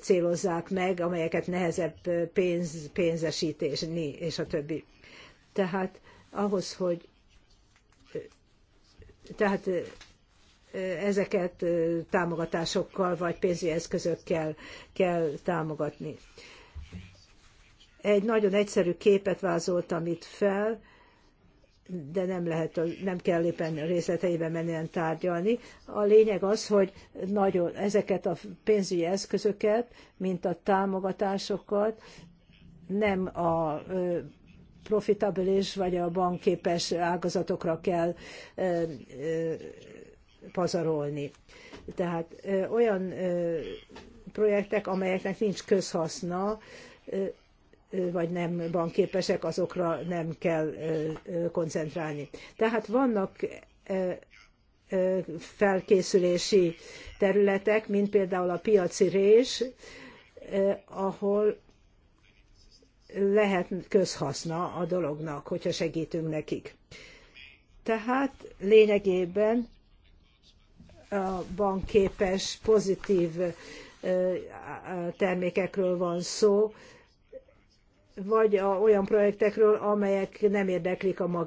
célozzák meg, amelyeket nehezebb pénz, pénzesítésni, és a többi. Tehát ahhoz, hogy tehát ezeket támogatásokkal vagy pénzügyi eszközökkel kell támogatni. Egy nagyon egyszerű képet vázoltam itt fel, de nem, lehet, nem kell éppen részleteiben menően tárgyalni. A lényeg az, hogy nagyon ezeket a pénzügyi eszközöket, mint a támogatásokat nem a profitabilis vagy a bankképes ágazatokra kell pazarolni. Tehát olyan projektek, amelyeknek nincs közhaszna, vagy nem bankképesek, képesek, azokra nem kell koncentrálni. Tehát vannak felkészülési területek, mint például a piaci rés, ahol lehet közhaszna a dolognak, hogyha segítünk nekik. Tehát lényegében a bankképes, pozitív termékekről van szó, vagy a, olyan projektekről, amelyek nem érdeklik a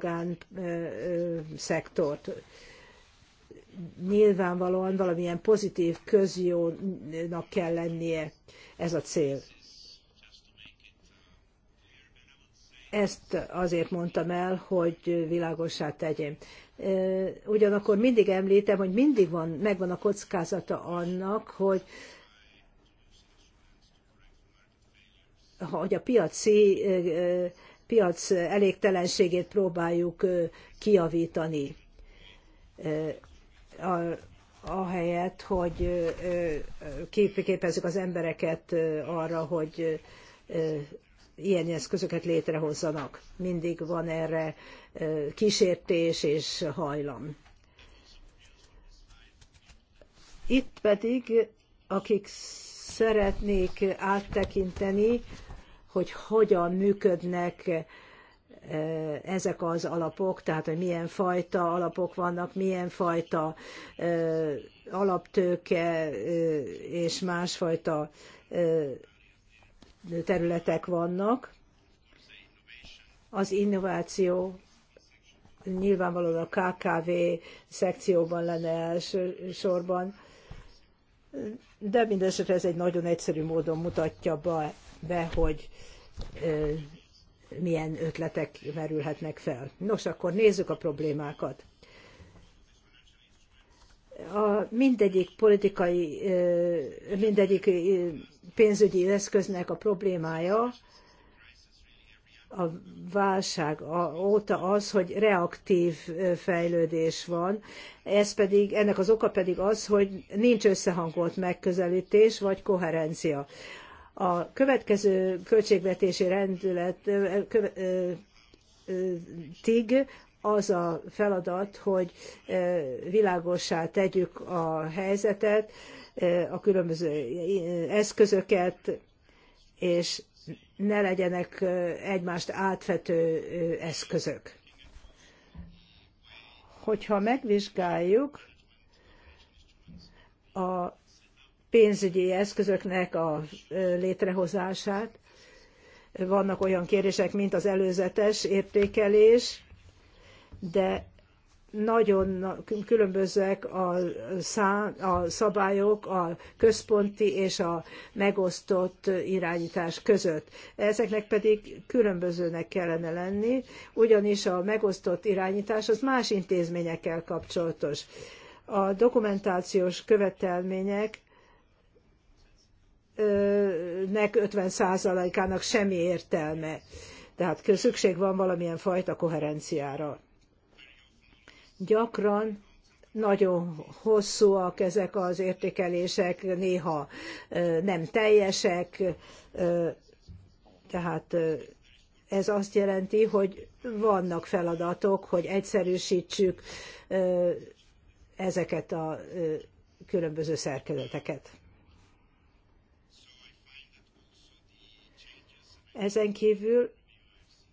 szektort. Nyilvánvalóan valamilyen pozitív közjónak kell lennie ez a cél. Ezt azért mondtam el, hogy világossá tegyem. Ugyanakkor mindig említem, hogy mindig van, megvan a kockázata annak, hogy hogy a piaci piac elégtelenségét próbáljuk kiavítani. Ahelyett, hogy képezzük az embereket arra, hogy ilyen eszközöket létrehozzanak. Mindig van erre kísértés és hajlam. Itt pedig, akik szeretnék áttekinteni, hogy hogyan működnek ezek az alapok, tehát hogy milyen fajta alapok vannak, milyen fajta alaptőke és másfajta területek vannak. Az innováció nyilvánvalóan a KKV szekcióban lenne elsősorban, de mindesetre ez egy nagyon egyszerű módon mutatja be be, hogy milyen ötletek merülhetnek fel. Nos, akkor nézzük a problémákat. A mindegyik politikai, mindegyik pénzügyi eszköznek a problémája a válság óta az, hogy reaktív fejlődés van. Ez pedig, ennek az oka pedig az, hogy nincs összehangolt megközelítés vagy koherencia. A következő költségvetési rendület tig az a feladat, hogy világossá tegyük a helyzetet, a különböző eszközöket, és ne legyenek egymást átfető eszközök. Hogyha megvizsgáljuk a pénzügyi eszközöknek a létrehozását. Vannak olyan kérdések, mint az előzetes értékelés, de nagyon különbözőek a, szá, a szabályok a központi és a megosztott irányítás között. Ezeknek pedig különbözőnek kellene lenni, ugyanis a megosztott irányítás az más intézményekkel kapcsolatos. A dokumentációs követelmények nek 50%-ának semmi értelme. Tehát szükség van valamilyen fajta koherenciára. Gyakran nagyon hosszúak ezek az értékelések, néha nem teljesek, tehát ez azt jelenti, hogy vannak feladatok, hogy egyszerűsítsük ezeket a különböző szerkezeteket. Ezen kívül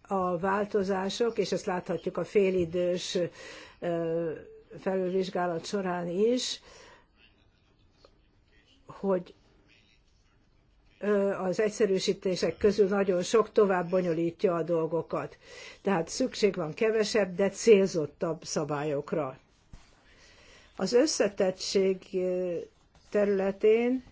a változások, és ezt láthatjuk a félidős felülvizsgálat során is, hogy az egyszerűsítések közül nagyon sok tovább bonyolítja a dolgokat. Tehát szükség van kevesebb, de célzottabb szabályokra. Az összetettség területén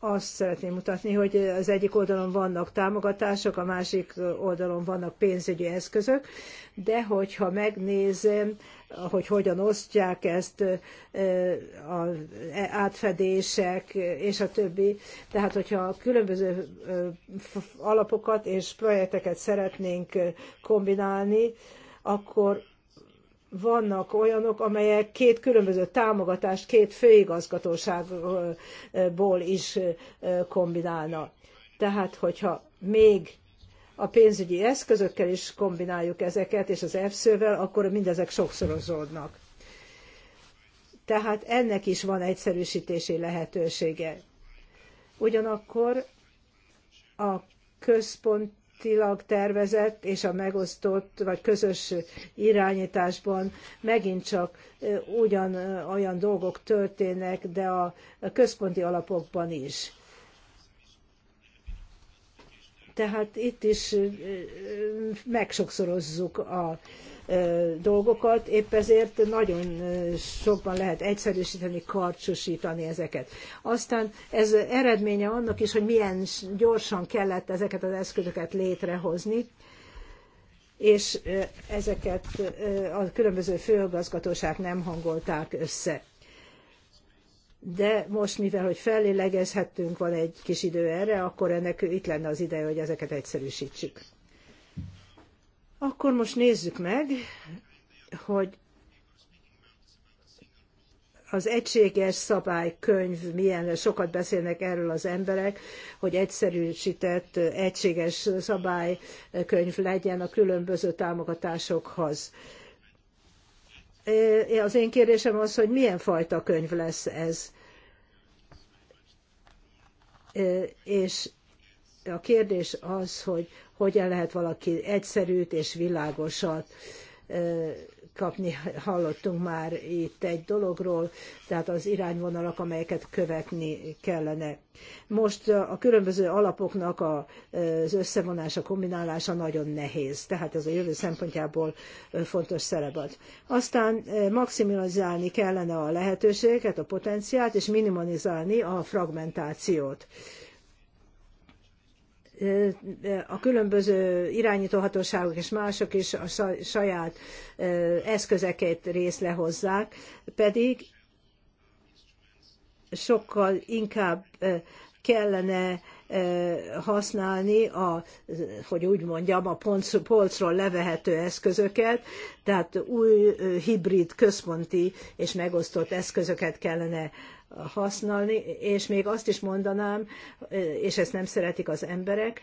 azt szeretném mutatni, hogy az egyik oldalon vannak támogatások, a másik oldalon vannak pénzügyi eszközök, de hogyha megnézem, hogy hogyan osztják ezt eh, az átfedések és a többi, tehát hogyha a különböző eh, alapokat és projekteket szeretnénk kombinálni, akkor vannak olyanok, amelyek két különböző támogatást két főigazgatóságból is kombinálna. Tehát, hogyha még a pénzügyi eszközökkel is kombináljuk ezeket, és az EFSZ-vel, akkor mindezek sokszorozódnak. Tehát ennek is van egyszerűsítési lehetősége. Ugyanakkor a központ gyakorlatilag tervezett és a megosztott vagy közös irányításban megint csak ugyan olyan dolgok történnek, de a központi alapokban is. Tehát itt is megsokszorozzuk a dolgokat, épp ezért nagyon sokban lehet egyszerűsíteni, karcsúsítani ezeket. Aztán ez eredménye annak is, hogy milyen gyorsan kellett ezeket az eszközöket létrehozni, és ezeket a különböző főgazgatóság nem hangolták össze de most, mivel hogy fellélegezhettünk, van egy kis idő erre, akkor ennek itt lenne az ideje, hogy ezeket egyszerűsítsük. Akkor most nézzük meg, hogy az egységes szabálykönyv milyen, sokat beszélnek erről az emberek, hogy egyszerűsített, egységes szabálykönyv legyen a különböző támogatásokhoz. Az én kérdésem az, hogy milyen fajta könyv lesz ez. És a kérdés az, hogy hogyan lehet valaki egyszerűt és világosat kapni. Hallottunk már itt egy dologról, tehát az irányvonalak, amelyeket követni kellene. Most a különböző alapoknak az összevonása, kombinálása nagyon nehéz, tehát ez a jövő szempontjából fontos szerep ad. Aztán maximalizálni kellene a lehetőséget, a potenciát és minimalizálni a fragmentációt a különböző irányítóhatóságok és mások is a saját eszközeket részlehozzák, pedig sokkal inkább kellene használni a, hogy úgy mondjam, a polcról levehető eszközöket, tehát új hibrid, központi és megosztott eszközöket kellene használni, és még azt is mondanám, és ezt nem szeretik az emberek,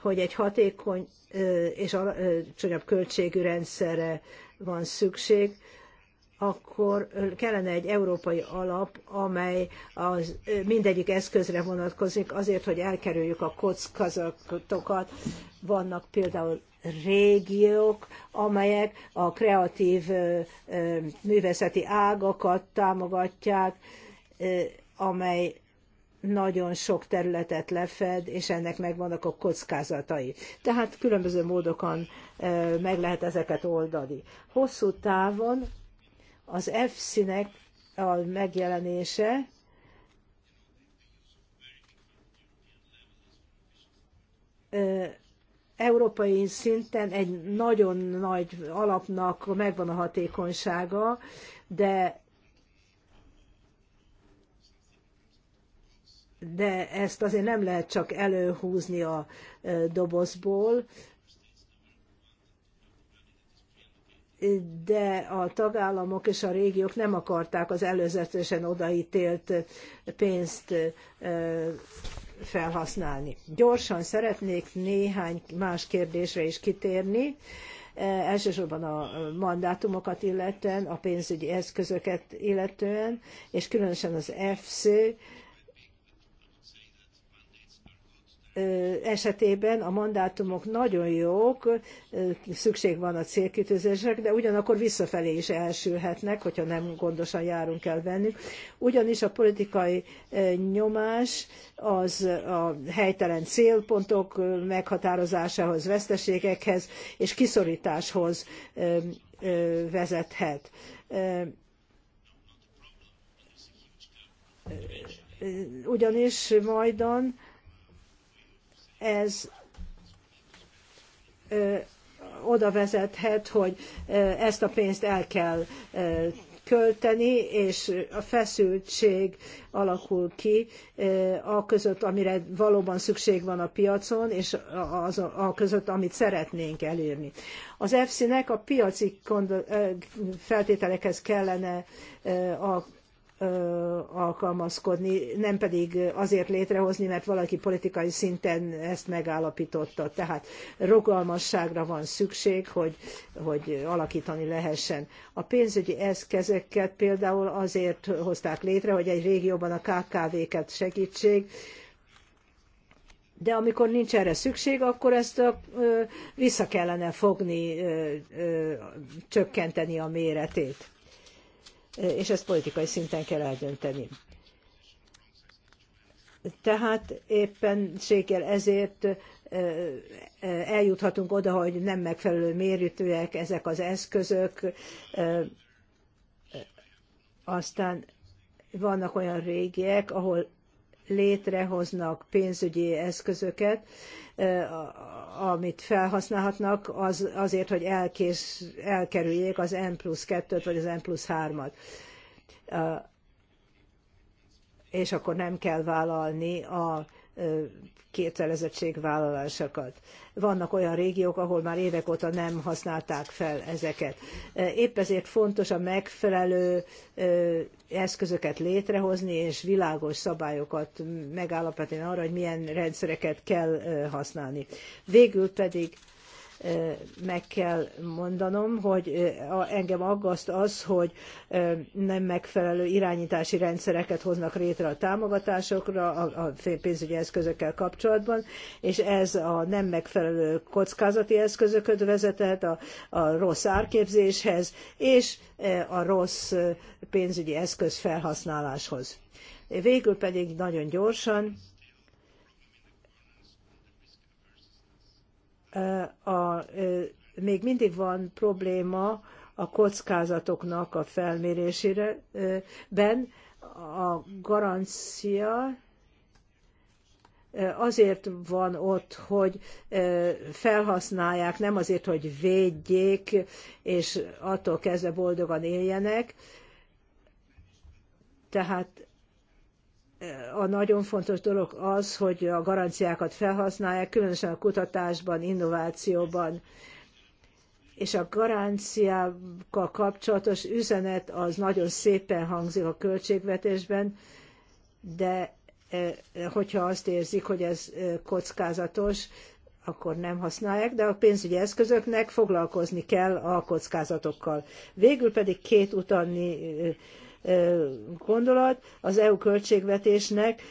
hogy egy hatékony és alacsonyabb költségű rendszerre van szükség, akkor kellene egy európai alap, amely az mindegyik eszközre vonatkozik, azért, hogy elkerüljük a kockázatokat. Vannak például régiók, amelyek a kreatív művészeti ágakat támogatják, amely nagyon sok területet lefed, és ennek megvannak a kockázatai. Tehát különböző módokon meg lehet ezeket oldani. Hosszú távon az F-színek a megjelenése európai szinten egy nagyon nagy alapnak megvan a hatékonysága, de de ezt azért nem lehet csak előhúzni a dobozból, de a tagállamok és a régiók nem akarták az előzetesen odaítélt pénzt felhasználni. Gyorsan szeretnék néhány más kérdésre is kitérni, e, elsősorban a mandátumokat illetően, a pénzügyi eszközöket illetően, és különösen az FC esetében a mandátumok nagyon jók, szükség van a célkitűzések, de ugyanakkor visszafelé is elsülhetnek, hogyha nem gondosan járunk el bennük. Ugyanis a politikai nyomás az a helytelen célpontok meghatározásához, veszteségekhez és kiszorításhoz vezethet ugyanis majdan ez oda vezethet, hogy ezt a pénzt el kell költeni, és a feszültség alakul ki a között, amire valóban szükség van a piacon, és az a között, amit szeretnénk elérni. Az EFSZ-nek a piaci feltételekhez kellene a alkalmazkodni, nem pedig azért létrehozni, mert valaki politikai szinten ezt megállapította. Tehát rugalmasságra van szükség, hogy, hogy alakítani lehessen. A pénzügyi eszközöket például azért hozták létre, hogy egy régióban a KKV-ket segítség, de amikor nincs erre szükség, akkor ezt a, vissza kellene fogni, csökkenteni a méretét és ezt politikai szinten kell eldönteni. Tehát éppen székel ezért eh, eh, eljuthatunk oda, hogy nem megfelelő mérítőek ezek az eszközök, eh, aztán vannak olyan régiek, ahol létrehoznak pénzügyi eszközöket, amit felhasználhatnak az, azért, hogy elkész, elkerüljék az N plusz 2-t vagy az N plusz 3-at. És akkor nem kell vállalni a kötelezettségvállalásokat. Vannak olyan régiók, ahol már évek óta nem használták fel ezeket. E, épp ezért fontos a megfelelő e, eszközöket létrehozni, és világos szabályokat megállapítani arra, hogy milyen rendszereket kell e, használni. Végül pedig meg kell mondanom, hogy engem aggaszt az, hogy nem megfelelő irányítási rendszereket hoznak létre a támogatásokra, a pénzügyi eszközökkel kapcsolatban, és ez a nem megfelelő kockázati eszközököt vezetett a, a rossz árképzéshez, és a rossz pénzügyi eszköz felhasználáshoz. Végül pedig nagyon gyorsan a, még mindig van probléma a kockázatoknak a felmérésére, ben a garancia azért van ott, hogy felhasználják, nem azért, hogy védjék, és attól kezdve boldogan éljenek. Tehát a nagyon fontos dolog az, hogy a garanciákat felhasználják, különösen a kutatásban, innovációban. És a garanciákkal kapcsolatos üzenet az nagyon szépen hangzik a költségvetésben, de e, hogyha azt érzik, hogy ez e, kockázatos, akkor nem használják, de a pénzügyi eszközöknek foglalkozni kell a kockázatokkal. Végül pedig két utalni e, gondolat, az EU költségvetésnek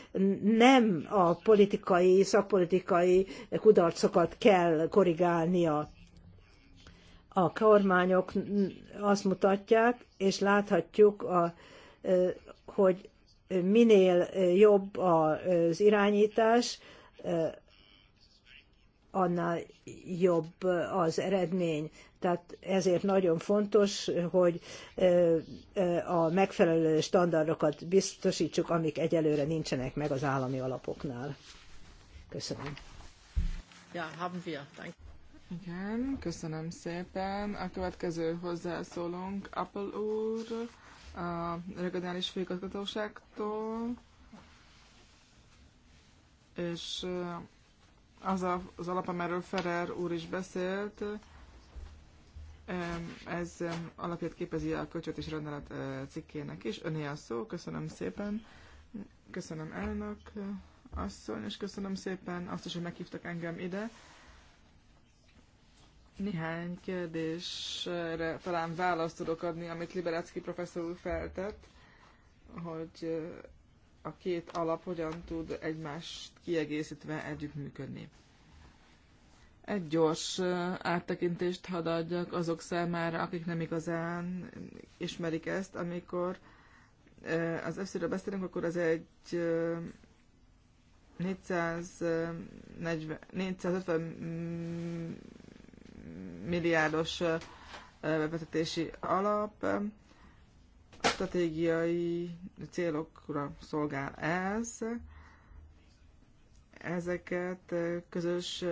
nem a politikai, szakpolitikai kudarcokat kell korrigálnia. A kormányok azt mutatják, és láthatjuk, a, hogy minél jobb az irányítás, annál jobb az eredmény. Tehát ezért nagyon fontos, hogy a megfelelő standardokat biztosítsuk, amik egyelőre nincsenek meg az állami alapoknál. Köszönöm. Ja, haben wir. Danke. Igen, köszönöm szépen. A következő hozzászólónk Apple úr a regionális főigazgatóságtól, és az a, az alap, amiről Ferrer úr is beszélt, ez alapját képezi a és rendelet eh, cikkének is. Öné a szó, köszönöm szépen. Köszönöm elnök eh, asszony, és köszönöm szépen azt is, hogy meghívtak engem ide. Néhány kérdésre talán választ tudok adni, amit Liberácki professzor úr feltett, hogy eh, a két alap hogyan tud egymást kiegészítve együttműködni. Egy gyors áttekintést hadd adjak azok számára, akik nem igazán ismerik ezt, amikor az fc beszélünk, akkor az egy 440, 450 milliárdos bevezetési alap stratégiai célokra szolgál ez ezeket közös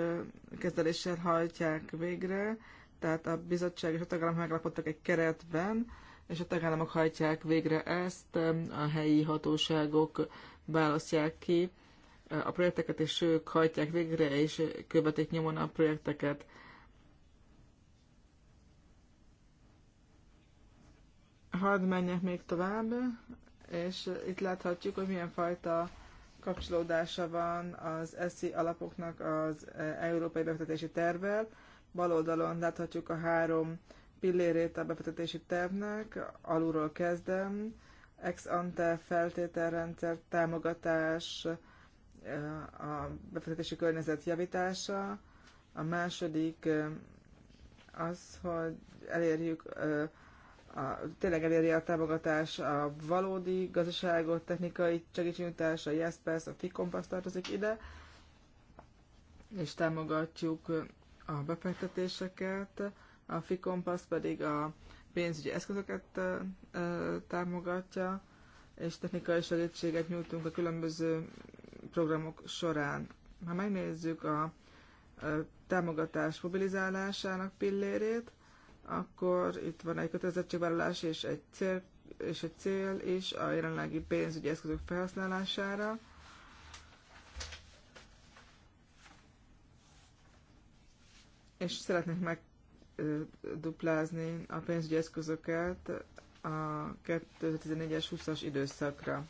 kezeléssel hajtják végre, tehát a bizottság és a tagállamok meglapodtak egy keretben, és a tagállamok hajtják végre ezt, a helyi hatóságok választják ki a projekteket, és ők hajtják végre, és követik nyomon a projekteket. Hadd menjek még tovább, és itt láthatjuk, hogy milyen fajta kapcsolódása van az ESZI alapoknak az e, Európai Befektetési Tervvel. Bal oldalon láthatjuk a három pillérét a befektetési tervnek, alulról kezdem, ex ante feltételrendszer támogatás, e, a befektetési környezet javítása, a második e, az, hogy elérjük a, tényleg eléri a támogatás a valódi gazdaságot, technikai segítségnyújtás, a Jespers, a Fikompass tartozik ide, és támogatjuk a befektetéseket, a Fikompass pedig a pénzügyi eszközöket támogatja, és technikai segítséget nyújtunk a különböző programok során. Ha megnézzük a támogatás mobilizálásának pillérét, akkor itt van egy kötelezettségvállalás és egy cél, és egy cél is a jelenlegi pénzügyi eszközök felhasználására. És szeretnék megduplázni a pénzügyi eszközöket a 2014-es 20-as időszakra.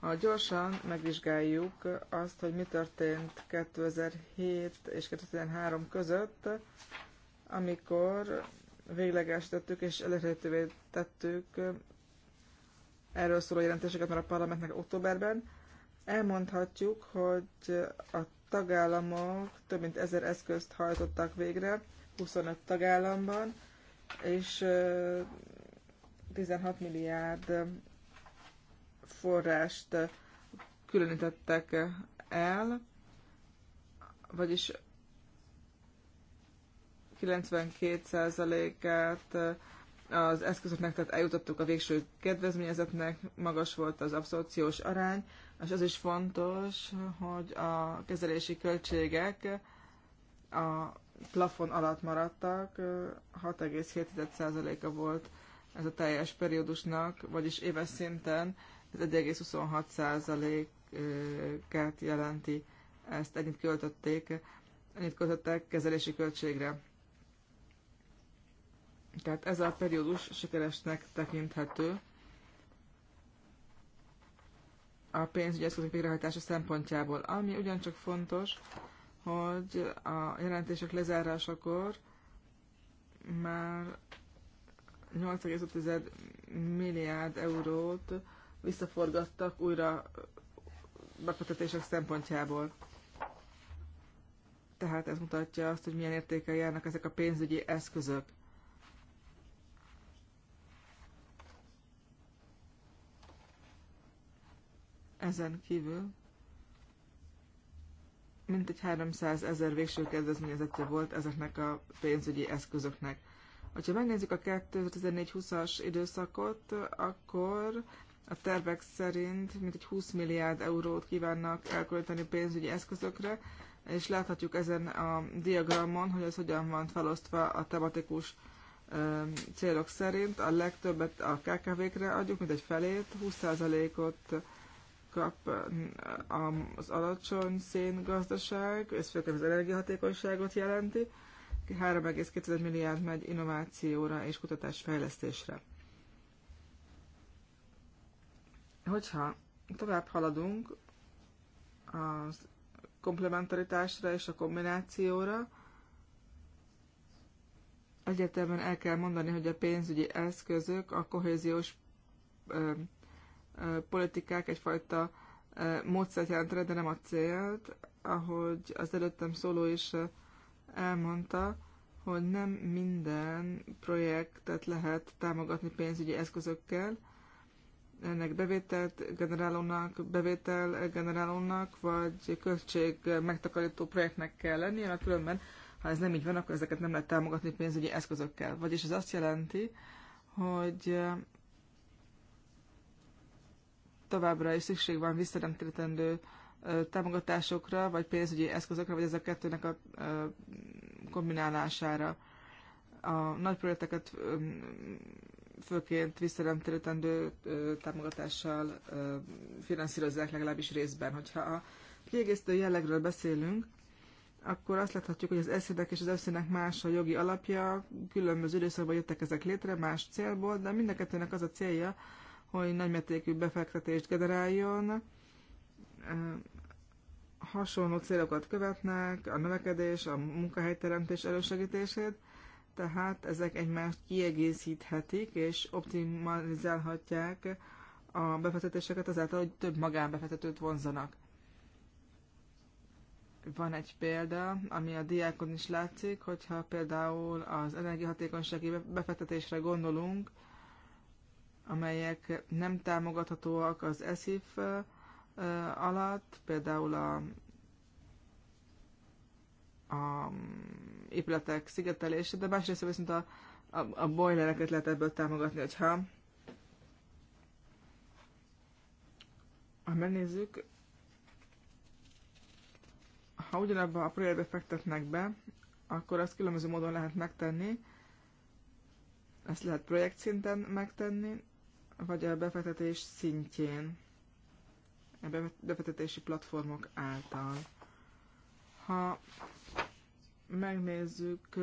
Ha gyorsan megvizsgáljuk azt, hogy mi történt 2007 és 2013 között, amikor véglegesítettük és elérhetővé tettük erről szóló jelentéseket már a parlamentnek októberben, elmondhatjuk, hogy a tagállamok több mint ezer eszközt hajtottak végre, 25 tagállamban, és 16 milliárd forrást különítettek el, vagyis 92%-át az eszközöknek, tehát eljutottuk a végső kedvezményezetnek, magas volt az abszorciós arány, és az is fontos, hogy a kezelési költségek a plafon alatt maradtak, 6,7%-a volt ez a teljes periódusnak, vagyis éves szinten ez 1,26%-át jelenti. Ezt ennyit költötték, ennyit költöttek kezelési költségre. Tehát ez a periódus sikeresnek tekinthető a pénzügyi eszközök végrehajtása szempontjából. Ami ugyancsak fontos, hogy a jelentések lezárásakor már 8,5 milliárd eurót visszaforgattak újra befektetések szempontjából. Tehát ez mutatja azt, hogy milyen értékel járnak ezek a pénzügyi eszközök. Ezen kívül mintegy 300 ezer végső kedvezményezetje volt ezeknek a pénzügyi eszközöknek. Ha megnézzük a 2014-20-as időszakot, akkor a tervek szerint mintegy 20 milliárd eurót kívánnak elkölteni pénzügyi eszközökre, és láthatjuk ezen a diagramon, hogy ez hogyan van felosztva a tematikus célok szerint. A legtöbbet a KKV-kre adjuk, egy felét, 20%-ot kap az alacsony széngazdaság, ez főleg az energiahatékonyságot jelenti, 3,2 milliárd megy innovációra és kutatásfejlesztésre. Hogyha tovább haladunk a komplementaritásra és a kombinációra, egyértelműen el kell mondani, hogy a pénzügyi eszközök a kohéziós politikák egyfajta módszert jelent de nem a célt, ahogy az előttem szóló is elmondta, hogy nem minden projektet lehet támogatni pénzügyi eszközökkel, ennek bevételt generálónak, bevétel generálónak, vagy költség megtakarító projektnek kell lennie, mert különben, ha ez nem így van, akkor ezeket nem lehet támogatni pénzügyi eszközökkel. Vagyis ez azt jelenti, hogy továbbra is szükség van visszanemtérítendő támogatásokra, vagy pénzügyi eszközökre, vagy ezek a kettőnek a kombinálására. A nagy projekteket főként visszanemtérítendő támogatással finanszírozzák legalábbis részben. Hogyha a kiegészítő jellegről beszélünk, akkor azt láthatjuk, hogy az eszédek és az eszének más a jogi alapja, különböző időszakban jöttek ezek létre, más célból, de mind a kettőnek az a célja, hogy nagymértékű befektetést generáljon. Hasonló célokat követnek, a növekedés, a munkahelyteremtés elősegítését, tehát ezek egymást kiegészíthetik és optimalizálhatják a befektetéseket azáltal, hogy több magánbefektetőt vonzanak. Van egy példa, ami a diákon is látszik, hogyha például az energiahatékonysági befektetésre gondolunk, amelyek nem támogathatóak az ESIF alatt, például a, a épületek szigetelése, de másrészt viszont a, a, a boilereket lehet ebből támogatni, hogyha ha megnézzük, ha ugyanabba a projektbe fektetnek be, akkor azt különböző módon lehet megtenni, ezt lehet projekt szinten megtenni, vagy a befektetés szintjén, a befektetési platformok által. Ha megnézzük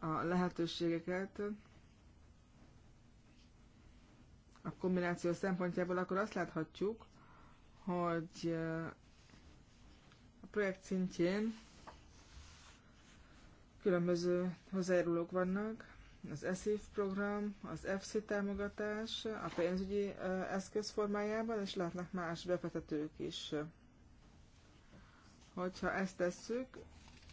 a lehetőségeket, a kombináció szempontjából, akkor azt láthatjuk, hogy a projekt szintjén különböző hozzájárulók vannak, az ESIF program, az EFSI támogatás a pénzügyi eszköz formájában, és lehetnek más befektetők is. Hogyha ezt tesszük,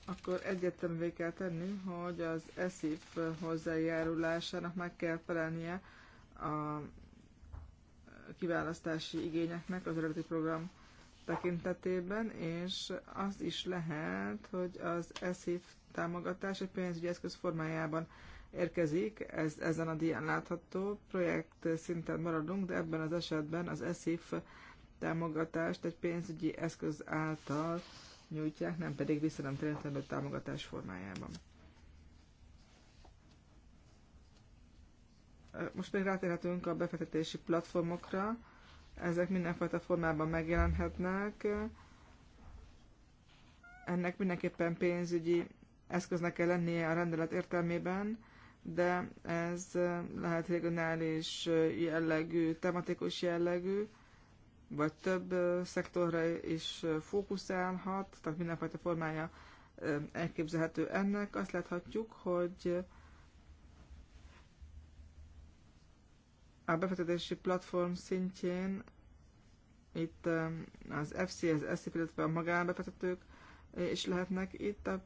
akkor egyértelművé kell tenni, hogy az ESIF hozzájárulásának meg kell felelnie a kiválasztási igényeknek az eredeti program tekintetében, és az is lehet, hogy az ESIF támogatás egy pénzügyi eszköz formájában érkezik, ez ezen a dián látható. Projekt szinten maradunk, de ebben az esetben az ESIF támogatást egy pénzügyi eszköz által nyújtják, nem pedig visszanemtérítendő támogatás formájában. Most még rátérhetünk a befektetési platformokra. Ezek mindenfajta formában megjelenhetnek. Ennek mindenképpen pénzügyi eszköznek kell lennie a rendelet értelmében, de ez lehet regionális jellegű, tematikus jellegű, vagy több szektorra is fókuszálhat, tehát mindenfajta formája elképzelhető ennek. Azt láthatjuk, hogy a befektetési platform szintjén itt az FC, az SZIP, illetve a magánbefektetők is lehetnek itt a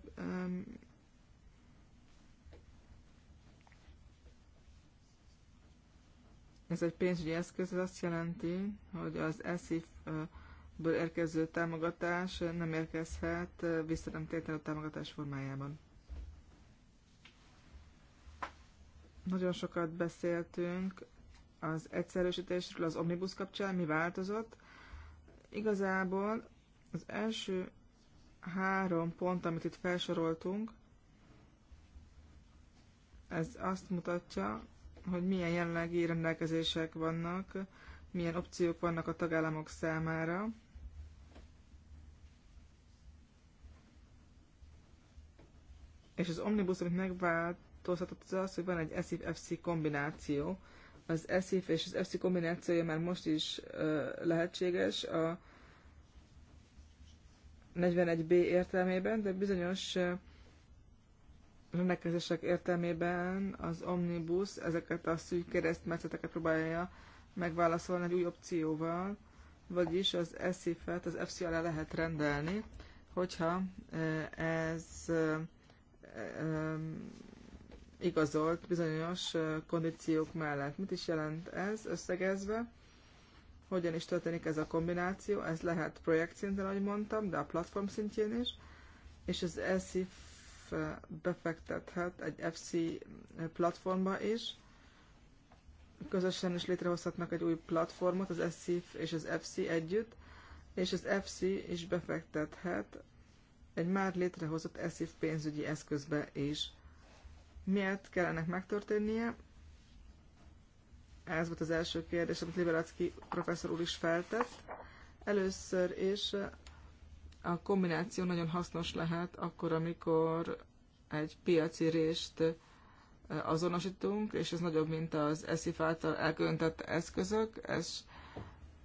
Ez egy pénzügyi eszköz, ez azt jelenti, hogy az ESIF-ből érkező támogatás nem érkezhet vissza nem a támogatás formájában. Nagyon sokat beszéltünk az egyszerűsítésről, az omnibus kapcsán, mi változott. Igazából az első három pont, amit itt felsoroltunk, ez azt mutatja, hogy milyen jelenlegi rendelkezések vannak, milyen opciók vannak a tagállamok számára. És az Omnibus, amit megváltoztatott, az az, hogy van egy SIF-FC kombináció. Az SIF és az FC kombinációja már most is uh, lehetséges a 41B értelmében, de bizonyos rendelkezések értelmében az Omnibus ezeket a szűk keresztmetszeteket próbálja megválaszolni egy új opcióval, vagyis az SZIF-et az FC alá lehet rendelni, hogyha ez igazolt bizonyos kondíciók mellett. Mit is jelent ez összegezve? Hogyan is történik ez a kombináció? Ez lehet projekt szinten, ahogy mondtam, de a platform szintjén is. És az ESIF befektethet egy FC platformba is. Közösen is létrehozhatnak egy új platformot, az SZIF és az FC együtt, és az FC is befektethet egy már létrehozott SZIF pénzügyi eszközbe is. Miért kellene megtörténnie? Ez volt az első kérdés, amit Liberacki professzor úr is feltett. Először is a kombináció nagyon hasznos lehet akkor, amikor egy piaci részt azonosítunk, és ez nagyobb, mint az ESZIF által elköntett eszközök. Ez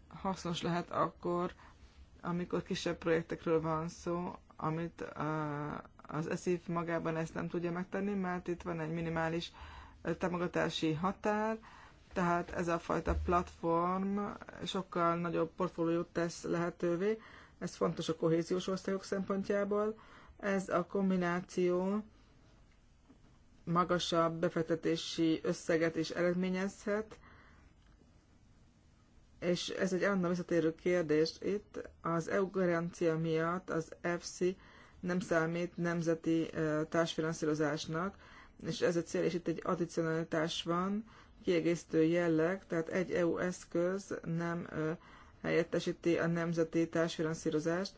hasznos lehet akkor, amikor kisebb projektekről van szó, amit az ESZIF magában ezt nem tudja megtenni, mert itt van egy minimális támogatási határ, tehát ez a fajta platform sokkal nagyobb portfóliót tesz lehetővé, ez fontos a kohéziós osztályok szempontjából. Ez a kombináció magasabb befektetési összeget is eredményezhet, és ez egy állandóan visszatérő kérdés itt, az EU garancia miatt az EFSI nem számít nemzeti társfinanszírozásnak, és ez a cél, és itt egy addicionalitás van, kiegészítő jelleg, tehát egy EU eszköz nem helyettesíti a nemzeti társfinanszírozást.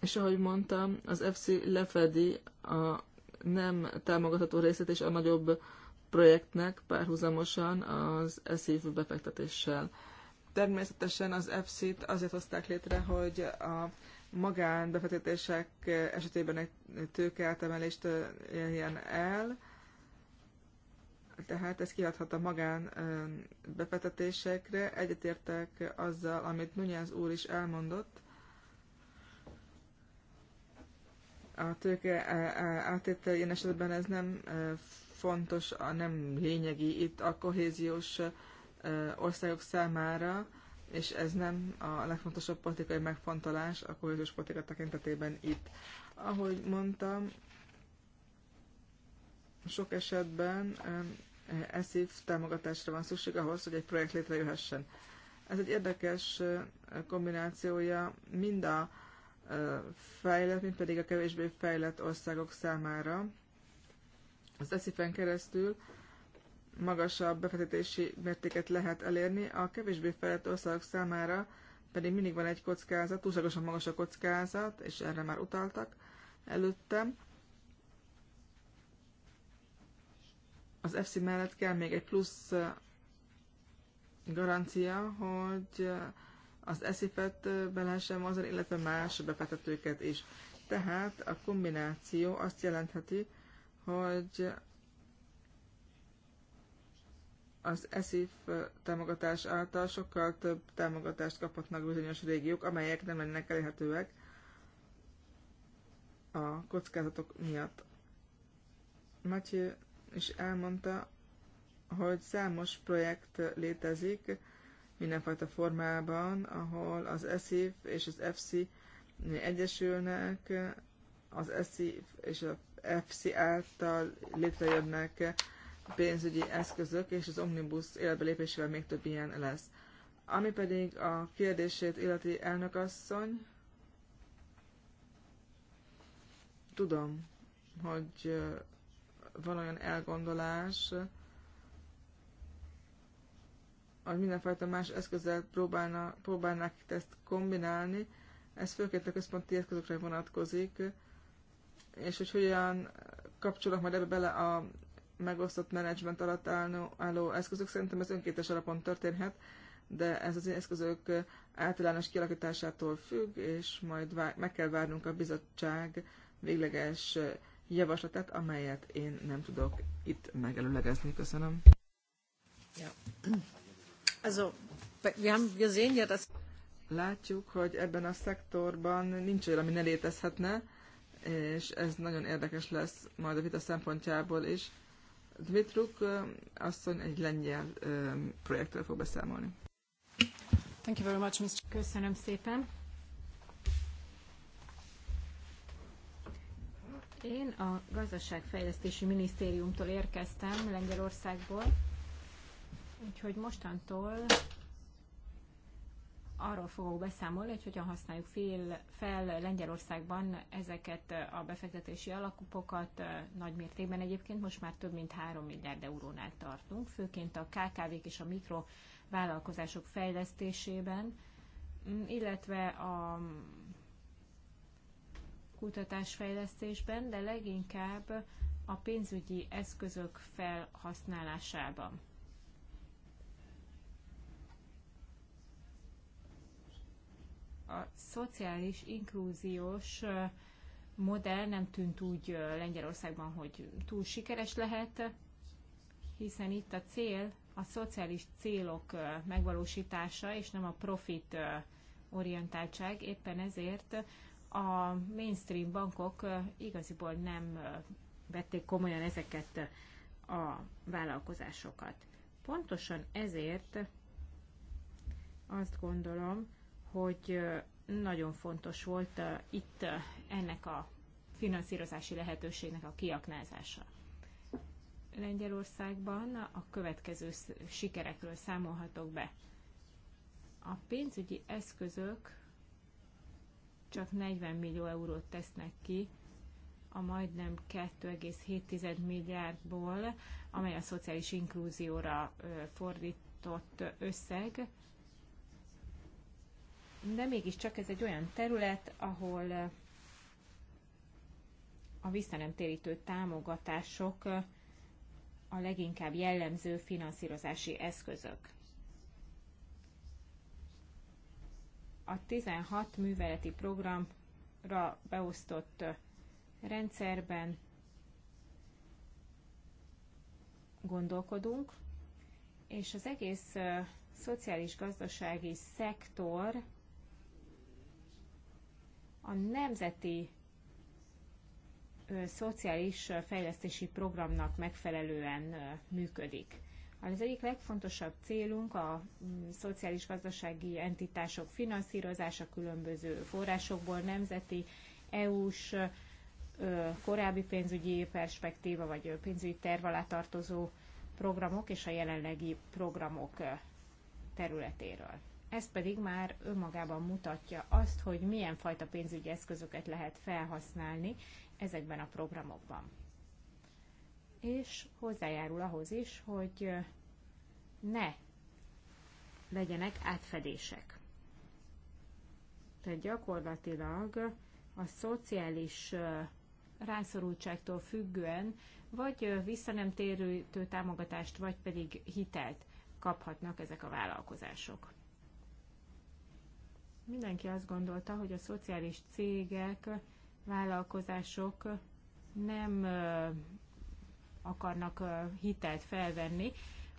És ahogy mondtam, az FC lefedi a nem támogatható részét és a nagyobb projektnek párhuzamosan az eszív befektetéssel. Természetesen az EFSZ-t azért hozták létre, hogy a magánbefektetések esetében egy tőkeáltemelést érjen el, tehát ez kiadhat a magán befektetésekre. Egyetértek azzal, amit Nunyáz úr is elmondott, a tőke átétel ilyen esetben ez nem fontos, a nem lényegi itt a kohéziós országok számára, és ez nem a legfontosabb politikai megfontolás a kohéziós politika tekintetében itt. Ahogy mondtam, sok esetben eszív támogatásra van szükség ahhoz, hogy egy projekt létrejöhessen. Ez egy érdekes e, kombinációja mind a e, fejlett, mint pedig a kevésbé fejlett országok számára. Az eszifen keresztül magasabb befektetési mértéket lehet elérni, a kevésbé fejlett országok számára pedig mindig van egy kockázat, túlságosan magas a kockázat, és erre már utaltak előttem. az FC mellett kell még egy plusz garancia, hogy az eszifet be lehessen mozdani, illetve más befektetőket is. Tehát a kombináció azt jelentheti, hogy az ESIF támogatás által sokkal több támogatást kaphatnak bizonyos régiók, amelyek nem lennek elérhetőek a kockázatok miatt. Matthew és elmondta, hogy számos projekt létezik mindenfajta formában, ahol az ESIF és az FC egyesülnek, az ESIF és az FC által létrejönnek pénzügyi eszközök, és az Omnibus lépésével még több ilyen lesz. Ami pedig a kérdését illeti elnökasszony, tudom, hogy van olyan elgondolás, hogy mindenfajta más eszközzel próbálna, próbálnák ezt kombinálni, ez főként a központi eszközökre vonatkozik, és hogy hogyan kapcsolok majd ebbe bele a megosztott menedzsment alatt álló, álló eszközök, szerintem ez önkéntes alapon történhet, de ez az eszközök általános kialakításától függ, és majd meg kell várnunk a bizottság végleges javaslatát, amelyet én nem tudok itt megelőlegezni. Köszönöm. Ja. Also, wir haben ja, dass... Látjuk, hogy ebben a szektorban nincs olyan, ami ne létezhetne, és ez nagyon érdekes lesz majd a vita szempontjából is. Dmitruk asszony egy lengyel projektről fog beszámolni. Thank you very much, Mr. Köszönöm szépen. Én a gazdaságfejlesztési minisztériumtól érkeztem Lengyelországból, úgyhogy mostantól arról fogok beszámolni, hogy hogyan használjuk fél, fel Lengyelországban ezeket a befektetési alakupokat nagy mértékben egyébként. Most már több mint 3 milliárd eurónál tartunk, főként a KKV-k és a mikrovállalkozások fejlesztésében, illetve a kutatásfejlesztésben, de leginkább a pénzügyi eszközök felhasználásában. A szociális inklúziós modell nem tűnt úgy Lengyelországban, hogy túl sikeres lehet, hiszen itt a cél a szociális célok megvalósítása, és nem a profit orientáltság. Éppen ezért a mainstream bankok igaziból nem vették komolyan ezeket a vállalkozásokat. Pontosan ezért azt gondolom, hogy nagyon fontos volt itt ennek a finanszírozási lehetőségnek a kiaknázása. Lengyelországban a következő sikerekről számolhatok be. A pénzügyi eszközök csak 40 millió eurót tesznek ki a majdnem 2,7 milliárdból, amely a szociális inklúzióra fordított összeg. De mégiscsak ez egy olyan terület, ahol a visszanemtérítő támogatások a leginkább jellemző finanszírozási eszközök. a 16 műveleti programra beosztott rendszerben gondolkodunk, és az egész szociális-gazdasági szektor a nemzeti szociális fejlesztési programnak megfelelően működik. Az egyik legfontosabb célunk a mm, szociális-gazdasági entitások finanszírozása különböző forrásokból, nemzeti, EU-s, korábbi pénzügyi perspektíva vagy pénzügyi terv alá tartozó programok és a jelenlegi programok területéről. Ez pedig már önmagában mutatja azt, hogy milyen fajta pénzügyi eszközöket lehet felhasználni ezekben a programokban és hozzájárul ahhoz is, hogy ne legyenek átfedések. Tehát gyakorlatilag a szociális rászorultságtól függően vagy visszanemtérő támogatást, vagy pedig hitelt kaphatnak ezek a vállalkozások. Mindenki azt gondolta, hogy a szociális cégek, vállalkozások nem akarnak hitelt felvenni,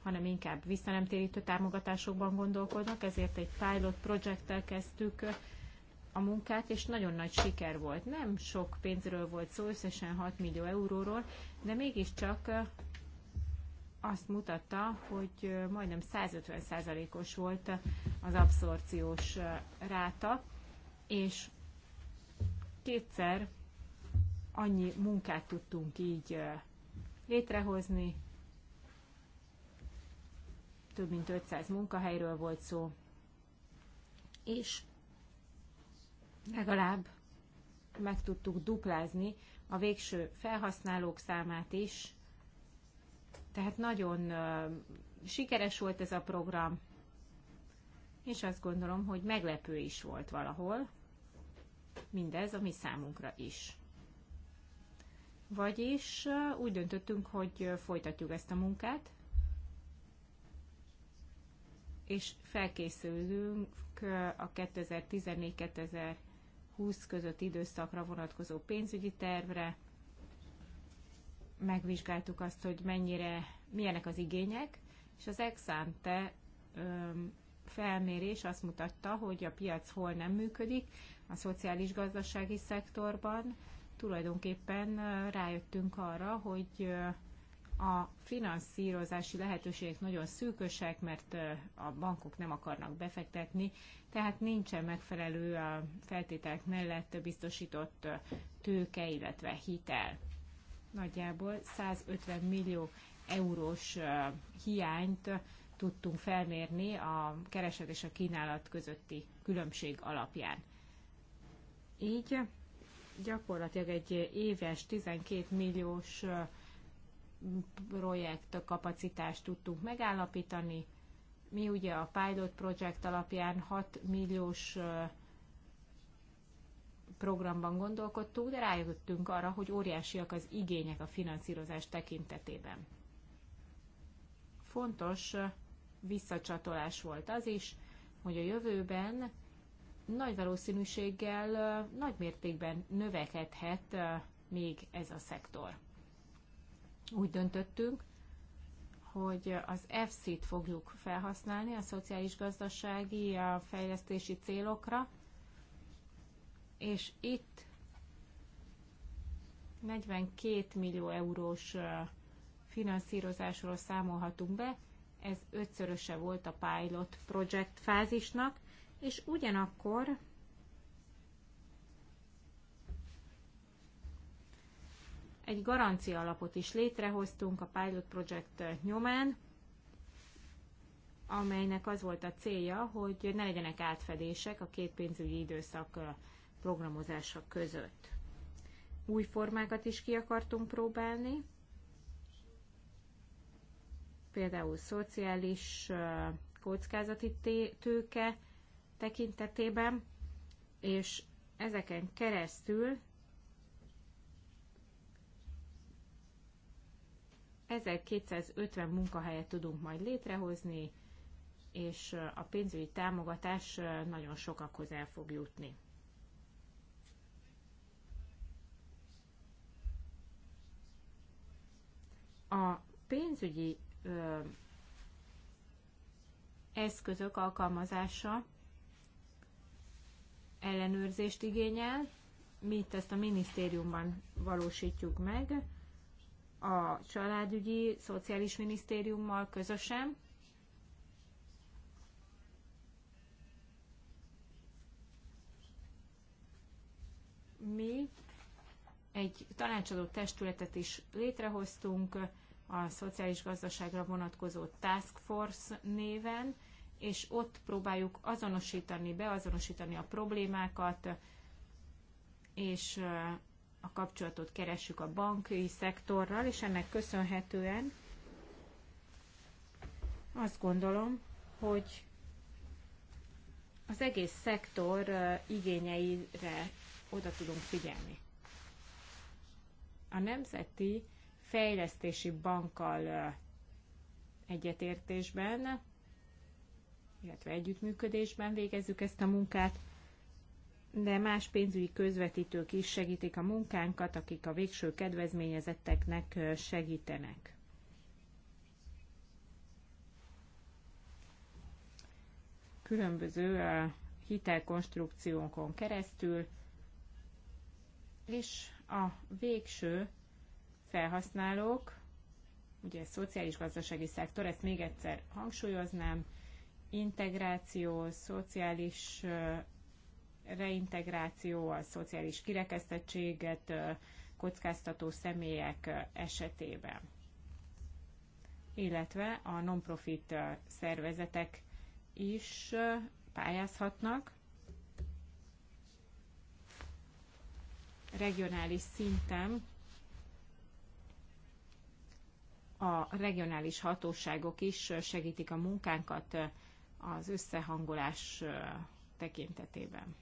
hanem inkább visszanemtérítő támogatásokban gondolkodnak, ezért egy pilot projekttel kezdtük a munkát, és nagyon nagy siker volt. Nem sok pénzről volt szó, összesen 6 millió euróról, de mégiscsak azt mutatta, hogy majdnem 150%-os volt az abszorciós ráta, és kétszer annyi munkát tudtunk így létrehozni. Több mint 500 munkahelyről volt szó, és legalább meg tudtuk duplázni a végső felhasználók számát is. Tehát nagyon sikeres volt ez a program, és azt gondolom, hogy meglepő is volt valahol mindez a mi számunkra is. Vagyis eh, úgy döntöttünk, hogy eh, folytatjuk ezt a munkát, és felkészülünk eh, a 2014-2020 közötti időszakra vonatkozó pénzügyi tervre. Megvizsgáltuk azt, hogy mennyire, milyenek az igények, és az Exante felmérés azt mutatta, hogy a piac hol nem működik, a szociális gazdasági szektorban, tulajdonképpen rájöttünk arra, hogy a finanszírozási lehetőségek nagyon szűkösek, mert a bankok nem akarnak befektetni, tehát nincsen megfelelő a feltételek mellett biztosított tőke, illetve hitel. Nagyjából 150 millió eurós hiányt tudtunk felmérni a kereslet és a kínálat közötti különbség alapján. Így gyakorlatilag egy éves 12 milliós projekt kapacitást tudtunk megállapítani. Mi ugye a Pilot Project alapján 6 milliós programban gondolkodtunk, de rájöttünk arra, hogy óriásiak az igények a finanszírozás tekintetében. Fontos visszacsatolás volt az is, hogy a jövőben nagy valószínűséggel nagy mértékben növekedhet még ez a szektor. Úgy döntöttünk, hogy az fc t fogjuk felhasználni a szociális-gazdasági a fejlesztési célokra, és itt 42 millió eurós finanszírozásról számolhatunk be, ez ötszöröse volt a pilot project fázisnak, és ugyanakkor egy garancia alapot is létrehoztunk a Pilot Project nyomán, amelynek az volt a célja, hogy ne legyenek átfedések a két pénzügyi időszak programozása között. Új formákat is ki akartunk próbálni, például szociális kockázati tőke, tekintetében, és ezeken keresztül 1250 munkahelyet tudunk majd létrehozni, és a pénzügyi támogatás nagyon sokakhoz el fog jutni. A pénzügyi ö, eszközök alkalmazása ellenőrzést igényel. Mi itt ezt a minisztériumban valósítjuk meg, a családügyi, szociális minisztériummal közösen. Mi egy tanácsadó testületet is létrehoztunk a szociális gazdaságra vonatkozó Task Force néven, és ott próbáljuk azonosítani, beazonosítani a problémákat, és a kapcsolatot keressük a banki szektorral, és ennek köszönhetően azt gondolom, hogy az egész szektor igényeire oda tudunk figyelni. A Nemzeti Fejlesztési Bankkal egyetértésben illetve együttműködésben végezzük ezt a munkát, de más pénzügyi közvetítők is segítik a munkánkat, akik a végső kedvezményezetteknek segítenek. Különböző hitelkonstrukciókon keresztül, és a végső felhasználók, ugye szociális-gazdasági szektor, ezt még egyszer hangsúlyoznám, integráció, szociális reintegráció, a szociális kirekesztettséget kockáztató személyek esetében, illetve a non-profit szervezetek is pályázhatnak. Regionális szinten a regionális hatóságok is segítik a munkánkat, az összehangolás tekintetében.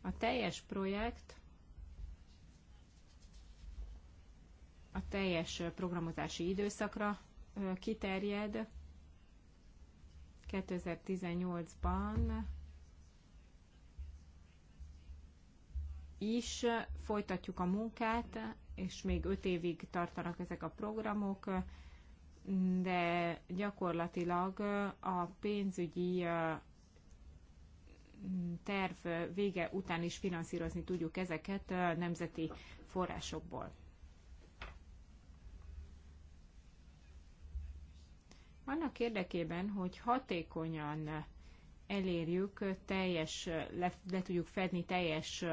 A teljes projekt a teljes programozási időszakra kiterjed. 2018-ban is folytatjuk a munkát, és még 5 évig tartanak ezek a programok de gyakorlatilag a pénzügyi terv vége után is finanszírozni tudjuk ezeket nemzeti forrásokból. Annak érdekében, hogy hatékonyan elérjük, teljes, le, le tudjuk fedni teljes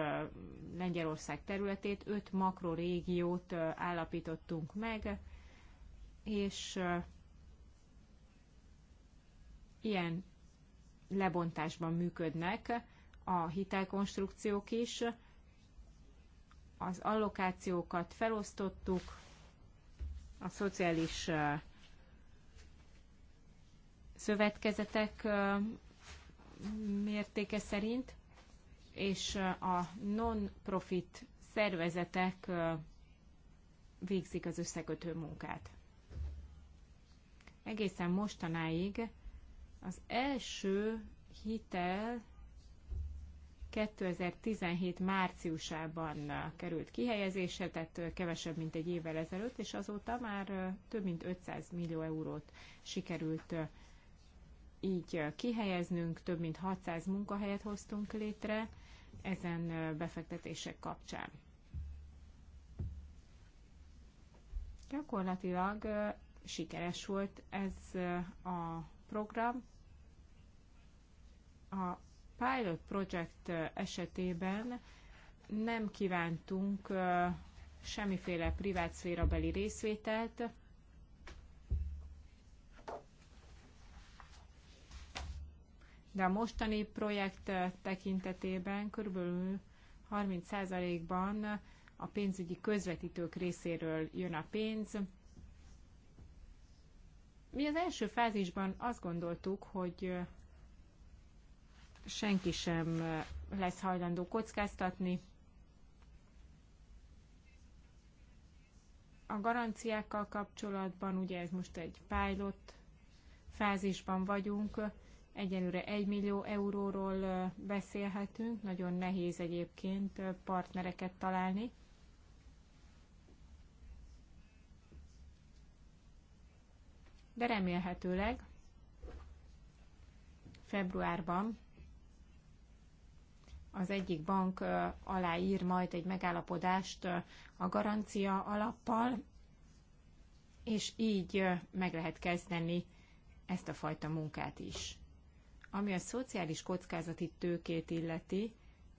Lengyelország területét, öt makrorégiót állapítottunk meg, és ilyen lebontásban működnek a hitelkonstrukciók is. Az allokációkat felosztottuk, a szociális szövetkezetek mértéke szerint, és a non-profit szervezetek végzik az összekötő munkát egészen mostanáig az első hitel 2017 márciusában került kihelyezésre, tehát kevesebb, mint egy évvel ezelőtt, és azóta már több mint 500 millió eurót sikerült így kihelyeznünk, több mint 600 munkahelyet hoztunk létre ezen befektetések kapcsán. Gyakorlatilag sikeres volt ez a program. A pilot project esetében nem kívántunk semmiféle privát szférabeli részvételt, de a mostani projekt tekintetében körülbelül 30%-ban a pénzügyi közvetítők részéről jön a pénz, mi az első fázisban azt gondoltuk, hogy senki sem lesz hajlandó kockáztatni. A garanciákkal kapcsolatban, ugye ez most egy pilot fázisban vagyunk, Egyelőre 1 millió euróról beszélhetünk, nagyon nehéz egyébként partnereket találni. de remélhetőleg februárban az egyik bank aláír majd egy megállapodást a garancia alappal, és így meg lehet kezdeni ezt a fajta munkát is. Ami a szociális kockázati tőkét illeti,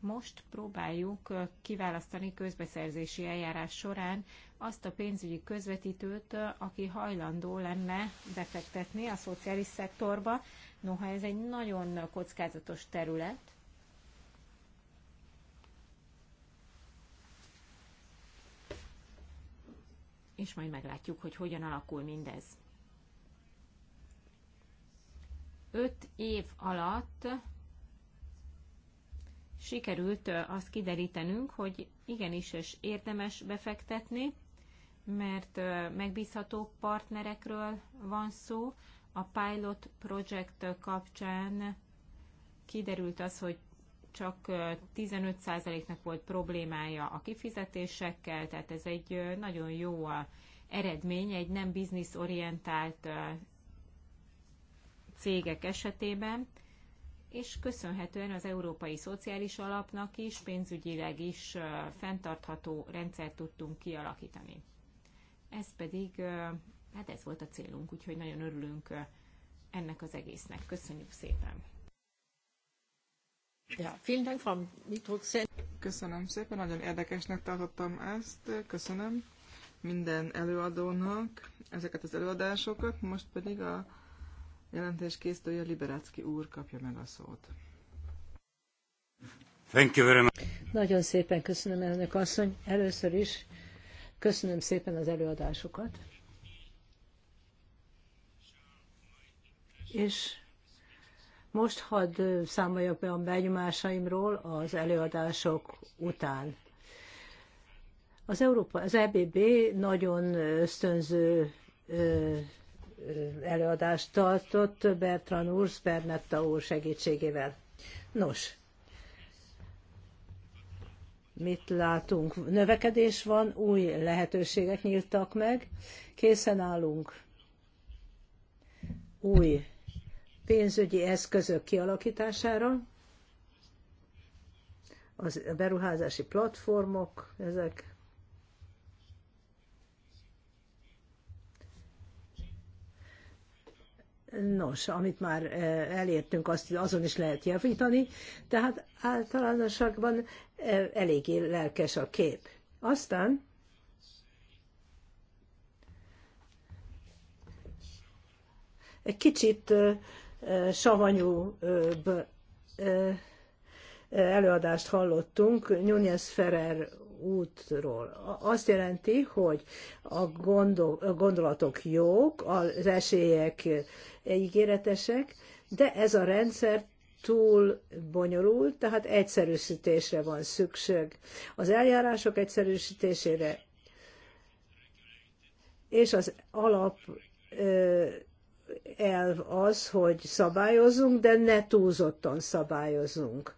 most próbáljuk kiválasztani közbeszerzési eljárás során azt a pénzügyi közvetítőt, aki hajlandó lenne befektetni a szociális szektorba. Noha ez egy nagyon kockázatos terület, és majd meglátjuk, hogy hogyan alakul mindez. Öt év alatt sikerült azt kiderítenünk, hogy igenis és érdemes befektetni, mert megbízható partnerekről van szó. A pilot project kapcsán kiderült az, hogy csak 15%-nak volt problémája a kifizetésekkel, tehát ez egy nagyon jó eredmény egy nem bizniszorientált cégek esetében és köszönhetően az Európai Szociális Alapnak is pénzügyileg is fenntartható rendszert tudtunk kialakítani. Ez pedig, hát ez volt a célunk, úgyhogy nagyon örülünk ennek az egésznek. Köszönjük szépen! Ja, vielen Dank, Frau Köszönöm szépen, nagyon érdekesnek tartottam ezt, köszönöm minden előadónak ezeket az előadásokat, most pedig a jelentés készítője Liberácki úr kapja meg a szót. Thank you very much. Nagyon szépen köszönöm, elnök asszony. Először is köszönöm szépen az előadásokat. És most hadd számoljak be a benyomásaimról az előadások után. Az, Európa, az EBB nagyon ösztönző előadást tartott Bertran úr, Spernetta úr segítségével. Nos, mit látunk? Növekedés van, új lehetőségek nyíltak meg, készen állunk új pénzügyi eszközök kialakítására, az beruházási platformok, ezek Nos, amit már eh, elértünk, azt azon is lehet javítani, tehát általánosakban eh, eléggé lelkes a kép. Aztán egy kicsit eh, savanyú előadást hallottunk. Nunez Ferrer útról. Azt jelenti, hogy a, gondol, a gondolatok jók, az esélyek ígéretesek, de ez a rendszer túl bonyolult, tehát egyszerűsítésre van szükség. Az eljárások egyszerűsítésére és az alap elv az, hogy szabályozunk, de ne túlzottan szabályozunk.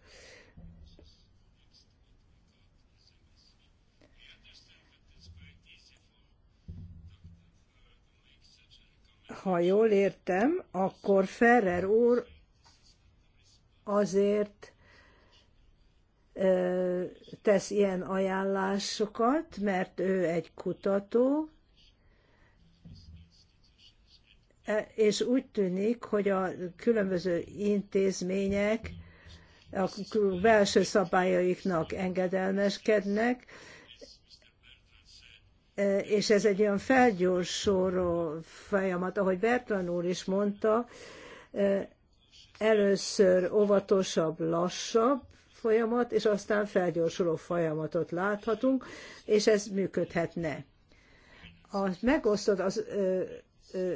ha jól értem, akkor Ferrer úr azért tesz ilyen ajánlásokat, mert ő egy kutató, e, és úgy tűnik, hogy a különböző intézmények a belső szabályaiknak engedelmeskednek, és ez egy olyan felgyorsoró folyamat, ahogy Bertrand úr is mondta, először óvatosabb, lassabb folyamat, és aztán felgyorsuló folyamatot láthatunk, és ez működhetne. A megosztott az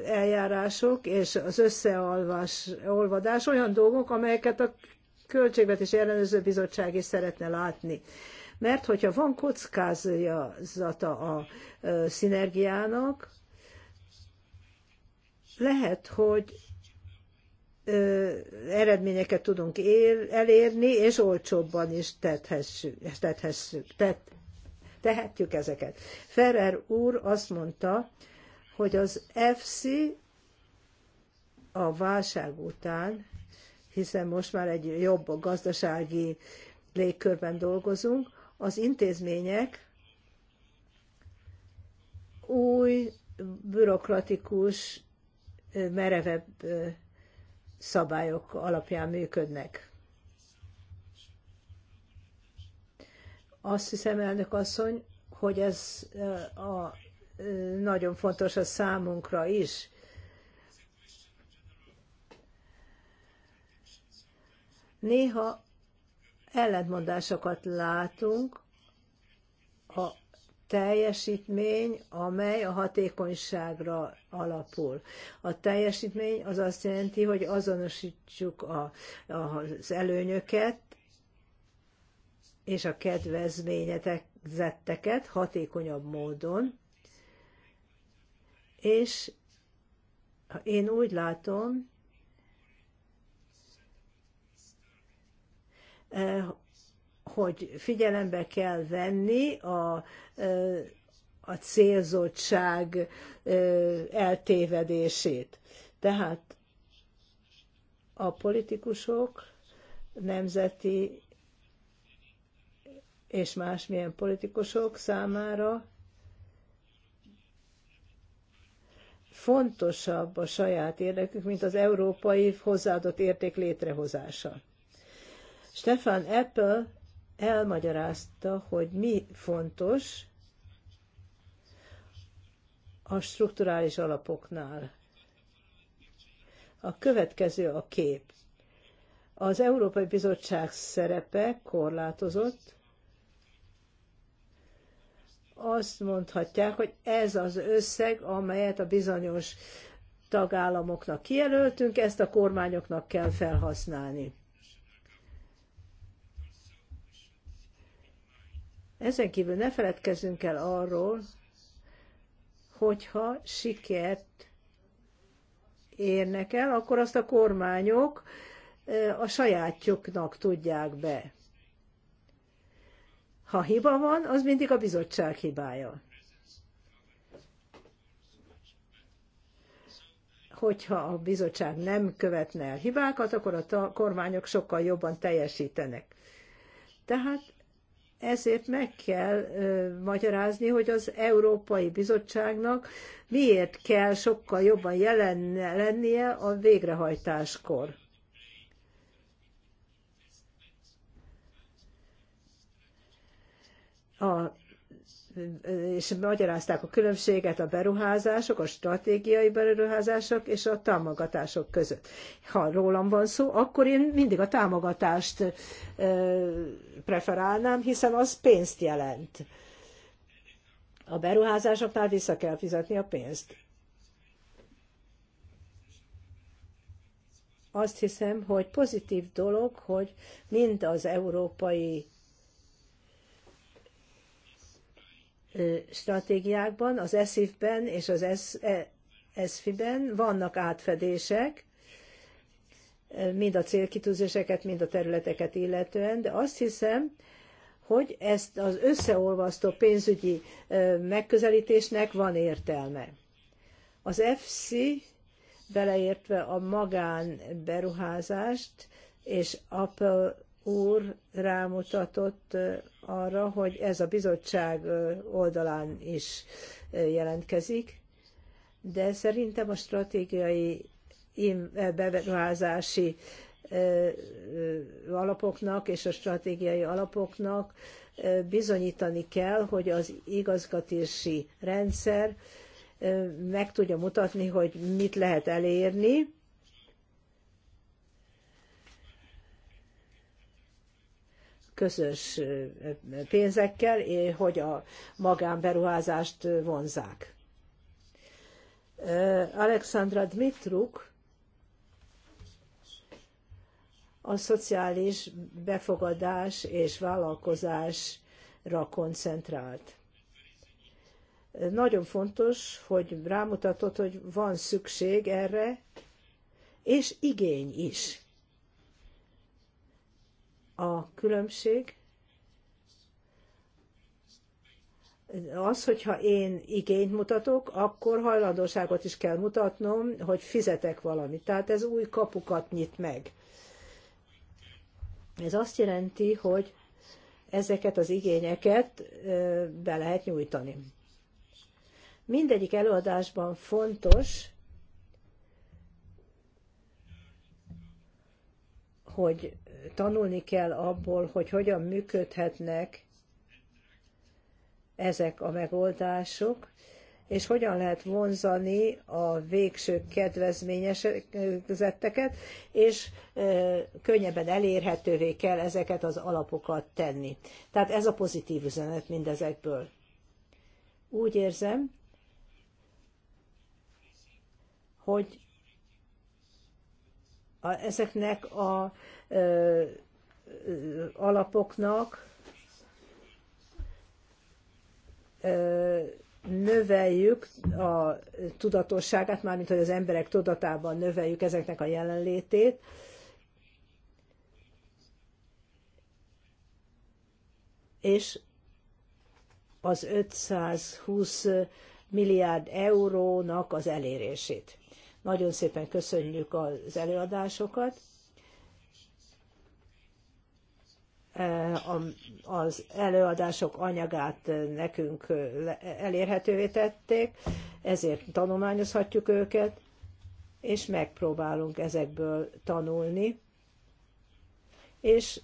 eljárások és az összeolvadás olyan dolgok, amelyeket a Költségvetési Ellenőrző Bizottság is szeretne látni. Mert hogyha van kockázata a szinergiának, lehet, hogy eredményeket tudunk él, elérni, és olcsóbban is tethessük, tethessük tett, tehetjük ezeket. Ferrer úr azt mondta, hogy az FC a válság után, hiszen most már egy jobb gazdasági légkörben dolgozunk, az intézmények új, bürokratikus, merevebb szabályok alapján működnek. Azt hiszem, elnök asszony, hogy ez a, nagyon fontos a számunkra is. Néha ellentmondásokat látunk a teljesítmény, amely a hatékonyságra alapul. A teljesítmény az azt jelenti, hogy azonosítjuk a, az előnyöket és a kedvezményezetteket hatékonyabb módon, és én úgy látom, Eh, hogy figyelembe kell venni a, eh, a célzottság eh, eltévedését. Tehát a politikusok, nemzeti és másmilyen politikusok számára fontosabb a saját érdekük, mint az európai hozzáadott érték létrehozása. Stefan Apple elmagyarázta, hogy mi fontos a strukturális alapoknál. A következő a kép. Az Európai Bizottság szerepe korlátozott. Azt mondhatják, hogy ez az összeg, amelyet a bizonyos tagállamoknak kijelöltünk, ezt a kormányoknak kell felhasználni. Ezen kívül ne feledkezzünk el arról, hogyha sikert érnek el, akkor azt a kormányok a sajátjuknak tudják be. Ha hiba van, az mindig a bizottság hibája. Hogyha a bizottság nem követne el hibákat, akkor a kormányok sokkal jobban teljesítenek. Tehát ezért meg kell ö, magyarázni, hogy az Európai Bizottságnak miért kell sokkal jobban jelen lennie a végrehajtáskor. A és magyarázták a különbséget a beruházások, a stratégiai beruházások és a támogatások között. Ha rólam van szó, akkor én mindig a támogatást preferálnám, hiszen az pénzt jelent. A beruházásoknál vissza kell fizetni a pénzt. Azt hiszem, hogy pozitív dolog, hogy mind az európai stratégiákban, az ESIF-ben és az ESFI-ben e, vannak átfedések, mind a célkitűzéseket, mind a területeket illetően, de azt hiszem, hogy ezt az összeolvasztó pénzügyi megközelítésnek van értelme. Az EFSI beleértve a magán beruházást és Apple úr rámutatott eh, arra, hogy ez a bizottság eh, oldalán is eh, jelentkezik, de szerintem a stratégiai beruházási alapoknak és a stratégiai alapoknak bizonyítani kell, hogy az igazgatási rendszer meg tudja mutatni, hogy mit lehet elérni, közös pénzekkel, hogy a magánberuházást vonzák. Alexandra Dmitruk a szociális befogadás és vállalkozásra koncentrált. Nagyon fontos, hogy rámutatott, hogy van szükség erre, és igény is. A különbség az, hogyha én igényt mutatok, akkor hajlandóságot is kell mutatnom, hogy fizetek valamit. Tehát ez új kapukat nyit meg. Ez azt jelenti, hogy ezeket az igényeket be lehet nyújtani. Mindegyik előadásban fontos, hogy tanulni kell abból, hogy hogyan működhetnek ezek a megoldások, és hogyan lehet vonzani a végső kedvezményezetteket, és könnyebben elérhetővé kell ezeket az alapokat tenni. Tehát ez a pozitív üzenet mindezekből. Úgy érzem, hogy a, ezeknek a alapoknak növeljük a tudatosságát, mármint hogy az emberek tudatában növeljük ezeknek a jelenlétét, és az 520 milliárd eurónak az elérését. Nagyon szépen köszönjük az előadásokat. az előadások anyagát nekünk elérhetővé tették, ezért tanulmányozhatjuk őket, és megpróbálunk ezekből tanulni. És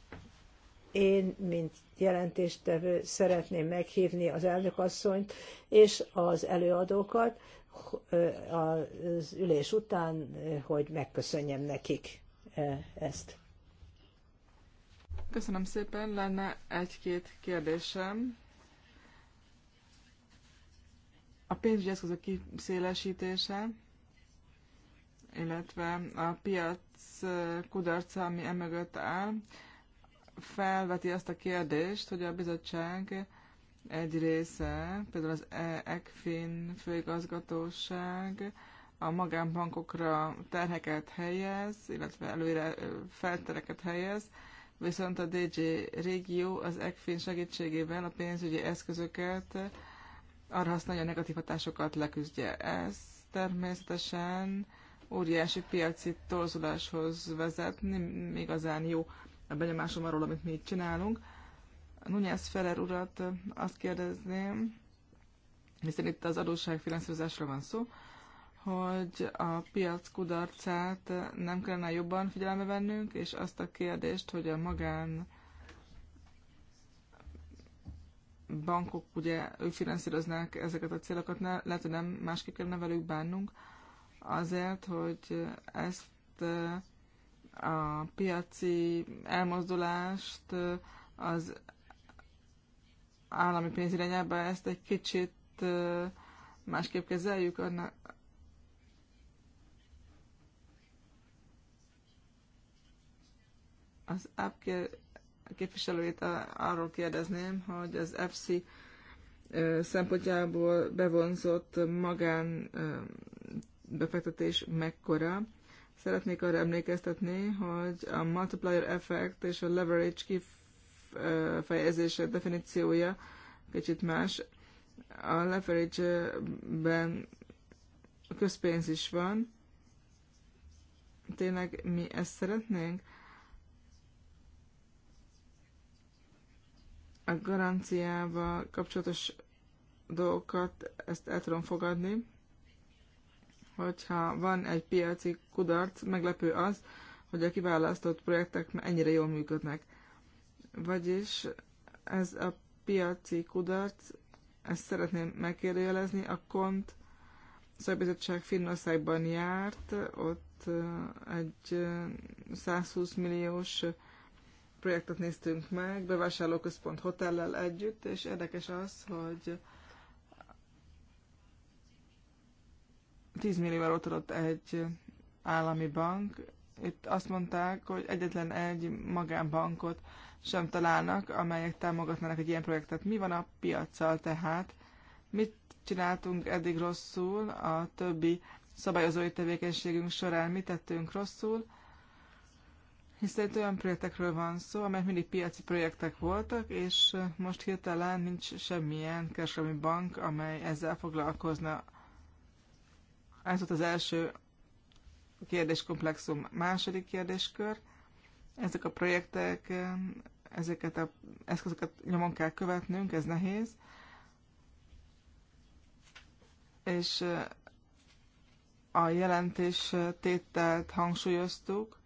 én, mint jelentéstevő, szeretném meghívni az elnökasszonyt és az előadókat az ülés után, hogy megköszönjem nekik ezt. Köszönöm szépen, lenne egy-két kérdésem. A pénzügyi eszközök kiszélesítése, illetve a piac kudarca, ami emögött áll, felveti azt a kérdést, hogy a bizottság egy része, például az ECFIN főigazgatóság a magánbankokra terheket helyez, illetve előre feltereket helyez, viszont a DG régió az ECFIN segítségével a pénzügyi eszközöket arra használja, a negatív hatásokat leküzdje. Ez természetesen óriási piaci torzuláshoz vezet, nem igazán jó a benyomásom arról, amit mi itt csinálunk. Nunyász Ferrer urat azt kérdezném, hiszen itt az adósságfinanszírozásról van szó, hogy a piac kudarcát nem kellene jobban figyelembe vennünk, és azt a kérdést, hogy a magán bankok, ugye ők finanszíroznák ezeket a célokat, ne, lehet, hogy nem másképp kellene velük bánnunk, azért, hogy ezt eh, a piaci elmozdulást eh, az állami pénzirányába ezt egy kicsit eh, másképp kezeljük, Az app képviselőjét arról kérdezném, hogy az FC szempontjából bevonzott magán befektetés mekkora. Szeretnék arra emlékeztetni, hogy a multiplier effect és a leverage kifejezése definíciója kicsit más. A leverage-ben közpénz is van. Tényleg mi ezt szeretnénk? a garanciával kapcsolatos dolgokat, ezt el tudom fogadni. Hogyha van egy piaci kudarc, meglepő az, hogy a kiválasztott projektek ennyire jól működnek. Vagyis ez a piaci kudarc, ezt szeretném megkérdőjelezni, a kont szakbizottság Finnországban járt, ott egy 120 milliós projektet néztünk meg, bevásárlóközpont hotellel együtt, és érdekes az, hogy 10 millió eurót adott egy állami bank. Itt azt mondták, hogy egyetlen egy magánbankot sem találnak, amelyek támogatnának egy ilyen projektet. Mi van a piaccal tehát? Mit csináltunk eddig rosszul a többi szabályozói tevékenységünk során? Mit tettünk rosszul? hiszen itt olyan projektekről van szó, amelyek mindig piaci projektek voltak, és most hirtelen nincs semmilyen kereskedelmi bank, amely ezzel foglalkozna. Ez volt az első kérdéskomplexum. Második kérdéskör, ezek a projektek, ezeket a eszközöket nyomon kell követnünk, ez nehéz. És a jelentés tételt hangsúlyoztuk,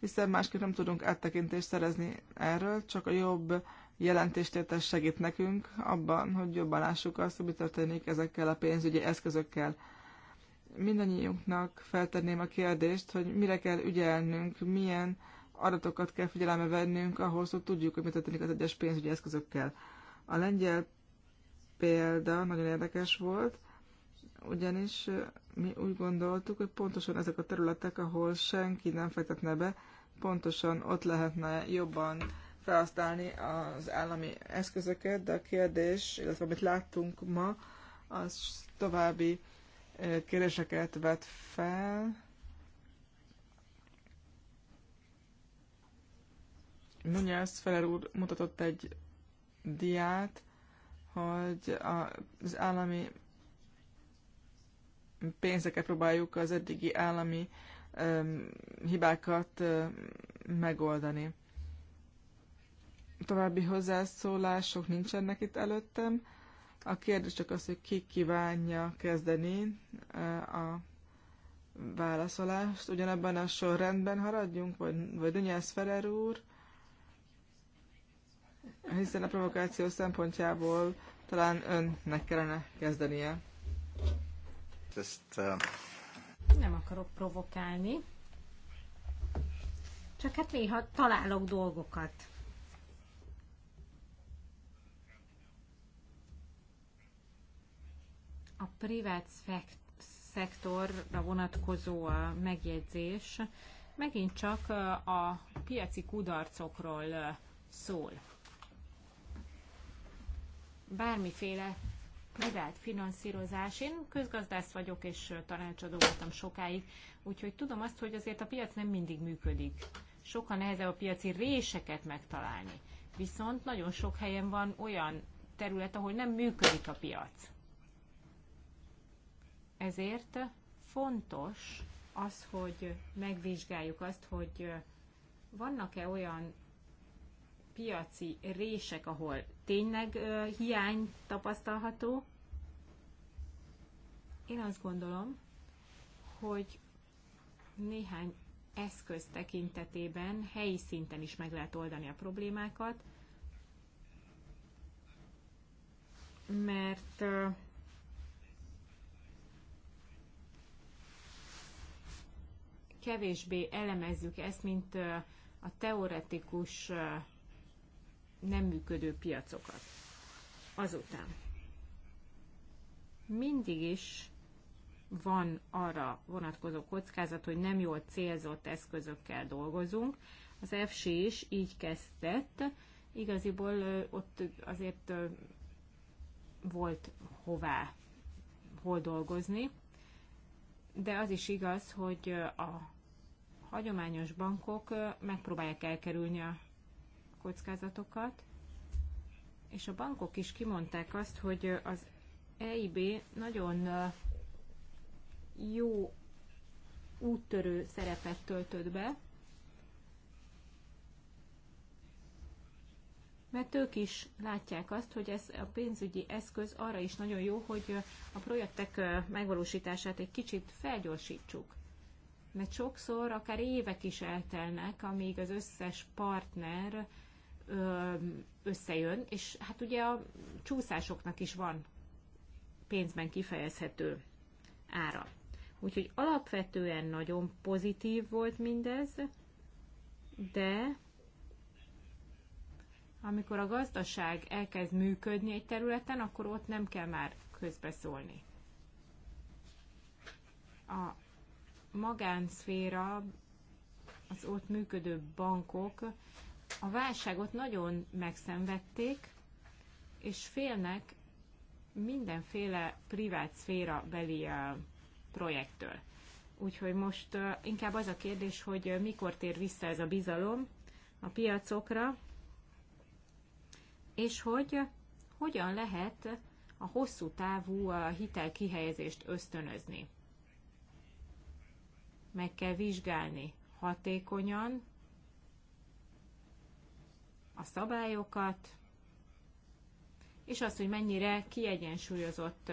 hiszen másképp nem tudunk áttekintést szerezni erről, csak a jobb jelentéstétes segít nekünk abban, hogy jobban lássuk azt, hogy mi történik ezekkel a pénzügyi eszközökkel. Mindannyiunknak feltenném a kérdést, hogy mire kell ügyelnünk, milyen adatokat kell figyelembe vennünk ahhoz, hogy tudjuk, hogy mi történik az egyes pénzügyi eszközökkel. A lengyel példa nagyon érdekes volt, ugyanis mi úgy gondoltuk, hogy pontosan ezek a területek, ahol senki nem fektetne be, pontosan ott lehetne jobban felhasználni az állami eszközöket, de a kérdés, illetve amit láttunk ma, az további kérdéseket vet fel. Nunyász Feler úr mutatott egy diát, hogy az állami pénzeket próbáljuk az eddigi állami hibákat megoldani. További hozzászólások nincsenek itt előttem. A kérdés csak az, hogy ki kívánja kezdeni e, a válaszolást. Ugyanebben a sorrendben haradjunk, vagy, vagy Dunyász Ferer úr, hiszen a provokáció szempontjából talán önnek kellene kezdenie ezt... Uh... Nem akarok provokálni. Csak hát néha találok dolgokat. A privát szektorra vonatkozó eh, megjegyzés megint csak eh, a piaci kudarcokról szól. Bármiféle privát finanszírozás. Én közgazdász vagyok, és tanácsadó voltam sokáig, úgyhogy tudom azt, hogy azért a piac nem mindig működik. Sokkal nehezebb a piaci réseket megtalálni. Viszont nagyon sok helyen van olyan terület, ahol nem működik a piac. Ezért fontos az, hogy megvizsgáljuk azt, hogy vannak-e olyan piaci rések, ahol tényleg hiány tapasztalható. Én azt gondolom, hogy néhány eszköz tekintetében helyi szinten is meg lehet oldani a problémákat, mert kevésbé elemezzük ezt, mint a teoretikus nem működő piacokat. Azután mindig is van arra vonatkozó kockázat, hogy nem jól célzott eszközökkel dolgozunk. Az FC is így kezdett, igaziból ott azért volt hová, hol dolgozni, de az is igaz, hogy a hagyományos bankok megpróbálják elkerülni a kockázatokat, és a bankok is kimondták azt, hogy az EIB nagyon jó úttörő szerepet töltött be, mert ők is látják azt, hogy ez a pénzügyi eszköz arra is nagyon jó, hogy a projektek megvalósítását egy kicsit felgyorsítsuk. Mert sokszor akár évek is eltelnek, amíg az összes partner összejön, és hát ugye a csúszásoknak is van pénzben kifejezhető ára. Úgyhogy alapvetően nagyon pozitív volt mindez, de amikor a gazdaság elkezd működni egy területen, akkor ott nem kell már közbeszólni. A magánszféra, az ott működő bankok a válságot nagyon megszenvedték, és félnek mindenféle privát szféra beli projektől. Úgyhogy most inkább az a kérdés, hogy mikor tér vissza ez a bizalom a piacokra, és hogy hogyan lehet a hosszú távú hitelkihelyezést ösztönözni. Meg kell vizsgálni hatékonyan, a szabályokat, és azt, hogy mennyire kiegyensúlyozott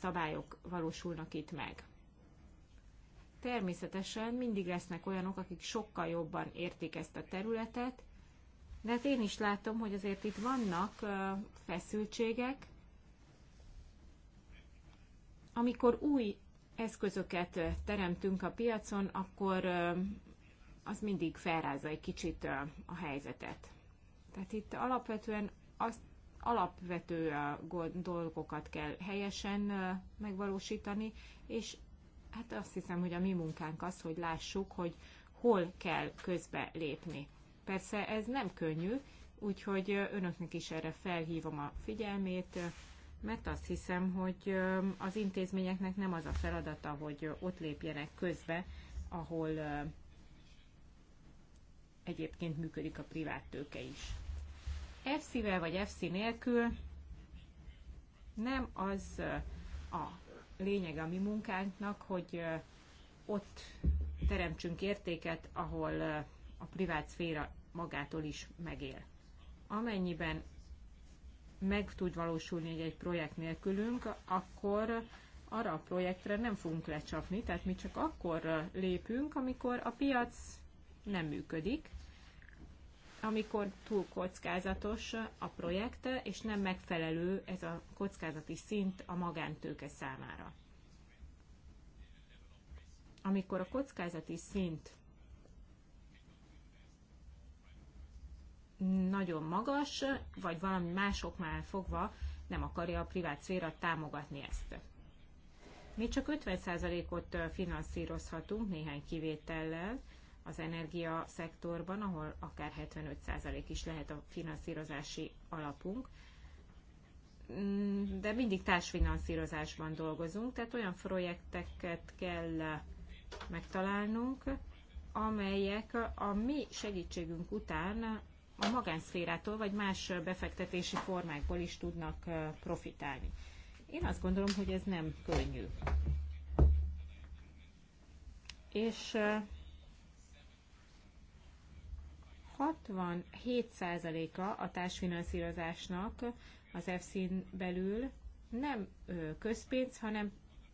szabályok valósulnak itt meg. Természetesen mindig lesznek olyanok, akik sokkal jobban értik ezt a területet, de hát én is látom, hogy azért itt vannak feszültségek, amikor új eszközöket teremtünk a piacon, akkor az mindig felrázza egy kicsit a helyzetet. Tehát itt alapvetően azt alapvető dolgokat kell helyesen megvalósítani, és hát azt hiszem, hogy a mi munkánk az, hogy lássuk, hogy hol kell közbe lépni. Persze ez nem könnyű, úgyhogy önöknek is erre felhívom a figyelmét, mert azt hiszem, hogy az intézményeknek nem az a feladata, hogy ott lépjenek közbe, ahol egyébként működik a privát tőke is. FC-vel vagy FC nélkül nem az a lényeg a mi munkánknak, hogy ott teremtsünk értéket, ahol a privát szféra magától is megél. Amennyiben meg tud valósulni egy, egy projekt nélkülünk, akkor arra a projektre nem fogunk lecsapni, tehát mi csak akkor lépünk, amikor a piac nem működik, amikor túl kockázatos a projekt, és nem megfelelő ez a kockázati szint a magántőke számára. Amikor a kockázati szint nagyon magas, vagy valami mások már fogva nem akarja a privát szféra támogatni ezt. Mi csak 50%-ot finanszírozhatunk néhány kivétellel, az energiaszektorban, ahol akár 75% is lehet a finanszírozási alapunk, mm, de mindig társfinanszírozásban dolgozunk, tehát olyan projekteket kell megtalálnunk, amelyek a mi segítségünk után a magánszférától vagy más befektetési formákból is tudnak profitálni. Én azt gondolom, hogy ez nem könnyű. És 67%-a a társfinanszírozásnak az EFSZ-n belül nem közpénz, hanem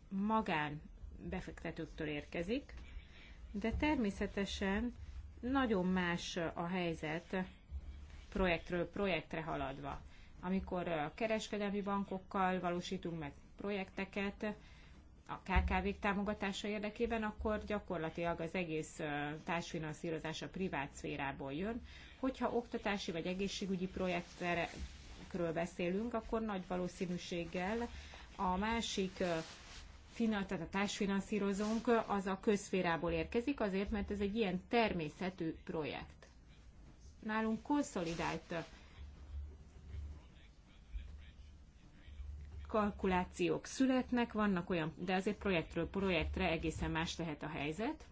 magán befektetőktől érkezik, de természetesen nagyon más a helyzet projektről projektre haladva. Amikor kereskedelmi bankokkal valósítunk meg projekteket, a KKV-k támogatása érdekében, akkor gyakorlatilag az egész társfinanszírozás a privát szférából jön. Hogyha oktatási vagy egészségügyi projektekről beszélünk, akkor nagy valószínűséggel a másik tehát a társfinanszírozónk az a közférából érkezik, azért, mert ez egy ilyen természetű projekt. Nálunk konszolidált kalkulációk születnek, vannak olyan, de azért projektről projektre egészen más lehet a helyzet.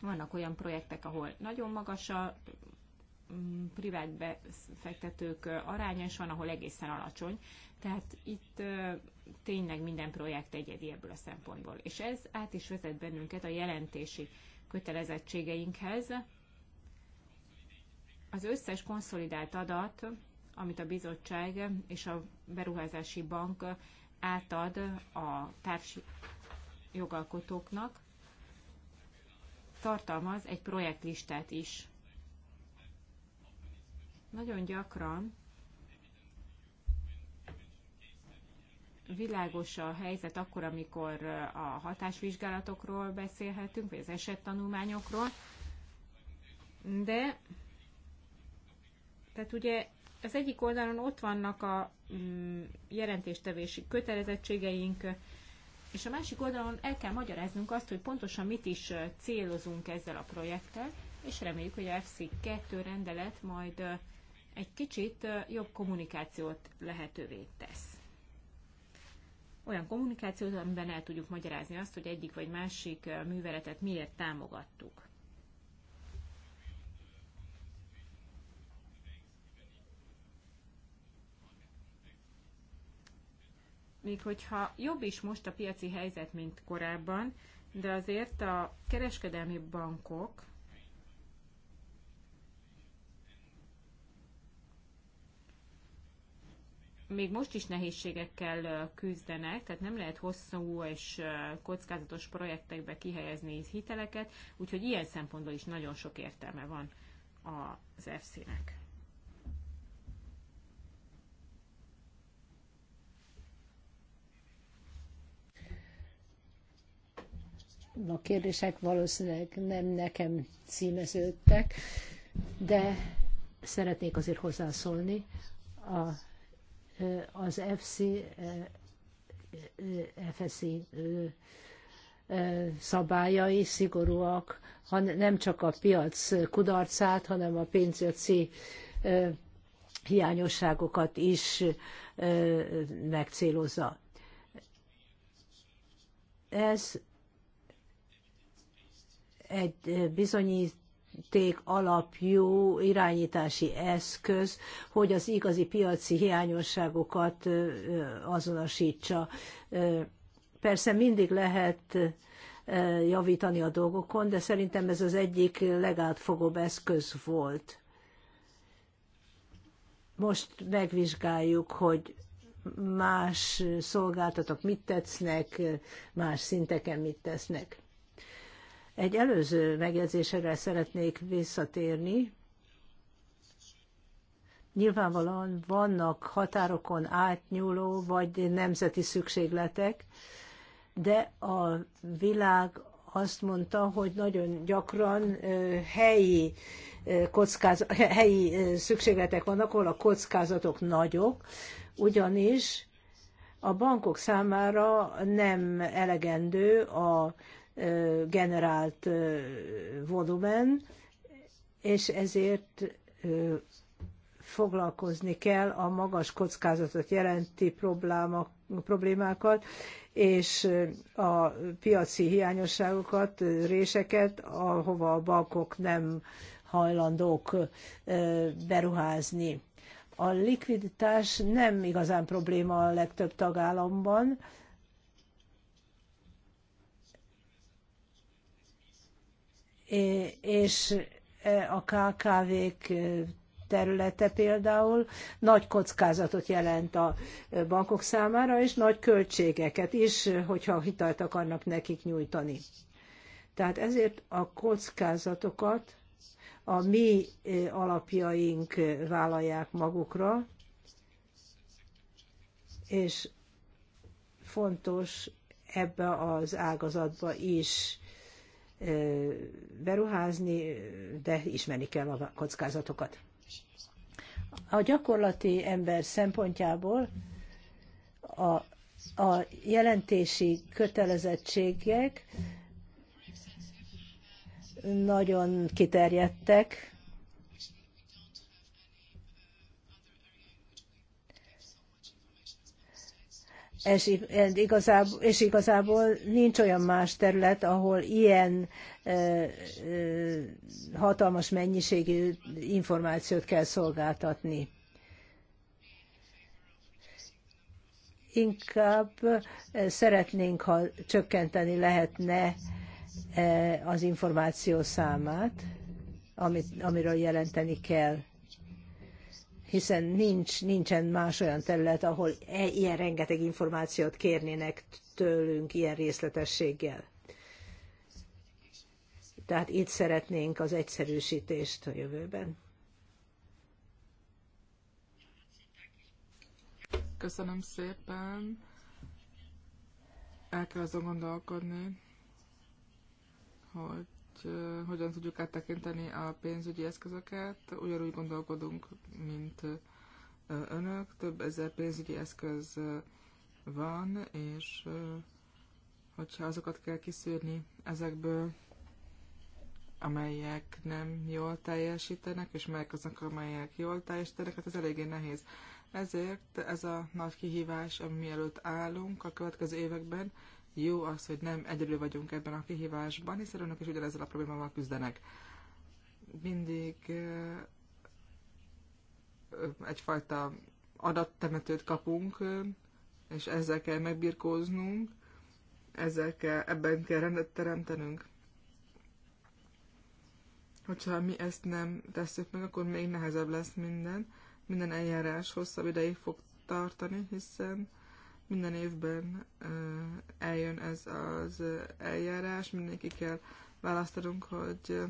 Vannak olyan projektek, ahol nagyon magas a mm, privát befektetők aránya, és van, ahol egészen alacsony. Tehát itt tényleg minden projekt egyedi ebből a szempontból. És ez át is vezet bennünket a jelentési kötelezettségeinkhez. Az összes konszolidált adat amit a bizottság és a beruházási bank átad a társi jogalkotóknak, tartalmaz egy projektlistát is. Nagyon gyakran világos a helyzet akkor, amikor a hatásvizsgálatokról beszélhetünk, vagy az esettanulmányokról, de tehát ugye az egyik oldalon ott vannak a mm, jelentéstevési kötelezettségeink, és a másik oldalon el kell magyaráznunk azt, hogy pontosan mit is célozunk ezzel a projekttel, és reméljük, hogy a FC2 rendelet majd egy kicsit jobb kommunikációt lehetővé tesz. Olyan kommunikációt, amiben el tudjuk magyarázni azt, hogy egyik vagy másik műveletet miért támogattuk. még hogyha jobb is most a piaci helyzet, mint korábban, de azért a kereskedelmi bankok még most is nehézségekkel küzdenek, tehát nem lehet hosszú és kockázatos projektekbe kihelyezni hiteleket, úgyhogy ilyen szempontból is nagyon sok értelme van az FC-nek. a kérdések valószínűleg nem nekem címeződtek, de szeretnék azért hozzászólni. A, az FC, FSI szabályai szigorúak, nem csak a piac kudarcát, hanem a pénzöci hiányosságokat is megcélozza. Ez egy bizonyíték alapjú irányítási eszköz, hogy az igazi piaci hiányosságokat azonosítsa. Persze mindig lehet javítani a dolgokon, de szerintem ez az egyik legátfogóbb eszköz volt. Most megvizsgáljuk, hogy más szolgáltatók mit tetsznek, más szinteken mit tesznek. Egy előző megjegyzésre szeretnék visszatérni. Nyilvánvalóan vannak határokon átnyúló vagy nemzeti szükségletek, de a világ azt mondta, hogy nagyon gyakran helyi, kockáz, helyi szükségletek vannak, ahol a kockázatok nagyok, ugyanis a bankok számára nem elegendő a generált volumen, és ezért foglalkozni kell a magas kockázatot jelenti problémákat, és a piaci hiányosságokat, réseket, ahova a bankok nem hajlandók beruházni. A likviditás nem igazán probléma a legtöbb tagállamban, és e, a KKV-k e, területe például nagy kockázatot jelent a e, bankok számára, és nagy költségeket is, hogyha hitelt akarnak nekik nyújtani. Tehát ezért a kockázatokat a mi alapjaink vállalják magukra, és fontos ebbe az ágazatba is beruházni, de ismerni kell a kockázatokat. A gyakorlati ember szempontjából a, a jelentési kötelezettségek nagyon kiterjedtek, és igazából, és igazából nincs olyan más terület, ahol ilyen hatalmas mennyiségű információt kell szolgáltatni. Inkább szeretnénk, ha csökkenteni lehetne az információ számát, amit, amiről jelenteni kell hiszen nincs, nincsen más olyan terület, ahol e, ilyen rengeteg információt kérnének tőlünk ilyen részletességgel. Tehát itt szeretnénk az egyszerűsítést a jövőben. Köszönöm szépen. El kell azon gondolkodni, hogy hogyan tudjuk áttekinteni a pénzügyi eszközöket. Ugyanúgy gondolkodunk, mint önök. Több ezer pénzügyi eszköz van, és hogyha azokat kell kiszűrni ezekből, amelyek nem jól teljesítenek, és melyek azok, amelyek jól teljesítenek, hát ez eléggé nehéz. Ezért ez a nagy kihívás, ami mielőtt állunk a következő években, jó az, hogy nem egyedül vagyunk ebben a kihívásban, hiszen önök is ugyanezzel a problémával küzdenek. Mindig egyfajta adattemetőt kapunk, és ezzel kell megbirkóznunk, ezzel kell, ebben kell rendet teremtenünk. Hogyha mi ezt nem tesszük meg, akkor még nehezebb lesz minden. Minden eljárás hosszabb ideig fog tartani, hiszen minden évben eljön ez az eljárás, mindenki kell választanunk, hogy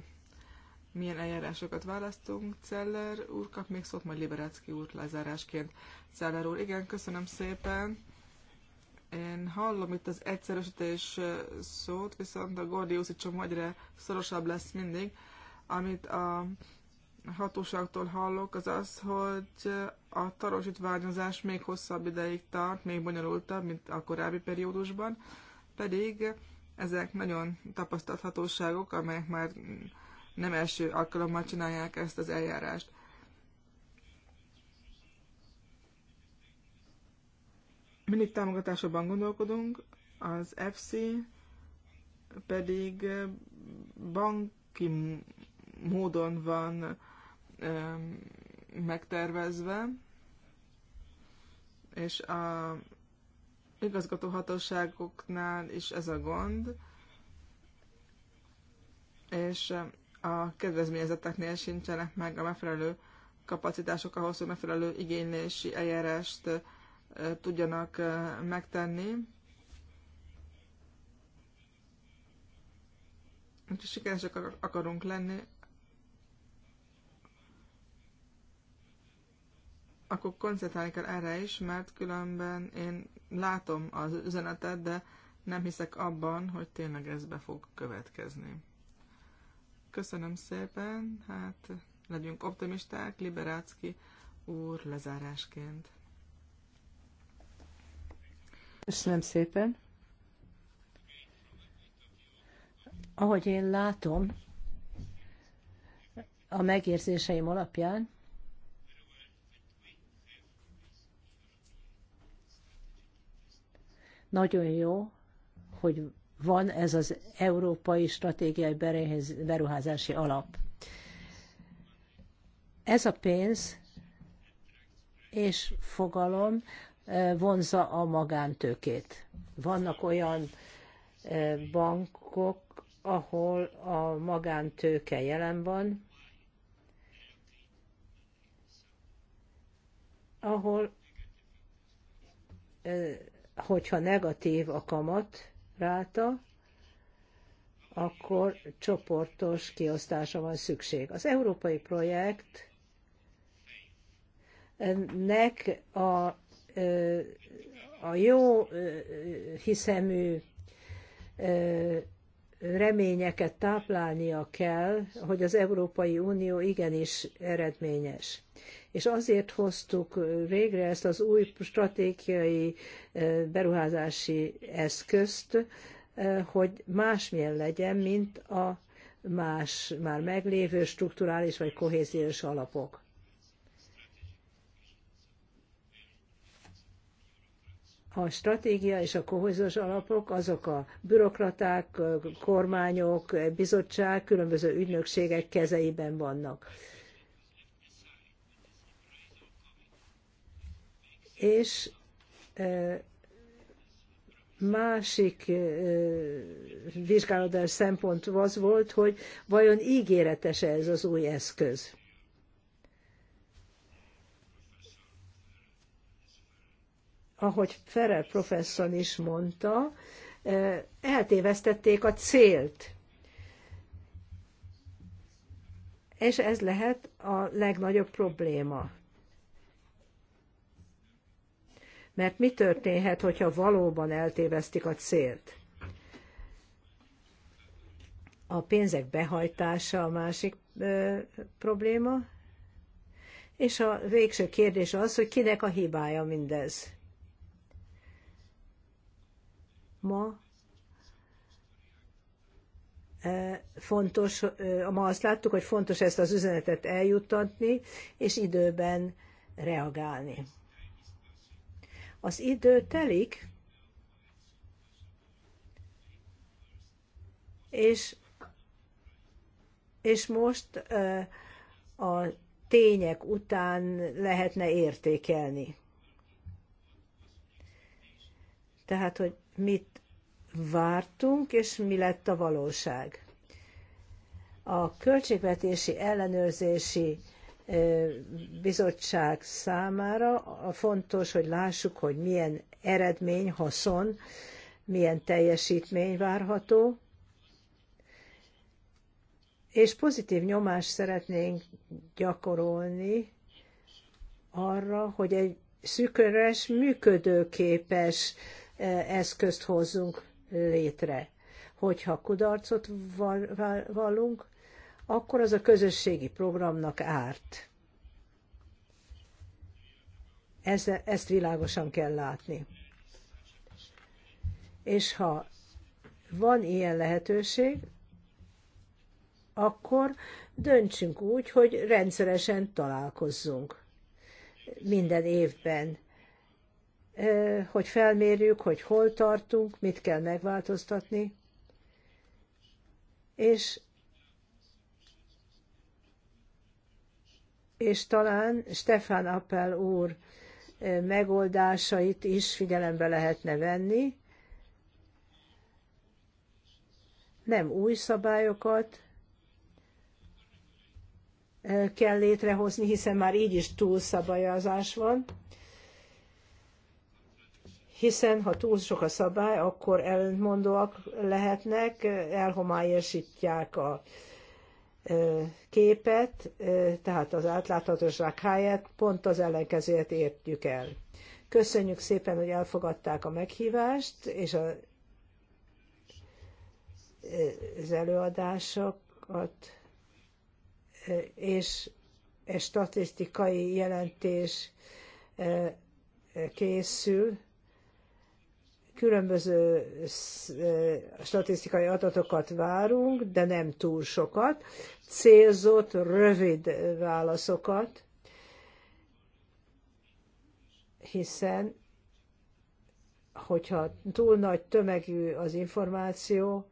milyen eljárásokat választunk. Celler úr kap még szót, majd Liberácki úr lezárásként. Celler úr, igen, köszönöm szépen. Én hallom itt az egyszerűsítés szót, viszont a Gordiusi csomagyra szorosabb lesz mindig, amit a hatóságtól hallok, az az, hogy a tarosítványozás még hosszabb ideig tart, még bonyolultabb, mint a korábbi periódusban, pedig ezek nagyon tapasztalhatóságok, amelyek már nem első alkalommal csinálják ezt az eljárást. Mindig támogatásokban gondolkodunk, az FC pedig banki módon van megtervezve, és a igazgatóhatóságoknál is ez a gond, és a kedvezményezeteknél sincsenek meg a megfelelő kapacitások ahhoz, hogy megfelelő igénylési eljárást eh, tudjanak eh, megtenni. Úgyhogy sikeresek akarunk lenni, akkor koncentrálni kell erre is, mert különben én látom az üzenetet, de nem hiszek abban, hogy tényleg ez be fog következni. Köszönöm szépen, hát legyünk optimisták, Liberácki úr lezárásként. Köszönöm szépen. Ahogy én látom, a megérzéseim alapján, Nagyon jó, hogy van ez az Európai Stratégiai Beruházási Alap. Ez a pénz és fogalom eh, vonza a magántőkét. Vannak olyan eh, bankok, ahol a magántőke jelen van, ahol eh, hogyha negatív a kamat ráta, akkor csoportos kiosztásra van szükség. Az európai projekt nek a, a jó hiszemű reményeket táplálnia kell, hogy az Európai Unió igenis eredményes és azért hoztuk végre ezt az új stratégiai eh, beruházási eszközt, eh, hogy másmilyen legyen, mint a más már meglévő strukturális vagy kohéziós alapok. a stratégia és a kohéziós alapok azok a bürokraták, eh, kormányok, bizottság, különböző ügynökségek kezeiben vannak. és másik vizsgálódás szempont az volt, hogy vajon ígéretes -e ez az új eszköz. Ahogy Ferrer professzor is mondta, eltévesztették a célt. És ez lehet a legnagyobb probléma. Mert mi történhet, hogyha valóban eltévesztik a célt? A pénzek behajtása a másik ö, probléma, és a végső kérdés az, hogy kinek a hibája mindez. Ma fontos, ma azt láttuk, hogy fontos ezt az üzenetet eljuttatni, és időben reagálni. Az idő telik, és, és most a tények után lehetne értékelni. Tehát, hogy mit vártunk, és mi lett a valóság. A költségvetési ellenőrzési bizottság számára. Fontos, hogy lássuk, hogy milyen eredmény, haszon, milyen teljesítmény várható, és pozitív nyomást szeretnénk gyakorolni arra, hogy egy szükörös, működőképes eszközt hozzunk létre. Hogyha kudarcot vallunk, akkor az a közösségi programnak árt. Ezt, ezt világosan kell látni. És ha van ilyen lehetőség, akkor döntsünk úgy, hogy rendszeresen találkozzunk minden évben, hogy felmérjük, hogy hol tartunk, mit kell megváltoztatni, és és talán Stefan Appel úr e, megoldásait is figyelembe lehetne venni. Nem új szabályokat e, kell létrehozni, hiszen már így is túlszabályozás van, hiszen ha túl sok a szabály, akkor ellentmondóak lehetnek, e, elhomályosítják a képet, tehát az átláthatóság helyett pont az ellenkezőjét értjük el. Köszönjük szépen, hogy elfogadták a meghívást, és a, az előadásokat, és egy statisztikai jelentés készül, különböző statisztikai adatokat várunk, de nem túl sokat, célzott, rövid válaszokat, hiszen hogyha túl nagy tömegű az információ,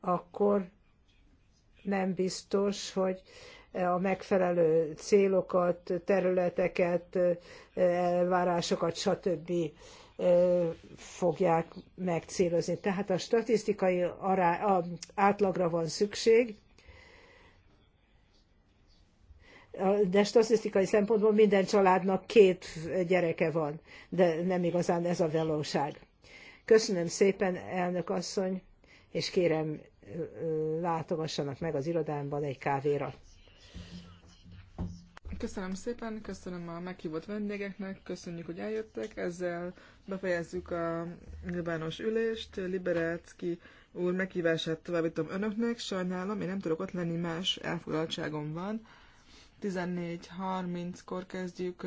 akkor nem biztos, hogy a megfelelő célokat, területeket, elvárásokat, stb fogják megcélozni. Tehát a statisztikai ará, a átlagra van szükség, de statisztikai szempontból minden családnak két gyereke van, de nem igazán ez a valóság. Köszönöm szépen, elnök asszony, és kérem látogassanak meg az irodámban egy kávéra. Köszönöm szépen, köszönöm a meghívott vendégeknek, köszönjük, hogy eljöttek. Ezzel befejezzük a nyilvános ülést. Liberácki úr meghívását továbbítom önöknek. Sajnálom, én nem tudok ott lenni, más elfoglaltságom van. 14.30-kor kezdjük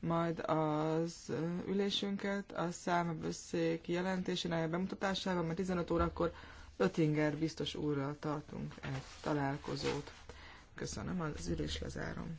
majd az ülésünket a számvevőszék jelentésének bemutatásával, mert 15 órakor Ötinger biztos úrral tartunk egy találkozót. Köszönöm, az ülés lezárom.